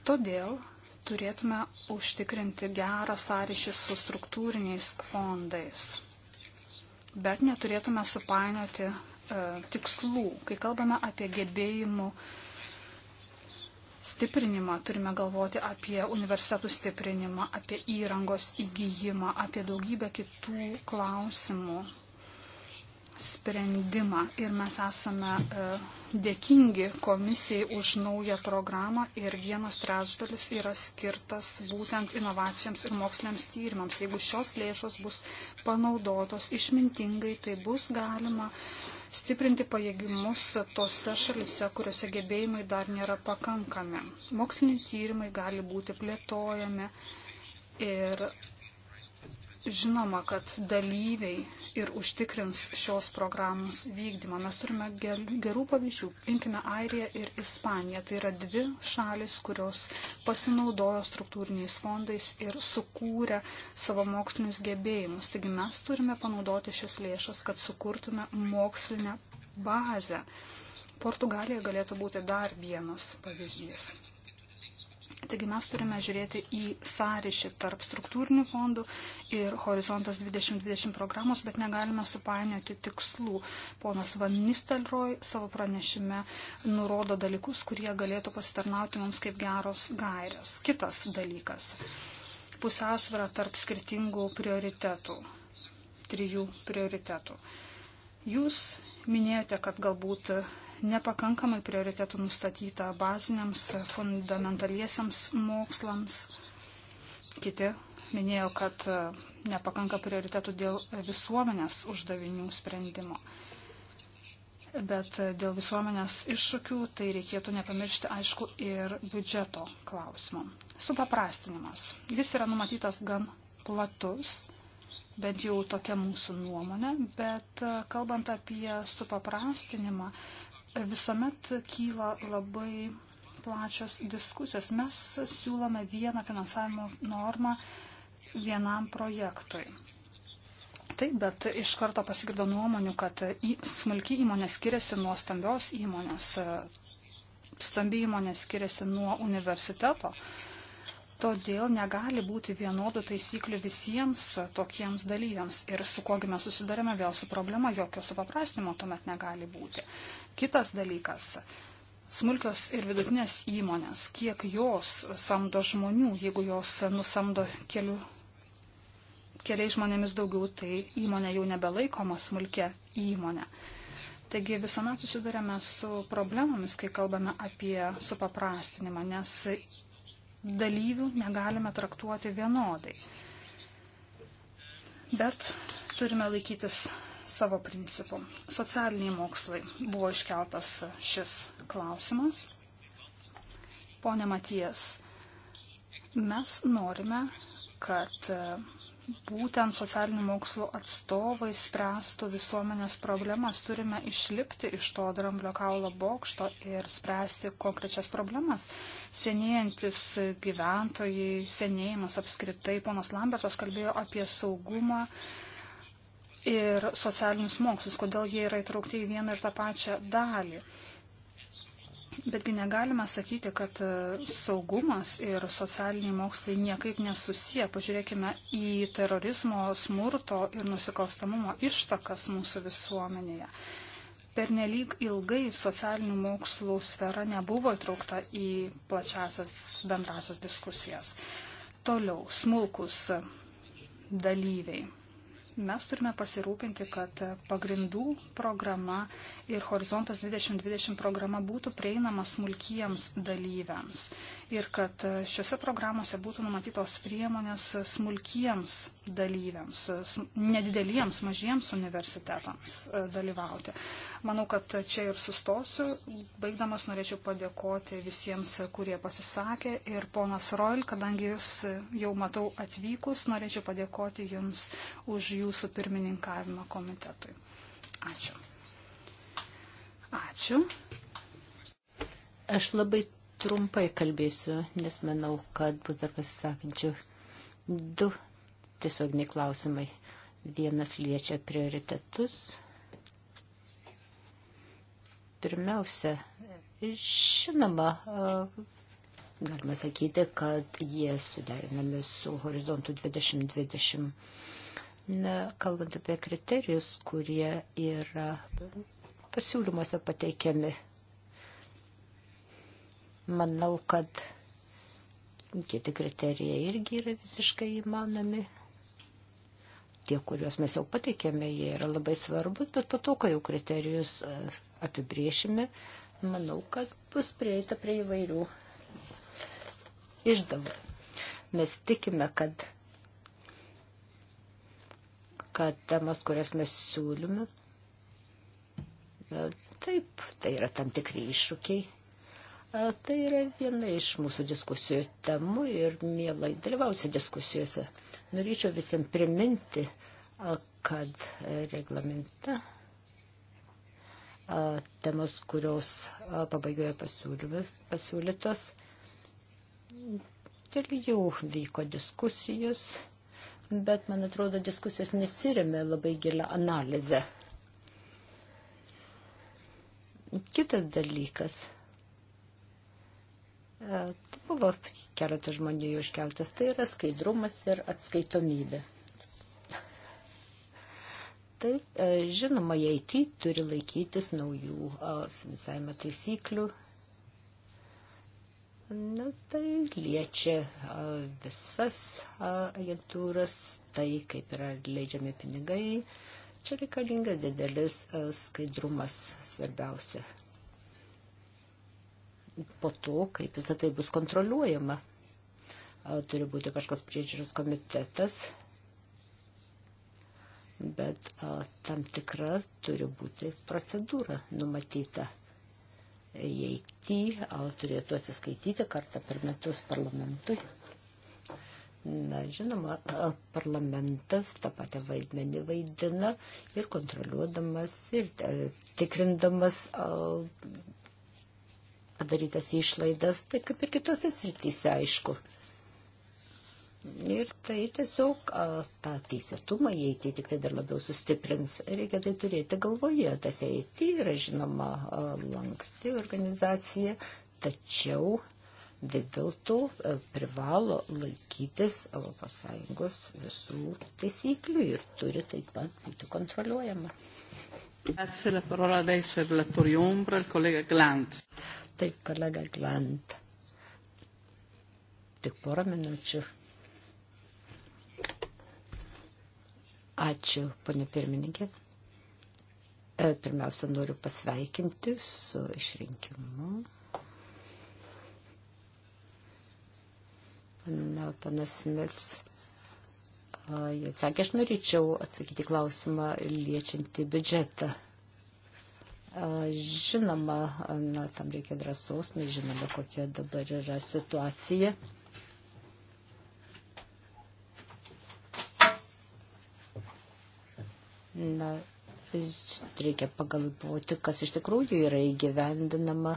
Todėl turėtume užtikrinti gerą sąryšį su struktūriniais fondais. Bet neturėtume supainioti e, tikslų. Kai kalbame apie gebėjimų stiprinimą, turime galvoti apie universitetų stiprinimą, apie įrangos įgyjimą, apie daugybę kitų klausimų, sprendimą ir mes esame e, dėkingi komisijai už naują programą ir vienas trečdalis yra skirtas būtent inovacijoms ir moksliniams tyrimams. Jeigu šios lėšos bus panaudotos išmintingai, tai bus galima stiprinti pajėgimus tose šalise, kuriuose gebėjimai dar nėra pakankami. Moksliniai tyrimai gali būti plėtojami ir žinoma, kad dalyviai ir užtikrins šios programos vykdymą. Mes turime gerų pavyzdžių. Imkime Airiją ir Ispaniją. Tai yra dvi šalis, kurios pasinaudojo struktūriniais fondais ir sukūrė savo mokslinius gebėjimus. Taigi mes turime panaudoti šias lėšas, kad sukurtume mokslinę bazę. Portugalija galėtų būti dar vienas pavyzdys. Taigi mes turime žiūrėti į sąryšį tarp struktūrinių fondų ir Horizontas 2020 programos, bet negalime supainioti tikslų. Ponas Van Nistelrooy savo pranešime nurodo dalykus, kurie galėtų pasitarnauti mums kaip geros gairės. Kitas dalykas - pusiausvėra tarp skirtingų prioritetų, trijų prioritetų. Jūs minėjote, kad galbūt nepakankamai prioritetų nustatyta baziniams fundamentaliesiams mokslams. Kiti minėjo, kad e, nepakanka prioritetų dėl visuomenės uždavinių sprendimo. Bet e, dėl visuomenės iššūkių tai reikėtų nepamiršti, aišku, ir biudžeto klausimo. Supaprastinimas. Jis yra numatytas gan platus, bent jau tokia mūsų nuomonė, bet e, kalbant apie supaprastinimą, visuomet kyla labai plačios diskusijos. Mes siūlome vieną finansavimo normą vienam projektui. Taip, bet iš karto pasigirdo nuomonių, kad į, smulki įmonė skiriasi nuo stambios įmonės, stambi įmonė skiriasi nuo universiteto. Todėl negali būti vienodų taisyklių visiems tokiems dalyviams. Ir su kogi mes susidarėme vėl su problema, jokio supaprastinimo tuomet negali būti. Kitas dalykas smulkios ir vidutinės įmonės, kiek jos samdo žmonių, jeigu jos nusamdo kelių, keliai žmonėmis daugiau, tai įmonė jau nebelaikoma smulkia įmonė. Taigi visuomet susidurėme su problemomis, kai kalbame apie supaprastinimą, nes dalyvių negalime traktuoti vienodai. Bet turime laikytis savo principų. Socialiniai mokslai buvo iškeltas šis klausimas. Pone Matijas, mes norime, kad e, būtent socialinių mokslų atstovai spręstų visuomenės problemas. Turime išlipti iš to dramblio kaulo bokšto ir spręsti konkrečias problemas. Senėjantis gyventojai, senėjimas apskritai, ponas Lambertas kalbėjo apie saugumą, ir socialinius mokslus, kodėl jie yra įtraukti į vieną ir tą pačią dalį. Betgi negalima sakyti, kad e, saugumas ir socialiniai mokslai niekaip nesusiję. Pažiūrėkime į terorizmo, smurto ir nusikalstamumo ištakas mūsų visuomenėje. Per nelik ilgai socialinių mokslų sfera nebuvo įtraukta į plačiasias bendrasias diskusijas. Toliau, smulkus dalyviai mes turime pasirūpinti, kad pagrindų programa ir Horizontas 2020 programa būtų prieinama smulkiems dalyviams ir kad šiuose programuose būtų numatytos priemonės smulkiems dalyviams, nedideliems, mažiems universitetams e, dalyvauti. Manau, kad čia ir sustosiu. Baigdamas norėčiau padėkoti visiems, kurie pasisakė. Ir ponas Roil, kadangi jūs jau matau atvykus, norėčiau padėkoti jums už jūsų pirmininkavimą komitetui. Ačiū. Ačiū. Aš labai trumpai kalbėsiu, nes manau, kad bus dar pasisakančių. Du tiesioginiai klausimai. Vienas liečia prioritetus. Pirmiausia, žinoma, galima sakyti, kad jie suderinami su horizontu 2020. Na, kalbant apie kriterijus, kurie yra pasiūlymuose pateikiami Manau, kad kiti kriterijai irgi yra visiškai įmanomi. Tie, kuriuos mes jau pateikėme, jie yra labai svarbus, bet po to, kai jau kriterijus e, apibriešime, manau, kad bus prieita prie įvairių išdavų. Mes tikime, kad, kad temas, kurias mes siūlime, e, taip, tai yra tam tikri iššūkiai Tai yra viena iš mūsų diskusijų temų ir mielai dalyvausiu diskusijose. Norėčiau visiems priminti, kad reglamente temos, kurios pabaigoje pasiūlytos, dėl jų vyko diskusijos, bet, man atrodo, diskusijos nesirėmė labai gilę analizę. Kitas dalykas – E, buvo keletas žmonių jau iškeltas, tai yra skaidrumas ir atskaitomybė. Tai žinoma, IT turi laikytis naujų e, finansavimo taisyklių. Na, tai liečia visas agentūras, tai kaip yra leidžiami pinigai. Čia reikalingas didelis skaidrumas svarbiausia po to, kaip visą tai bus kontroliuojama. Turi būti kažkoks priežiūros komitetas, bet tam tikra turi būti procedūra numatyta. EIT turėtų atsiskaityti kartą per metus parlamentui. Na, žinoma, parlamentas tą patį vaidmenį vaidina ir kontroliuodamas, ir e, tikrindamas padarytas išlaidas, tai kaip ir kitose srityse, aišku. Ir tai tiesiog a, tą teisėtumą įeiti tik tai dar labiau sustiprins. Reikia tai turėti galvoje. Tas EIT yra žinoma a, lanksti organizacija, tačiau vis dėlto privalo laikytis ES visų taisyklių ir turi taip pat būti kontroliuojama. Grazie, la parola adesso al relatore Umbra, il collega Glant. Taip, kolega Glant. Tik porą minučių. Ačiū, ponė pirmininkė. E, pirmiausia, noriu pasveikinti su išrinkimu. Na, panas Mils. Jis sakė, aš norėčiau atsakyti klausimą liečiantį biudžetą. Žinoma, na, tam reikia drąsos, mes žinome, kokia dabar yra situacija. Na, reikia pagalvoti, kas iš tikrųjų yra įgyvendinama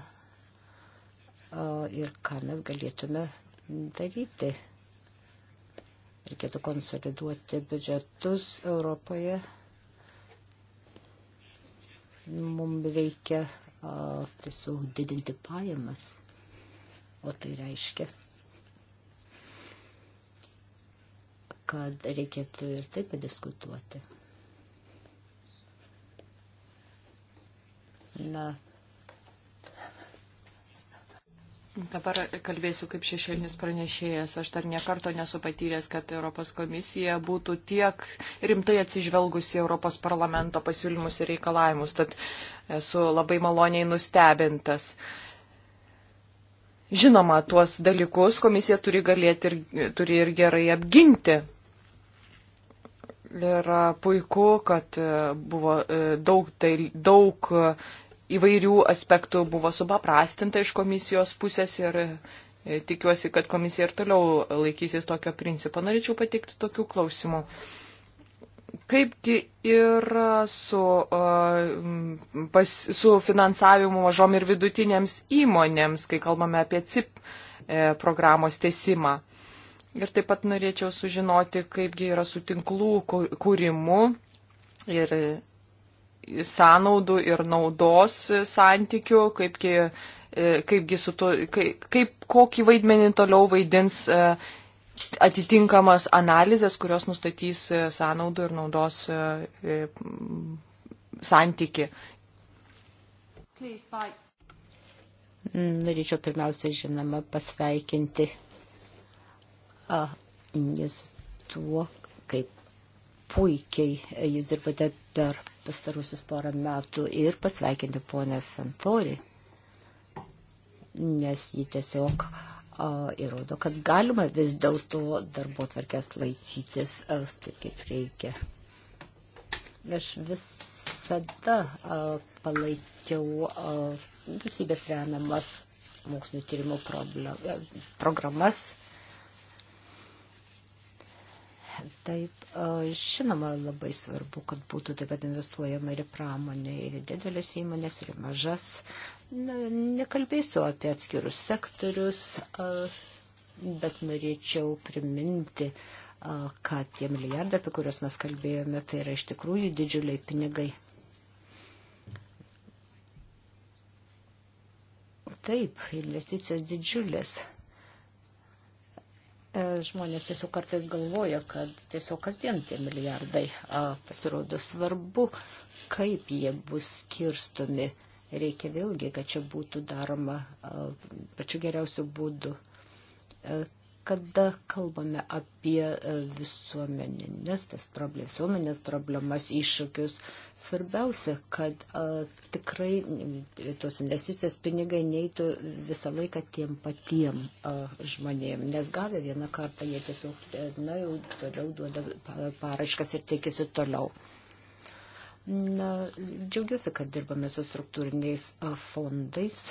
ir ką mes galėtume daryti. Reikėtų konsoliduoti biudžetus Europoje mums reikia a, tiesiog didinti pajamas. O tai reiškia, kad reikėtų ir taip padiskutuoti. Na, Dabar kalbėsiu kaip šešėlinis pranešėjas. Aš dar niekarto nesu patyręs, kad Europos komisija būtų tiek rimtai atsižvelgusi Europos parlamento pasiūlymus ir reikalavimus. Tad esu labai maloniai nustebintas. Žinoma, tuos dalykus komisija turi galėti ir, turi ir gerai apginti. Ir puiku, kad buvo e, daug, tai, daug įvairių aspektų buvo supaprastinta iš komisijos pusės ir e, tikiuosi, kad komisija ir toliau laikysis tokio principo. Norėčiau patikti tokių klausimų. Kaipgi yra su, uh, pas, su finansavimu mažom ir vidutinėms įmonėms, kai kalbame apie CIP e, programos tesimą? Ir taip pat norėčiau sužinoti, kaipgi yra su tinklų kūrimu ir sąnaudų ir naudos santykių, kaipgi, e, kaipgi su to, kaip, kaip, kokį vaidmenį toliau vaidins e, atitinkamas analizės, kurios nustatys e, sąnaudų ir naudos santyki. Norėčiau pirmiausia, žinoma, pasveikinti A, nes tuo, kaip puikiai jūs dirbate per pastarusius porą metų ir pasveikinti ponę Santori, nes ji tiesiog a, įrodo, kad galima vis dėlto darbo tvarkės laikytis a, taip, kaip reikia. Aš visada a, palaikiau a, valstybės remiamas mokslinio tyrimų problemas, programas Taip, žinoma, labai svarbu, kad būtų taip pat investuojama ir pramonė, ir didelės įmonės, ir mažas. Na, nekalbėsiu apie atskirus sektorius, bet norėčiau priminti, kad tie milijardai, apie kuriuos mes kalbėjome, tai yra iš tikrųjų didžiuliai pinigai. Taip, investicijos didžiulės. E, žmonės tiesiog kartais galvoja, kad tiesiog kasdien tie milijardai pasirodo svarbu, kaip jie bus skirstomi. Reikia vėlgi, kad čia būtų daroma pačiu geriausiu būdu. E, kada kalbame apie e, visuomeninės, tas problemas, visuomenės problemas, iššūkius, svarbiausia, kad a, e, tikrai e, tos investicijos pinigai neitų visą laiką tiem patiem a, žmonėm, nes gavę vieną kartą jie tiesiog, na jau toliau duoda paraškas ir teikėsi toliau. Na, džiaugiuosi, kad dirbame su struktūriniais a, fondais,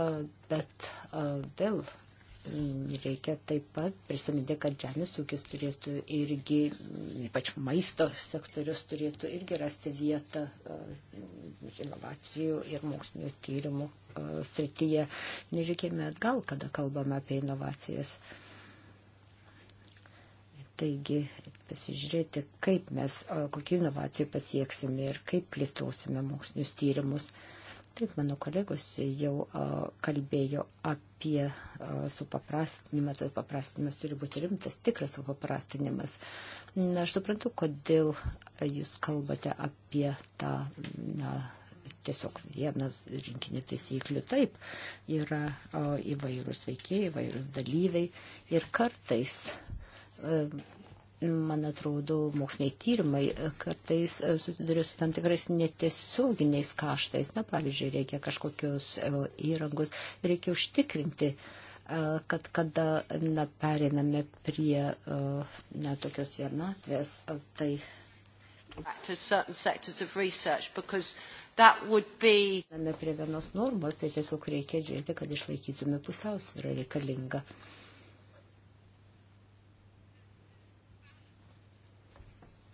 a, bet a, vėl reikia taip pat prisiminti, kad žemės ūkis turėtų irgi, ypač maisto sektorius turėtų irgi rasti vietą e, inovacijų ir mokslinio tyrimų e, srityje. Nežiūrėkime atgal, kada kalbame apie inovacijas. Taigi, pasižiūrėti, kaip mes, kokių inovacijų pasieksime ir kaip plėtosime mokslinius tyrimus. Uh, Taip, mano kolegos jau a, kalbėjo apie a, supaprastinimą, tai paprastinimas turi būti rimtas, tikras supaprastinimas. Na, aš suprantu, kodėl jūs kalbate apie tą, na, tiesiog vienas rinkinį taisyklių. Taip, yra a, įvairūs veikėjai, įvairūs dalyviai ir kartais man atrodo, moksliniai tyrimai kartais susiduria su tam tikrais netiesioginiais kaštais. Na, pavyzdžiui, reikia kažkokios e, įrangos, reikia užtikrinti, e, kad kada na, periname prie e, na, tokios vienatvės, tai. Be... Prie vienos normos, tai tiesiog reikia žiūrėti, kad išlaikytume pusiausvyrą reikalingą. Uh,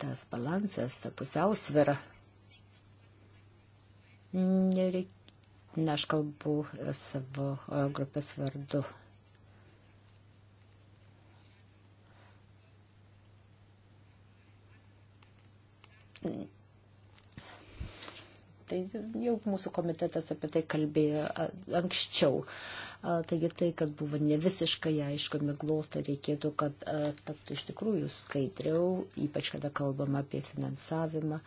tas balansas, ta pusiausvėra. Nereik... Na, aš kalbu savo e, grupės vardu. Tai jau mūsų komitetas apie tai kalbėjo anksčiau. Taigi tai, kad buvo ne visiškai aišku miglota, reikėtų, kad taptų iš tikrųjų skaidriau, ypač kada kalbama apie finansavimą.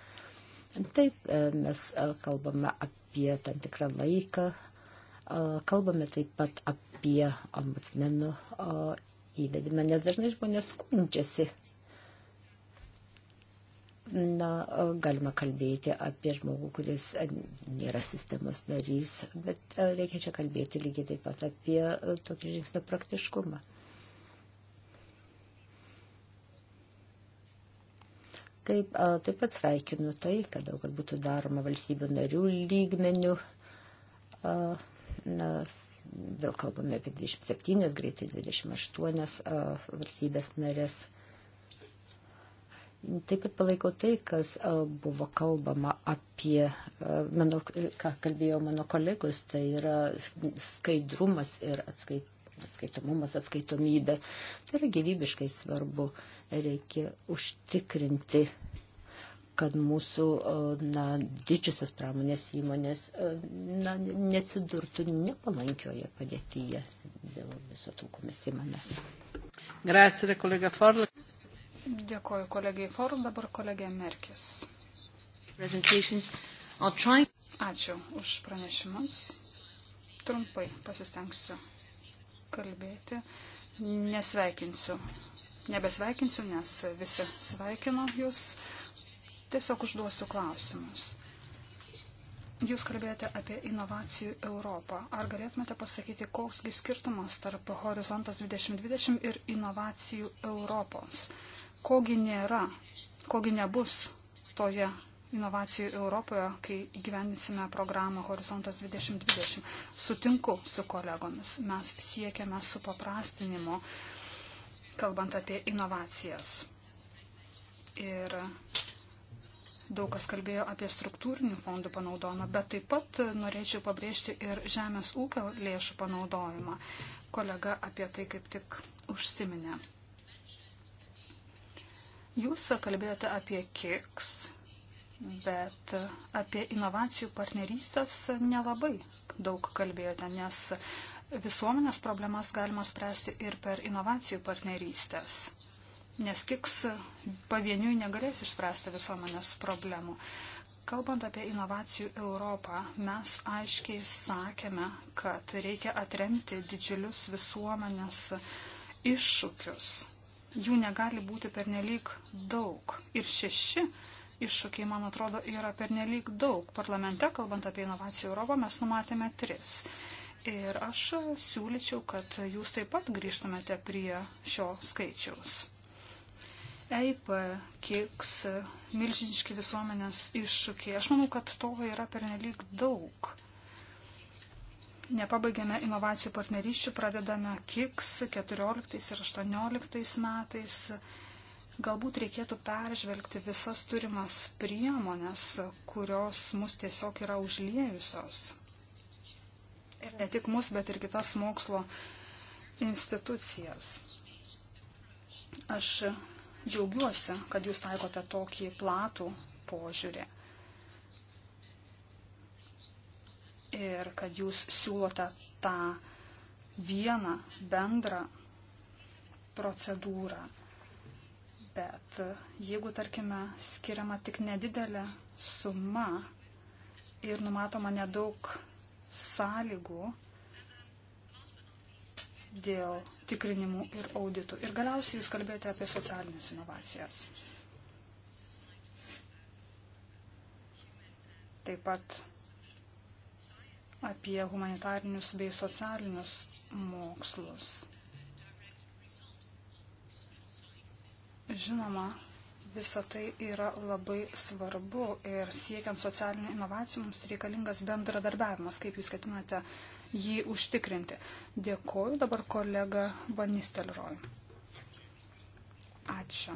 Taip, mes kalbame apie tam tikrą laiką, kalbame taip pat apie ombudsmenų įvedimą, nes dažnai žmonės skundžiasi na, galima kalbėti apie žmogų, kuris e, nėra sistemos narys, bet e, reikia čia kalbėti lygiai taip pat apie e, tokį žingsnio praktiškumą. Taip, taip pat sveikinu tai, kad daug kas būtų daroma valstybių narių lygmenių. Na, vėl kalbame apie 27, greitai 28 valstybės narės. Taip pat palaikau tai, kas e, buvo kalbama apie, e, mano, ką kalbėjo mano kolegos, tai yra skaidrumas ir atskaitimas atskaitomumas, atskaitomybė. Tai yra gyvybiškai svarbu. Reikia užtikrinti, kad mūsų e, na, didžiosios pramonės įmonės na, neatsidurtų nepalankioje padėtyje dėl viso to, ko mes įmonės. Grazie, kolega Forlik. Dėkoju kolegijai Forum, dabar kolegija Merkis. Ačiū už pranešimus. Trumpai pasistengsiu kalbėti. Nesveikinsiu. Nebesveikinsiu, nes visi sveikino jūs. Tiesiog užduosiu klausimus. Jūs kalbėjote apie inovacijų Europą. Ar galėtumėte pasakyti, koksgi skirtumas tarp Horizontas 2020 ir inovacijų Europos? kogi nėra, kogi nebus toje inovacijų Europoje, kai įgyvendinsime programą Horizontas 2020. Sutinku su kolegomis, mes siekiame supaprastinimo, kalbant apie inovacijas. Ir daug kas kalbėjo apie struktūrinių fondų panaudojimą, bet taip pat norėčiau pabrėžti ir žemės ūkio lėšų panaudojimą. Kolega apie tai kaip tik užsiminė. Jūs kalbėjote apie KIKS, bet apie inovacijų partnerystės nelabai daug kalbėjote, nes visuomenės problemas galima spręsti ir per inovacijų partnerystės nes kiks pavieniui negalės išspręsti visuomenės problemų. Kalbant apie inovacijų Europą, mes aiškiai sakėme, kad reikia atremti didžiulius visuomenės iššūkius jų negali būti pernelyg daug. Ir šeši iššūkiai, man atrodo, yra pernelyg daug. Parlamente, kalbant apie inovacijų Europą, mes numatėme tris. Ir aš siūlyčiau, kad jūs taip pat grįžtumėte prie šio skaičiaus. EIP, KIKS, milžiniški visuomenės iššūkiai. Aš manau, kad to yra pernelyg daug nepabaigėme inovacijų partnerysčių, pradedame KIKS 14 ir 18 metais. Galbūt reikėtų peržvelgti visas turimas priemonės, kurios mus tiesiog yra užliejusios. Ir ne tik mus, bet ir kitas mokslo institucijas. Aš džiaugiuosi, kad jūs taikote tokį platų požiūrį. ir kad jūs siūlote tą vieną bendrą procedūrą. Bet jeigu, tarkime, skiriama tik nedidelė suma ir numatoma nedaug sąlygų dėl tikrinimų ir auditų. Ir galiausiai jūs kalbėjote apie socialinės inovacijas. Taip pat apie humanitarinius bei socialinius mokslus. Žinoma, visa tai yra labai svarbu ir siekiant socialinių inovacijų mums reikalingas bendradarbiavimas, kaip jūs ketinate jį užtikrinti. Dėkoju dabar kolega Banistelroj. Ačiū.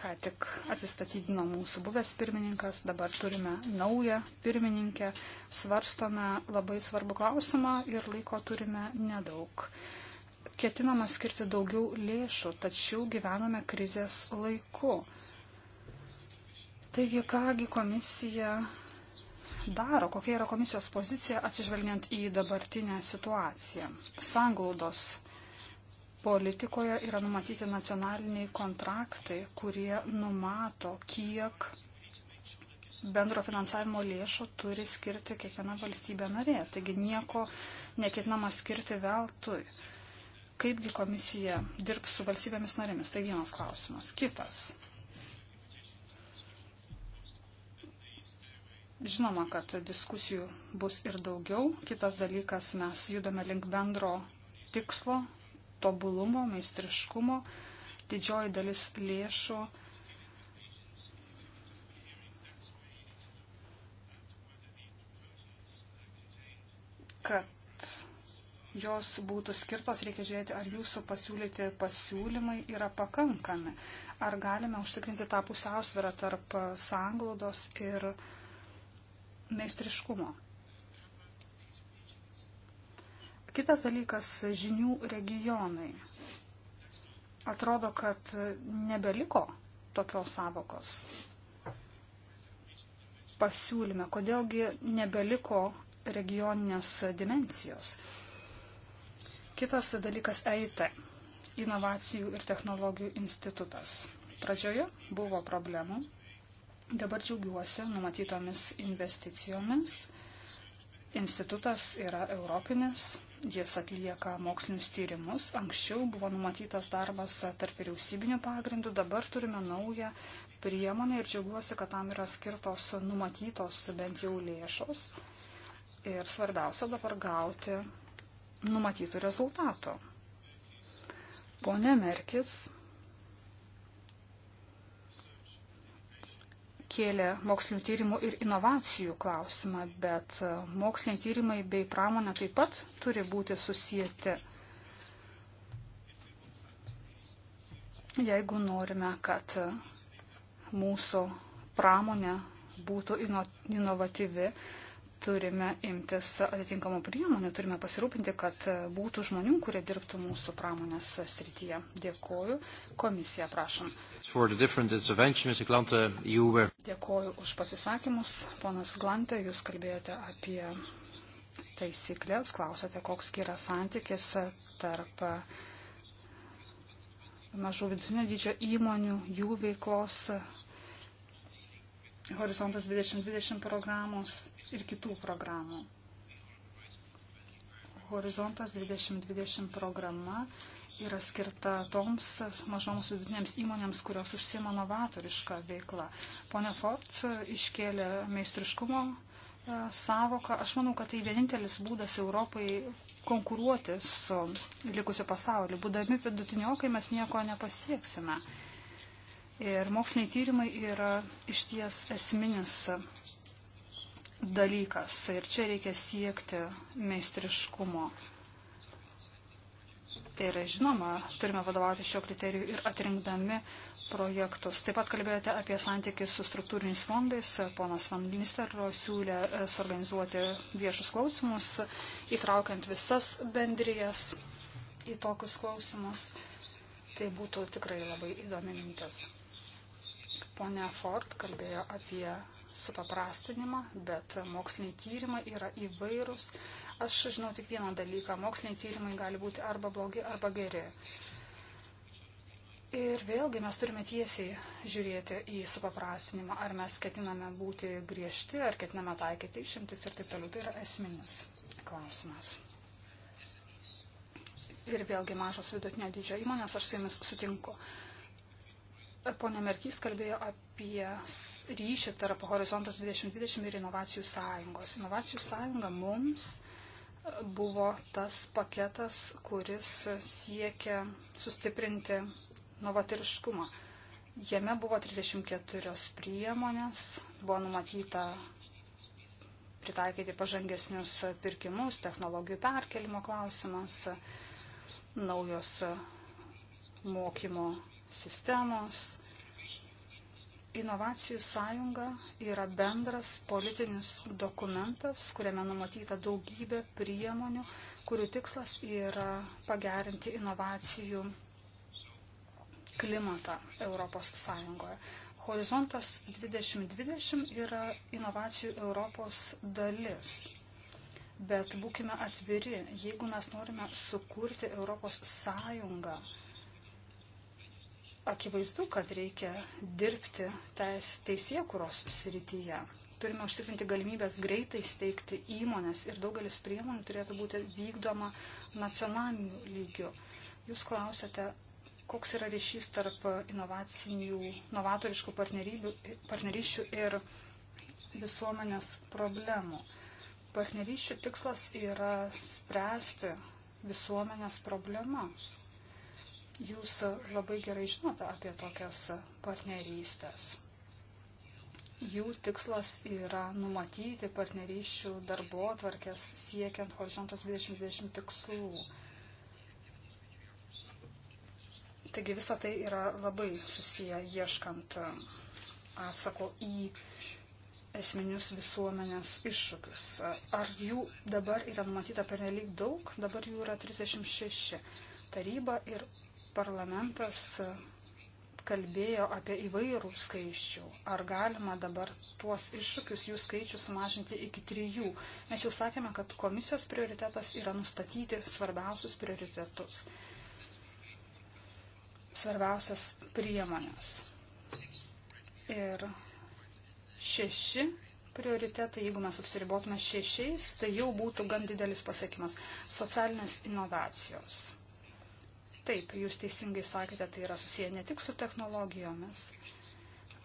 Ką tik atsistatydino mūsų buvęs pirmininkas, dabar turime naują pirmininkę, svarstome labai svarbų klausimą ir laiko turime nedaug. Ketinama skirti daugiau lėšų, tačiau gyvename krizės laiku. Taigi, kągi komisija daro, kokia yra komisijos pozicija atsižvelgiant į dabartinę situaciją. Sanglaudos politikoje yra numatyti nacionaliniai kontraktai, kurie numato, kiek bendro finansavimo lėšų turi skirti kiekviena valstybė narė. Taigi nieko neketinama skirti veltui. Kaipgi komisija dirbs su valstybėmis narėmis? Tai vienas klausimas. Kitas. Žinoma, kad diskusijų bus ir daugiau. Kitas dalykas, mes judame link bendro tikslo tobulumo, meistriškumo. Didžioji dalis lėšų kad jos būtų skirtos, reikia žiūrėti, ar jūsų pasiūlyti pasiūlymai yra pakankami, ar galime užtikrinti tą pusiausvyrą tarp sanglaudos ir meistriškumo. Kitas dalykas - žinių regionai. Atrodo, kad nebeliko tokios savokos pasiūlyme, kodėlgi nebeliko regioninės dimencijos. Kitas dalykas - EIT - inovacijų ir technologijų institutas. Pradžioje buvo problemų, dabar džiaugiuosi numatytomis investicijomis. Institutas yra europinis, Jis atlieka mokslinius tyrimus. Anksčiau buvo numatytas darbas tarp vyriausybinių pagrindų, dabar turime naują priemonę ir džiaugiuosi, kad tam yra skirtos numatytos bent jau lėšos. Ir svarbiausia dabar gauti numatytų rezultatų. Pone Merkis kėlė mokslinių tyrimų ir inovacijų klausimą, bet e, moksliniai tyrimai bei pramonė taip pat turi būti susijęti. Jeigu norime, kad e, mūsų pramonė būtų ino, inovatyvi, turime imtis atitinkamų priemonių, turime pasirūpinti, kad būtų žmonių, kurie dirbtų mūsų pramonės srityje. Dėkoju. Komisija, prašom. Dėkoju už pasisakymus. Ponas Glantė, jūs kalbėjote apie taisyklės, klausėte, koks yra santykis tarp mažų vidutinio dydžio įmonių, jų veiklos Horizontas 2020 programos ir kitų programų. Horizontas 2020 programa yra skirta toms mažoms vidutinėms įmonėms, kurios užsima novatorišką veiklą. Pone Ford iškėlė meistriškumo e, savoką. Aš manau, kad tai vienintelis būdas Europai konkuruoti su likusiu pasauliu. Būdami vidutiniokai mes nieko nepasieksime. Ir moksliniai tyrimai yra išties esminis dalykas ir čia reikia siekti meistriškumo. Tai yra žinoma, turime vadovauti šio kriterijų ir atrinkdami projektus. Taip pat kalbėjote apie santykius su struktūriniais fondais. Ponas Van Ministero siūlė e, suorganizuoti viešus klausimus, įtraukiant visas bendrijas į tokius klausimus. Tai būtų tikrai labai įdomi mintis. Pone Ford kalbėjo apie supaprastinimą, bet moksliniai tyrimai yra įvairūs. Aš žinau tik vieną dalyką. Moksliniai tyrimai gali būti arba blogi, arba geri. Ir vėlgi mes turime tiesiai žiūrėti į supaprastinimą, ar mes ketiname būti griežti, ar ketiname taikyti išimtis ir taip toliau. Tai yra esminis klausimas. Ir vėlgi mažos vidutinio dydžio įmonės, aš su jumis sutinku. Uh, Pone Merkys kalbėjo apie ryšį tarp Horizontas 2020 ir Inovacijų sąjungos. Inovacijų sąjunga mums e, buvo tas paketas, kuris siekia sustiprinti novatiriškumą. Jame buvo 34 priemonės, buvo numatyta pritaikyti pažangesnius pirkimus, technologijų perkelimo klausimas, naujos mokymo sistemos. Inovacijų sąjunga yra bendras politinis dokumentas, kuriame numatyta daugybė priemonių, kurių tikslas yra pagerinti inovacijų klimatą Europos Sąjungoje. Horizontas 2020 yra inovacijų Europos dalis. Bet būkime atviri, jeigu mes norime sukurti Europos Sąjungą, Akivaizdu, kad reikia dirbti teisėkuros srityje. Turime užtikrinti galimybės greitai steigti įmonės ir daugelis priemonių turėtų būti vykdoma nacionaliniu lygiu. Jūs klausėte, koks yra ryšys tarp inovacinių, novatoriškų partnerysčių ir visuomenės problemų. Partnerysčių tikslas yra spręsti visuomenės problemas. Jūs labai gerai žinote apie tokias partnerystės. Jų tikslas yra numatyti partnerysčių darbo atvarkės siekiant horizontas 2020 tikslų. Taigi visa tai yra labai susiję ieškant atsako į esminius visuomenės iššūkius. Ar jų dabar yra numatyta pernelyg daug? Dabar jų yra 36. Taryba ir parlamentas kalbėjo apie įvairų skaičių. Ar galima dabar tuos iššūkius, jų skaičių sumažinti iki trijų? Mes jau sakėme, kad komisijos prioritetas yra nustatyti svarbiausius prioritetus, svarbiausias priemonės. Ir šeši prioritetai, jeigu mes apsiribotume šešiais, tai jau būtų gan didelis pasiekimas. Socialinės inovacijos Taip, jūs teisingai sakėte, tai yra susiję ne tik su technologijomis.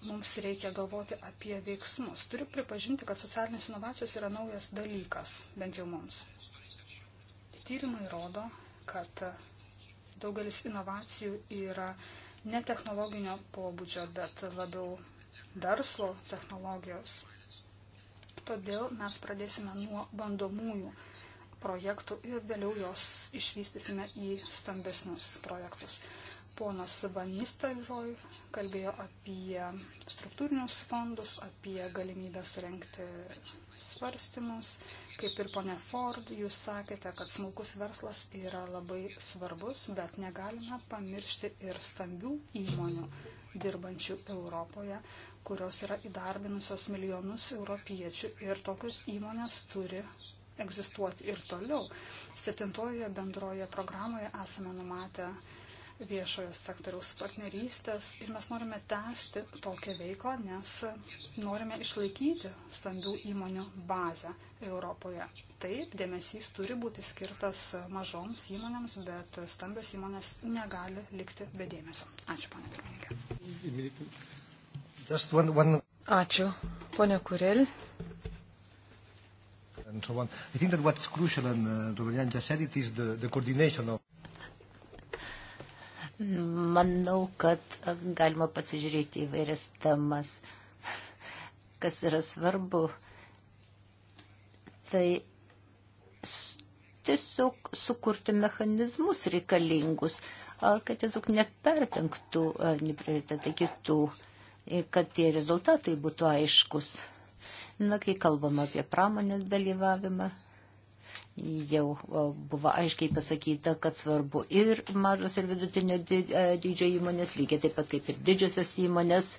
Mums reikia galvoti apie veiksmus. Turiu pripažinti, kad socialinės inovacijos yra naujas dalykas, bent jau mums. Tyrimai rodo, kad daugelis inovacijų yra ne technologinio pobūdžio, bet labiau verslo technologijos. Todėl mes pradėsime nuo bandomųjų projektų ir vėliau jos išvystysime į stambesnius projektus. Ponas Vanistelroj kalbėjo apie struktūrinius fondus, apie galimybę surenkti svarstymus. Kaip ir ponė Ford, jūs sakėte, kad smulkus verslas yra labai svarbus, bet negalime pamiršti ir stambių įmonių dirbančių Europoje, kurios yra įdarbinusios milijonus europiečių ir tokius įmonės turi egzistuoti ir toliau. Septintojoje bendroje programoje esame numatę viešojo sektoriaus partnerystės ir mes norime tęsti tokią veiklą, nes norime išlaikyti stambių įmonių bazę Europoje. Taip, dėmesys turi būti skirtas mažoms įmonėms, bet stambios įmonės negali likti be dėmesio. Ačiū, ponė pirmininkė. Ačiū, ponė Kurel and so on. I think that what's crucial, and uh, Robert just said it, is the, the coordination of. Manau, kad uh, galima pasižiūrėti įvairias temas. Kas yra svarbu, tai tiesiog sukurti mechanizmus reikalingus, kad tiesiog nepertenktų neprioritetai kitų, kad tie rezultatai būtų aiškus. Na, kai kalbam apie pramonės dalyvavimą, jau buvo aiškiai pasakyta, kad svarbu ir mažos ir vidutinio e, dydžio įmonės, lygiai taip pat kaip ir didžiosios įmonės,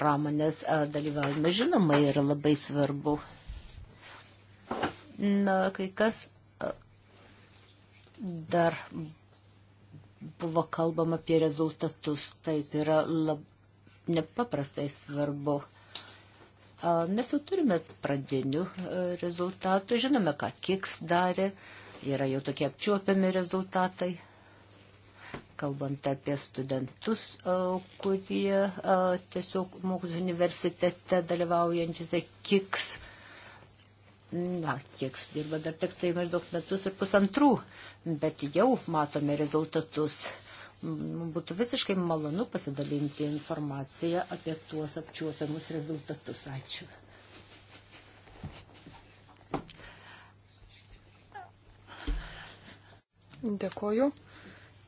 pramonės e, dalyvavimas žinoma yra labai svarbu. Na, kai kas e, dar buvo kalbama apie rezultatus, taip yra lab, nepaprastai svarbu. Mes jau turime pradinių e, rezultatų, žinome, ką Kiks darė, yra jau tokie apčiuopiami rezultatai. Kalbant apie studentus, kurie tiesiog mokosi universitete dalyvaujančiose Kiks. Na, Kiks dirba dar tik tai maždaug metus ir pusantrų, bet jau matome rezultatus būtų visiškai malonu pasidalinti informaciją apie tuos apčiuopiamus rezultatus. Ačiū. Dėkoju.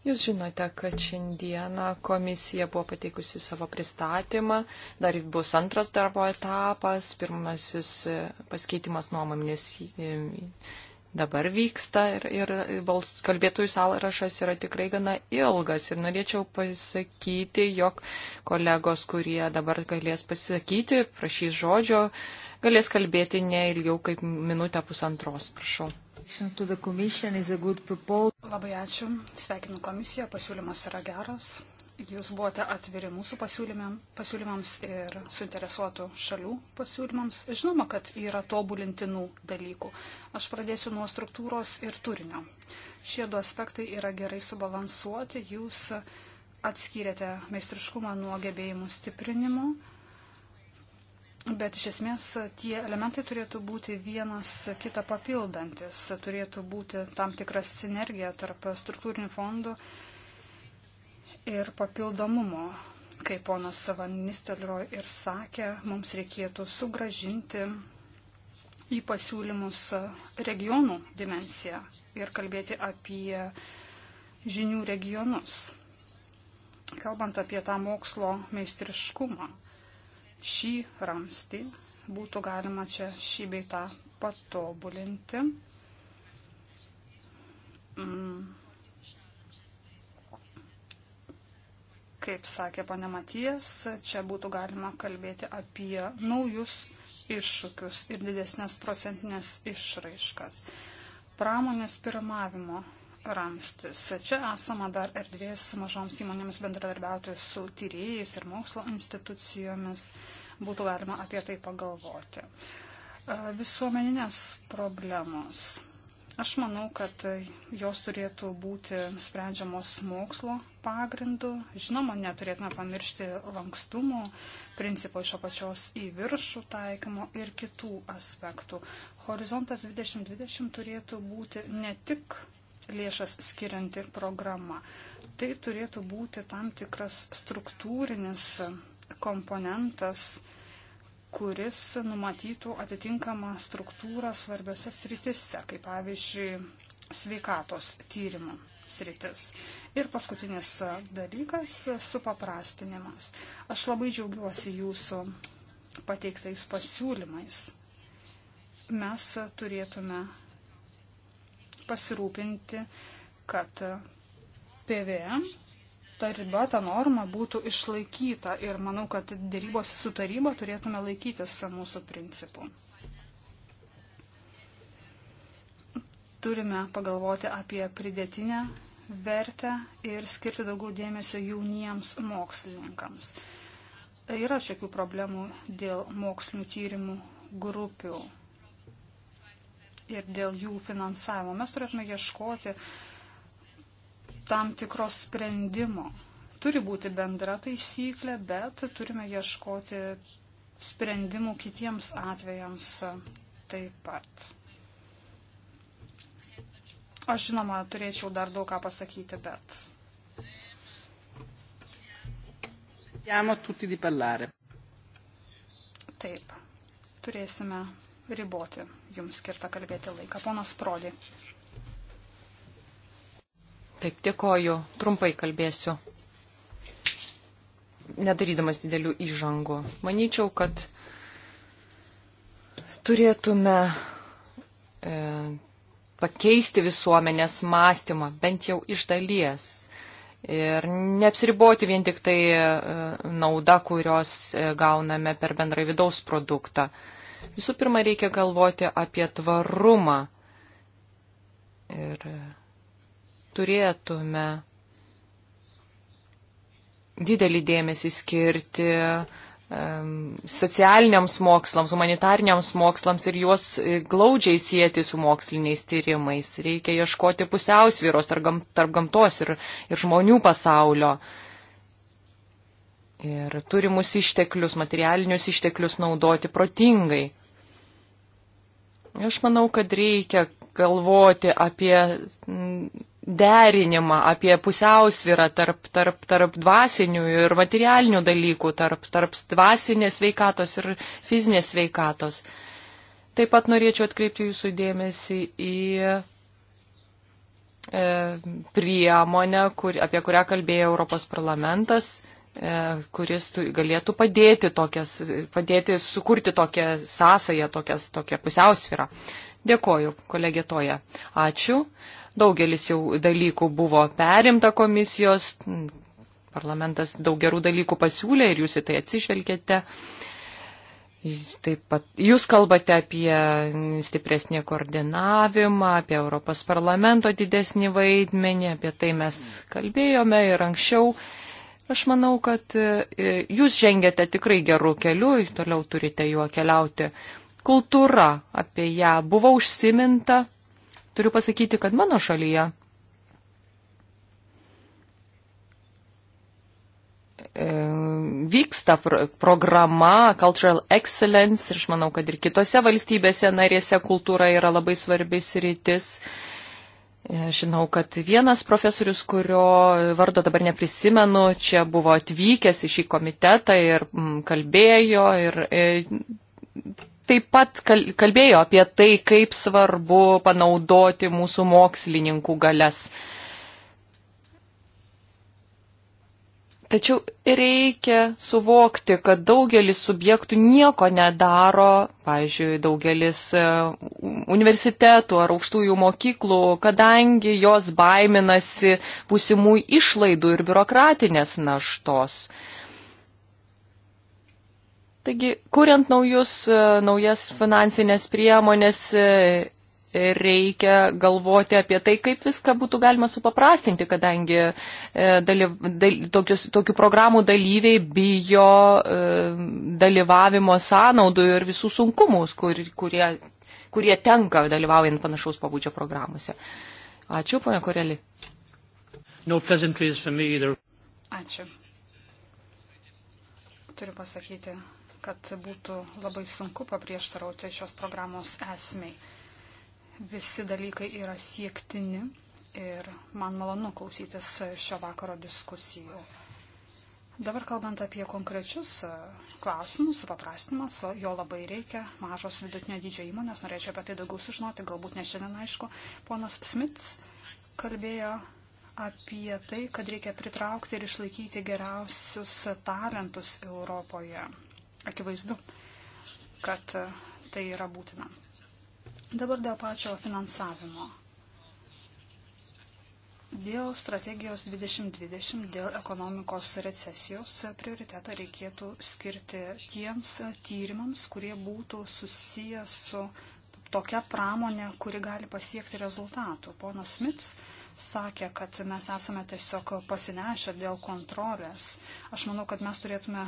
Jūs žinote, kad šiandieną komisija buvo pateikusi savo pristatymą, dar bus antras darbo etapas, pirmasis paskeitimas nuomonės dabar vyksta ir, ir bals, kalbėtojų sąrašas yra tikrai gana ilgas. Ir norėčiau pasakyti, jog kolegos, kurie dabar galės pasisakyti, prašys žodžio, galės kalbėti ne ilgiau kaip minutę pusantros. Prašau. Labai ačiū. Sveikinu komisiją, pasiūlymas yra geras. Jūs buvote atviri mūsų pasiūlymėm, pasiūlymams ir suinteresuotų šalių pasiūlymams. Žinoma, kad yra tobulintinų dalykų. Aš pradėsiu nuo struktūros ir turinio. Šie du aspektai yra gerai subalansuoti. Jūs atskyrėte meistriškumą nuo gebėjimų stiprinimo, bet iš esmės tie elementai turėtų būti vienas kitą papildantis, turėtų būti tam tikras sinergija tarp struktūrinių fondų ir papildomumo. Kaip ponas Savanistelro ir sakė, mums reikėtų sugražinti į pasiūlymus regionų dimensiją ir kalbėti apie žinių regionus. Kalbant apie tą mokslo meistriškumą, šį ramstį būtų galima čia šį beitą patobulinti. Mm Kaip sakė ponė Matijas, čia būtų galima kalbėti apie naujus iššūkius ir didesnės procentinės išraiškas. Pramonės pirmavimo ramstis. Čia esama dar erdvės mažoms įmonėms bendradarbiauti su tyrėjais ir mokslo institucijomis. Būtų galima apie tai pagalvoti. Visuomeninės problemos. Aš manau, kad jos turėtų būti sprendžiamos mokslo pagrindu. Žinoma, neturėtume pamiršti lankstumo, principo iš apačios į viršų taikymo ir kitų aspektų. Horizontas 2020 turėtų būti ne tik lėšas skirianti programa. Tai turėtų būti tam tikras struktūrinis komponentas kuris numatytų atitinkamą struktūrą svarbiose sritise, kaip pavyzdžiui sveikatos tyrimų sritis. Ir paskutinis dalykas - supaprastinimas. Aš labai džiaugiuosi jūsų pateiktais pasiūlymais. Mes turėtume pasirūpinti, kad PVM ta riba, ta norma būtų išlaikyta ir manau, kad dėrybos su taryba turėtume laikytis mūsų principų. Turime pagalvoti apie pridėtinę vertę ir skirti daugiau dėmesio jauniems mokslininkams. Yra šiokių problemų dėl mokslinių tyrimų grupių ir dėl jų finansavimo. Mes turėtume ieškoti uh, tam tikro sprendimo. Turi būti bendra taisyklė, bet turime ieškoti sprendimų kitiems atvejams taip pat. Aš žinoma, turėčiau dar daug ką pasakyti, bet. Taip, turėsime riboti jums skirtą kalbėti laiką. Ponas Prodi. Taip, dėkoju. Trumpai kalbėsiu. Nedarydamas didelių įžangų. Manyčiau, kad turėtume e, pakeisti visuomenės mąstymą, bent jau iš dalies. Ir neapsiriboti vien tik tai e, nauda, kurios e, gauname per bendrai vidaus produktą. Visų pirma, reikia galvoti apie tvarumą. Ir e, turėtume didelį dėmesį skirti socialiniams mokslams, humanitariniams mokslams ir juos e, glaudžiai sieti su moksliniais tyrimais. Reikia ieškoti pusiausvyros tarp, gam, tarp gamtos ir, ir žmonių pasaulio. Ir turimus išteklius, materialinius išteklius naudoti protingai. Aš manau, kad reikia galvoti apie derinimą, apie pusiausvyrą tarp, tarp, tarp dvasinių ir materialinių dalykų, tarp, tarp dvasinės veikatos ir fizinės veikatos. Taip pat norėčiau atkreipti jūsų dėmesį į e, priemonę, kur, apie kurią kalbėjo Europos parlamentas, e, kuris tu, galėtų padėti, tokias, padėti sukurti tokią sąsają, tokias, tokią pusiausvyrą. Dėkoju, kolegė Toja. Ačiū. Daugelis jau dalykų buvo perimta komisijos, parlamentas daug gerų dalykų pasiūlė ir jūs į tai atsižvelgėte. Taip pat jūs kalbate apie stipresnį koordinavimą, apie Europos parlamento didesnį vaidmenį, apie tai mes kalbėjome ir anksčiau. Aš manau, kad e, jūs žengėte tikrai gerų kelių, toliau turite juo keliauti. Kultūra, apie ją buvo užsiminta, Turiu pasakyti, kad mano šalyje e, vyksta pro programa Cultural Excellence ir aš manau, kad ir kitose valstybėse narėse kultūra yra labai svarbis rytis. E, žinau, kad vienas profesorius, kurio vardo dabar neprisimenu, čia buvo atvykęs į šį komitetą ir mm, kalbėjo ir e, taip pat kalbėjo apie tai, kaip svarbu panaudoti mūsų mokslininkų galias. Tačiau reikia suvokti, kad daugelis subjektų nieko nedaro, pavyzdžiui, daugelis e, universitetų ar aukštųjų mokyklų, kadangi jos baiminasi būsimų išlaidų ir biurokratinės naštos. Uh, Taigi, kuriant naujus, e, naujas finansinės priemonės, e, reikia galvoti apie tai, kaip viską būtų galima supaprastinti, kadangi e, dalyv, dal, tokius, tokių programų dalyviai bijo dalyvavimo sąnaudų ir visų sunkumus, kur, kurie, kurie tenka dalyvaujant panašaus pabudžio programuose. Ačiū, ponia Koreli. No Ačiū. Turiu pasakyti, kad būtų labai sunku paprieštarauti šios programos esmei. Visi dalykai yra siektini ir man malonu klausytis šio vakaro diskusijų. Dabar kalbant apie konkrečius e, klausimus, supaprastinimas, jo labai reikia, mažos vidutinio dydžio įmonės, norėčiau apie tai daugiau sužinoti, galbūt ne šiandien aišku. Ponas Smits kalbėjo apie tai, kad reikia pritraukti ir išlaikyti geriausius talentus Europoje. Akivaizdu, kad e, tai yra būtina. Dabar dėl pačio finansavimo. Dėl strategijos 2020, dėl ekonomikos recesijos e, prioritetą reikėtų skirti tiems e, tyrimams, kurie būtų susiję su tokia pramonė, kuri gali pasiekti rezultatų. Ponas Smits sakė, kad mes esame tiesiog pasinešę dėl kontrolės. Aš manau, kad mes turėtume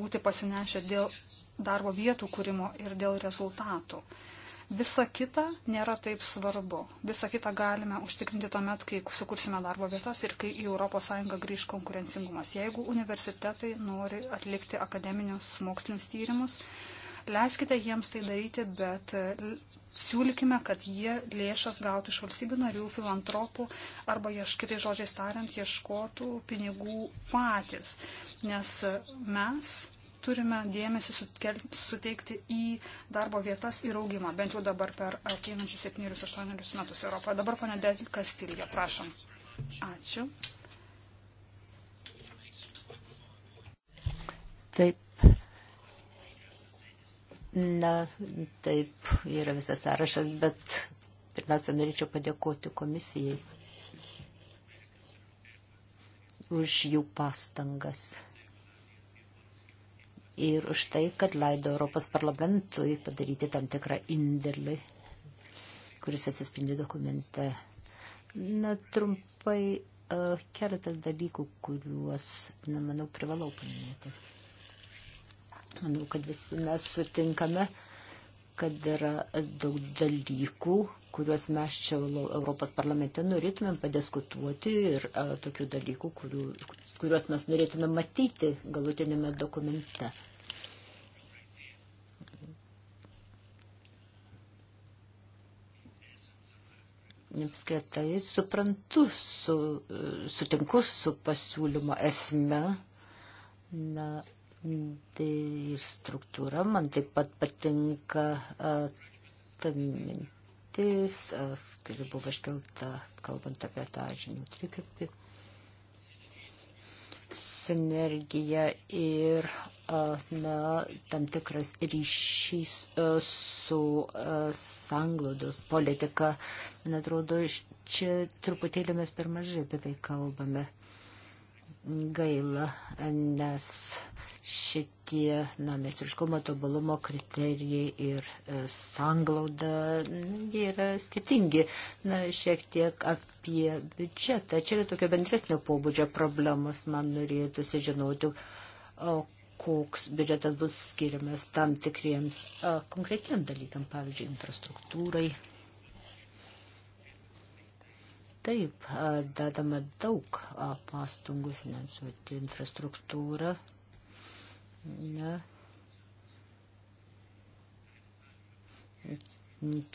būti pasinešę dėl darbo vietų kūrimo ir dėl rezultatų. Visa kita nėra taip svarbu. Visa kita galime užtikrinti tuomet, kai sukursime darbo vietas ir kai į ES grįž konkurencingumas. Jeigu universitetai nori atlikti akademinius mokslinius tyrimus, leiskite jiems tai daryti, bet siūlykime, kad jie lėšas gautų iš valstybių narių, filantropų arba, kitai žodžiais tariant, ieškotų pinigų patys. Nes mes turime dėmesį suteikti į darbo vietas ir augimą, bent jau dabar per ateinančius 7-8 metus Europoje. Dabar pane Dedit Kastilija, prašom. Ačiū. Taip, Na, taip, yra visas sąrašas, bet pirmiausia, norėčiau padėkoti komisijai už jų pastangas ir už tai, kad leido Europos parlamentui padaryti tam tikrą indėlį, kuris atsispindi dokumente. Na, trumpai e, keletas dalykų, kuriuos, na, manau, privalau paminėti. Manau, kad visi mes sutinkame, kad yra daug dalykų, kuriuos mes čia Europos parlamente norėtumėm padiskutuoti ir a, tokių dalykų, kurių, kuriuos mes norėtumėm matyti galutinėme dokumente. Apskritai suprantu, su, sutinku su pasiūlymo esme. Na, Tai struktūra, man taip pat patinka ta mintis, kuri buvo iškelta, kalbant apie tą žinių trikapį, sinergija ir na, tam tikras ryšys su sanglaudos politika. Man atrodo, čia truputėlį mes per mažai apie tai kalbame gaila, nes šitie, na, meistriškumo tobulumo kriterijai ir e, sanglauda yra skirtingi. Na, šiek tiek apie biudžetą. Čia yra tokio bendresnio pobūdžio problemos. Man norėtųsi žinoti, o koks biudžetas bus skiriamas tam tikriems e, konkretiem dalykam, pavyzdžiui, infrastruktūrai. Taip, dedama daug pastangų finansuoti infrastruktūrą. Ne.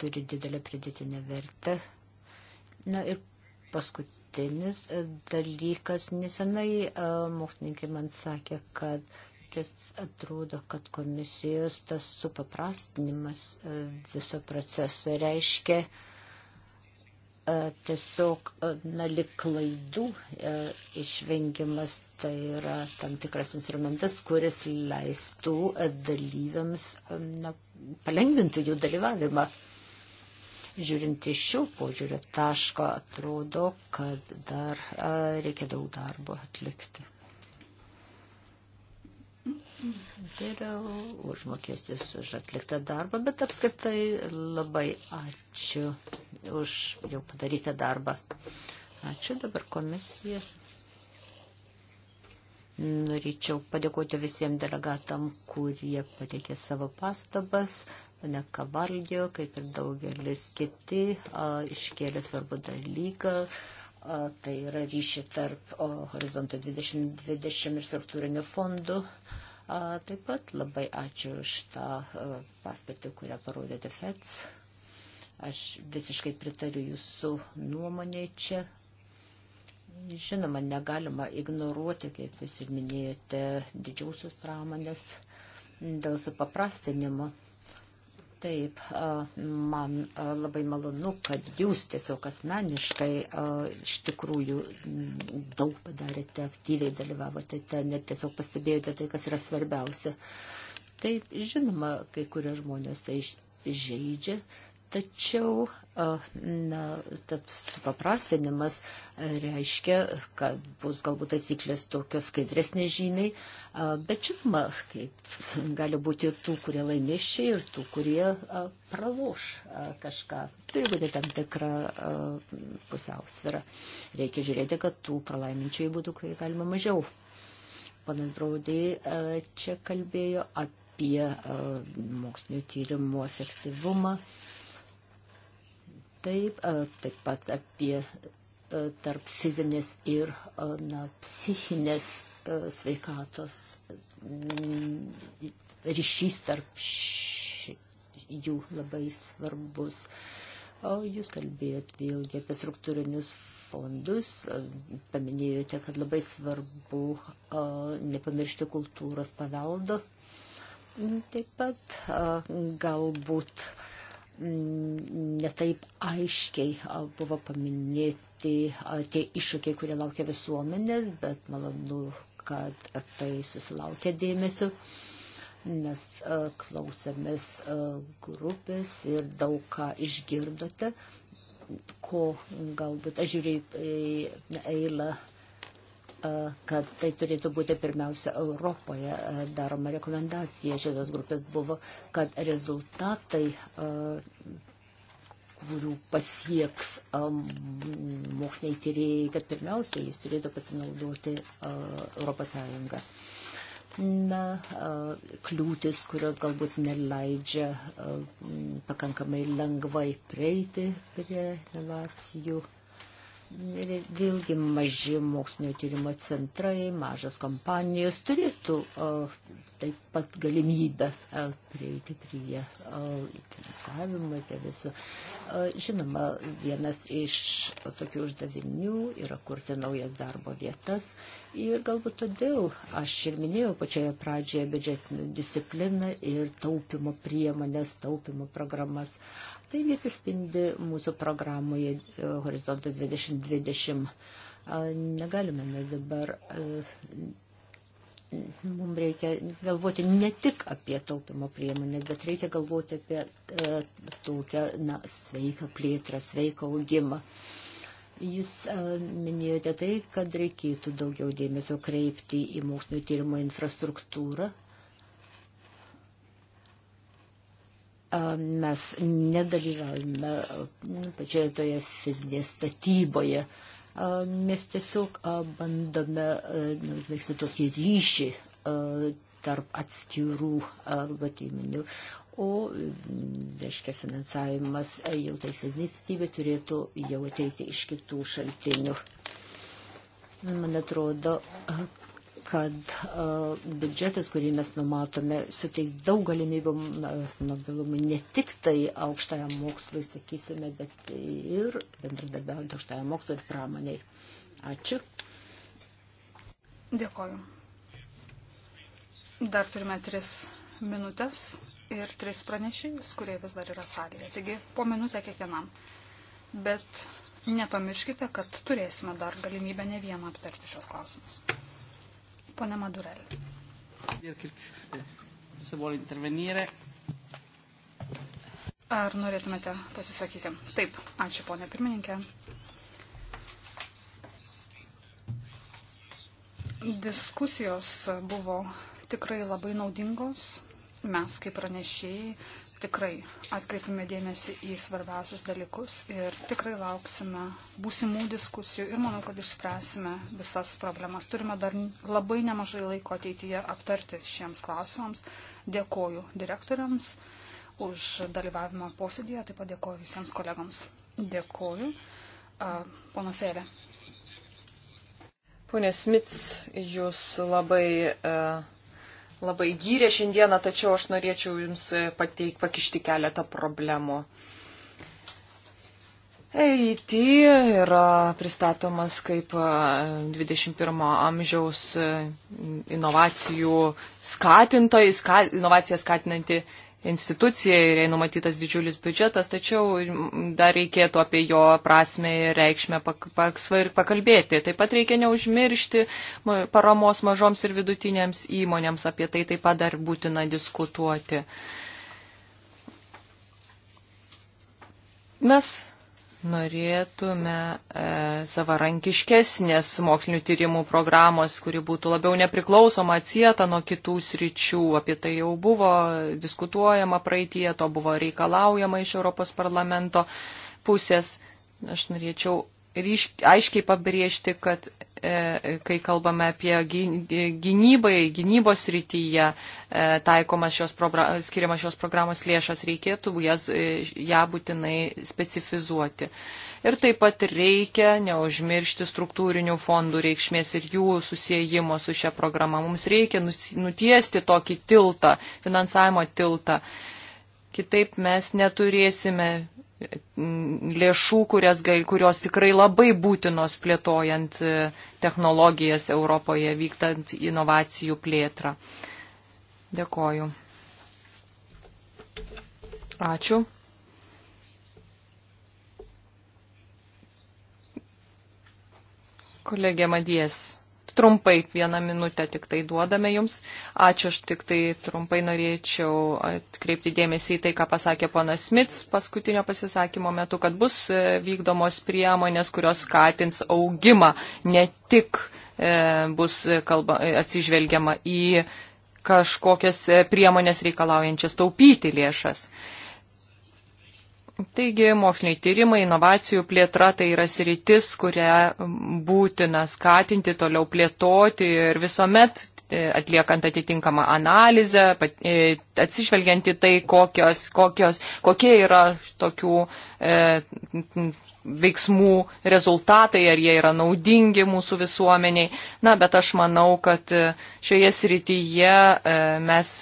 Turi didelę pridėtinę vertę. Na ir paskutinis e, dalykas. Nesenai mokslininkai man sakė, kad ties atrodo, kad komisijos tas supaprastinimas e, viso proceso reiškia, E, tiesiog e, nalik klaidų e, išvengimas, tai yra tam tikras instrumentas, kuris leistų dalyviams na, palengvintų jų dalyvavimą. Žiūrint iš šių požiūrio taško, atrodo, kad dar reikia daug darbo atlikti geriau užmokestis už atliktą darbą, bet apskritai labai ačiū už jau padarytą darbą. Ačiū dabar komisija. Norėčiau padėkoti visiems delegatam, kurie pateikė savo pastabas. Ne Kavalgio, kaip ir daugelis kiti, a, iškėlė svarbų dalyką. O, tai yra ryšį tarp o, Horizonto 2020 ir struktūrinių fondų. A, Taip pat labai ačiū už tą paspėtį, kurią parodėte FEDS. Aš visiškai pritariu jūsų nuomonė čia. Žinoma, negalima ignoruoti, kaip jūs ir minėjote, didžiausios pramonės dėl supaprastinimo. Taip, man labai malonu, kad jūs tiesiog asmeniškai iš tikrųjų daug padarėte, aktyviai dalyvavote ten ir tiesiog pastebėjote tai, kas yra svarbiausia. Taip, žinoma, kai kurie žmonės tai žaidžia, Tačiau na, tas paprastinimas reiškia, kad bus galbūt taisyklės tokios skaidresnės žymiai, bet žinoma, kaip gali būti tų, kurie laimėšiai ir tų, kurie praloš kažką. Turi būti tam tikra pusiausvėra. Reikia žiūrėti, kad tų pralaiminčiai būtų kai galima mažiau. Pana Draudai čia kalbėjo apie mokslinių tyrimų efektyvumą. Taip, e, taip pat apie e, tarp fizinės ir e, na, psichinės sveikatos mm, ryšys tarp ši, jų labai svarbus. O jūs kalbėjot vėlgi apie struktūrinius fondus, paminėjote, kad labai svarbu o, nepamiršti kultūros paveldo. Taip pat o, galbūt o, netaip aiškiai buvo paminėti tie iššūkiai, kurie laukia visuomenė, bet malonu, kad tai susilaukia dėmesio nes klausėmės grupės ir daug ką išgirdote, ko galbūt aš žiūrėjau į eilę E, kad tai turėtų būti pirmiausia Europoje e, daroma rekomendacija šitos grupės buvo, kad rezultatai, e, kurių pasieks moksliniai tyrėjai, kad pirmiausia jis turėtų pasinaudoti Europos Sąjungą. Na, kliūtis, kurios galbūt neleidžia pakankamai lengvai prieiti prie inovacijų Vėlgi maži mokslinio tyrimo centrai, mažas kompanijos turėtų taip pat galimybę prieiti prie finansavimo, prie viso. Žinoma, vienas iš tokių uždavinių yra kurti naujas darbo vietas ir galbūt todėl aš ir minėjau pačioje pradžioje biudžetinę discipliną ir taupimo priemonės, taupimo programas. Taigi atsispindi mūsų programoje e, Horizontas 2020. Negalime dabar, e, mums reikia galvoti ne tik apie taupimo priemonės, bet reikia galvoti apie e, tokią na, sveiką plėtrą, sveiką augimą. Jūs minėjote tai, kad reikėtų daugiau dėmesio kreipti į mokslinio tyrimo infrastruktūrą, mes nedalyvaujame pačioje toje fizinėje statyboje. Mes tiesiog bandome nu, užmėgsti tokį ryšį tarp atskirų gatyminių. O, reiškia, finansavimas jau tai fiziniai statybai turėtų jau ateiti iš kitų šaltinių. Man atrodo, kad uh, biudžetas, kurį mes numatome, suteiks daug galimybių mobilumui ne tik tai aukštajam mokslui, sakysime, bet ir bendradarbiaujant aukštajam mokslui ir pramoniai. Ačiū. Dėkoju. Dar turime tris minutės ir tris pranešėjus, kurie vis dar yra salėje. Taigi po minutę kiekvienam. Bet nepamirškite, kad turėsime dar galimybę ne vieną aptarti šios klausimus. Pone Madurel. Ar norėtumėte pasisakyti? Taip, ačiū ponė pirmininkė. Diskusijos buvo tikrai labai naudingos. Mes kaip pranešėjai tikrai atkreipime dėmesį į svarbiausius dalykus ir tikrai lauksime būsimų diskusijų ir manau, kad išspręsime visas problemas. Turime dar labai nemažai laiko ateityje aptarti šiems klausimams. Dėkoju direktoriams už dalyvavimą posėdėje, taip pat dėkoju visiems kolegams. Dėkoju. Ponas Eilė. Pone Smits, jūs labai. Uh labai gyrė šiandieną, tačiau aš norėčiau Jums e, pateik, pakišti keletą problemų. EIT yra pristatomas kaip 21 e, amžiaus e, inovacijų skatintojai, ska, inovaciją skatinanti institucija ir jai numatytas didžiulis biudžetas, tačiau dar reikėtų apie jo prasme ir reikšmę pak, pak, pakalbėti. Taip pat reikia neužmiršti paramos mažoms ir vidutinėms įmonėms, apie tai taip pat dar būtina diskutuoti. Mes Norėtume e, savarankiškesnės mokslinių tyrimų programos, kuri būtų labiau nepriklausoma atsieta nuo kitų sričių. Apie tai jau buvo diskutuojama praeitie, to buvo reikalaujama iš Europos parlamento pusės. Aš norėčiau ryšk, aiškiai pabrėžti, kad E, kai kalbame apie e, gynybai, gynybos rytyje e, taikomas šios, skiriamas šios programos lėšas, reikėtų jas, ją būtinai specifizuoti. Ir taip pat reikia neužmiršti struktūrinių fondų reikšmės ir jų susijimo su šia programa. Mums reikia nutiesti tokį tiltą, finansavimo tiltą. Kitaip mes neturėsime lėšų, kurias, kurios tikrai labai būtinos plėtojant e, technologijas Europoje, vyktant inovacijų plėtrą. Dėkoju. Ačiū. Kolegė Madies trumpai vieną minutę tik tai duodame jums. Ačiū, aš tik tai trumpai norėčiau atkreipti dėmesį į tai, ką pasakė ponas Smits paskutinio pasisakymo metu, kad bus e, vykdomos priemonės, kurios skatins augimą, ne tik e, bus kalba, e, atsižvelgiama į kažkokias e, priemonės reikalaujančias taupyti lėšas. E, Taigi, moksliniai tyrimai, inovacijų plėtra tai yra sritis, kurią būtina skatinti, toliau plėtoti ir visuomet e, atliekant atitinkamą analizę, e, atsižvelgiant į tai, kokios, kokios, kokie yra tokių e, veiksmų rezultatai, ar jie yra naudingi mūsų visuomeniai. Na, bet aš manau, kad e, šioje srityje mes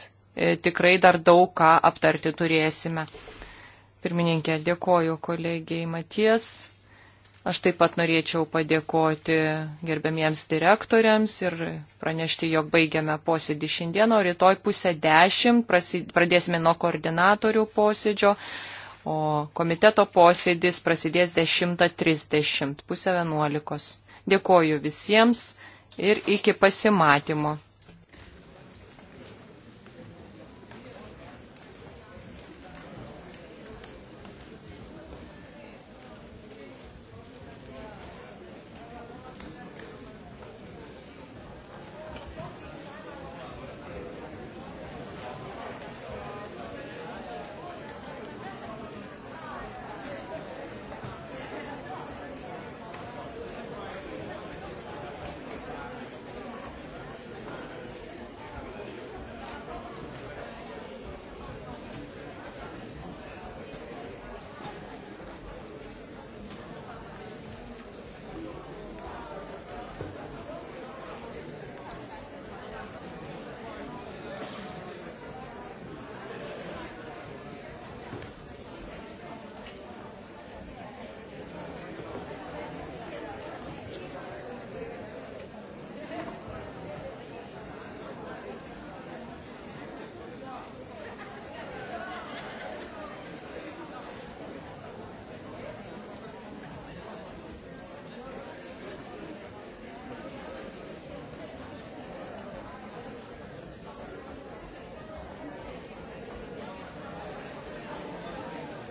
tikrai dar daug ką aptarti turėsime. Pirmininkė, dėkoju kolegijai Maties. Aš taip pat norėčiau padėkoti gerbėmiems direktoriams ir pranešti, jog baigiame posėdį šiandieną, o rytoj pusę dešimt pradėsime nuo koordinatorių posėdžio, o komiteto posėdis prasidės 10.30, pusę 11. Dėkoju visiems ir iki pasimatymo.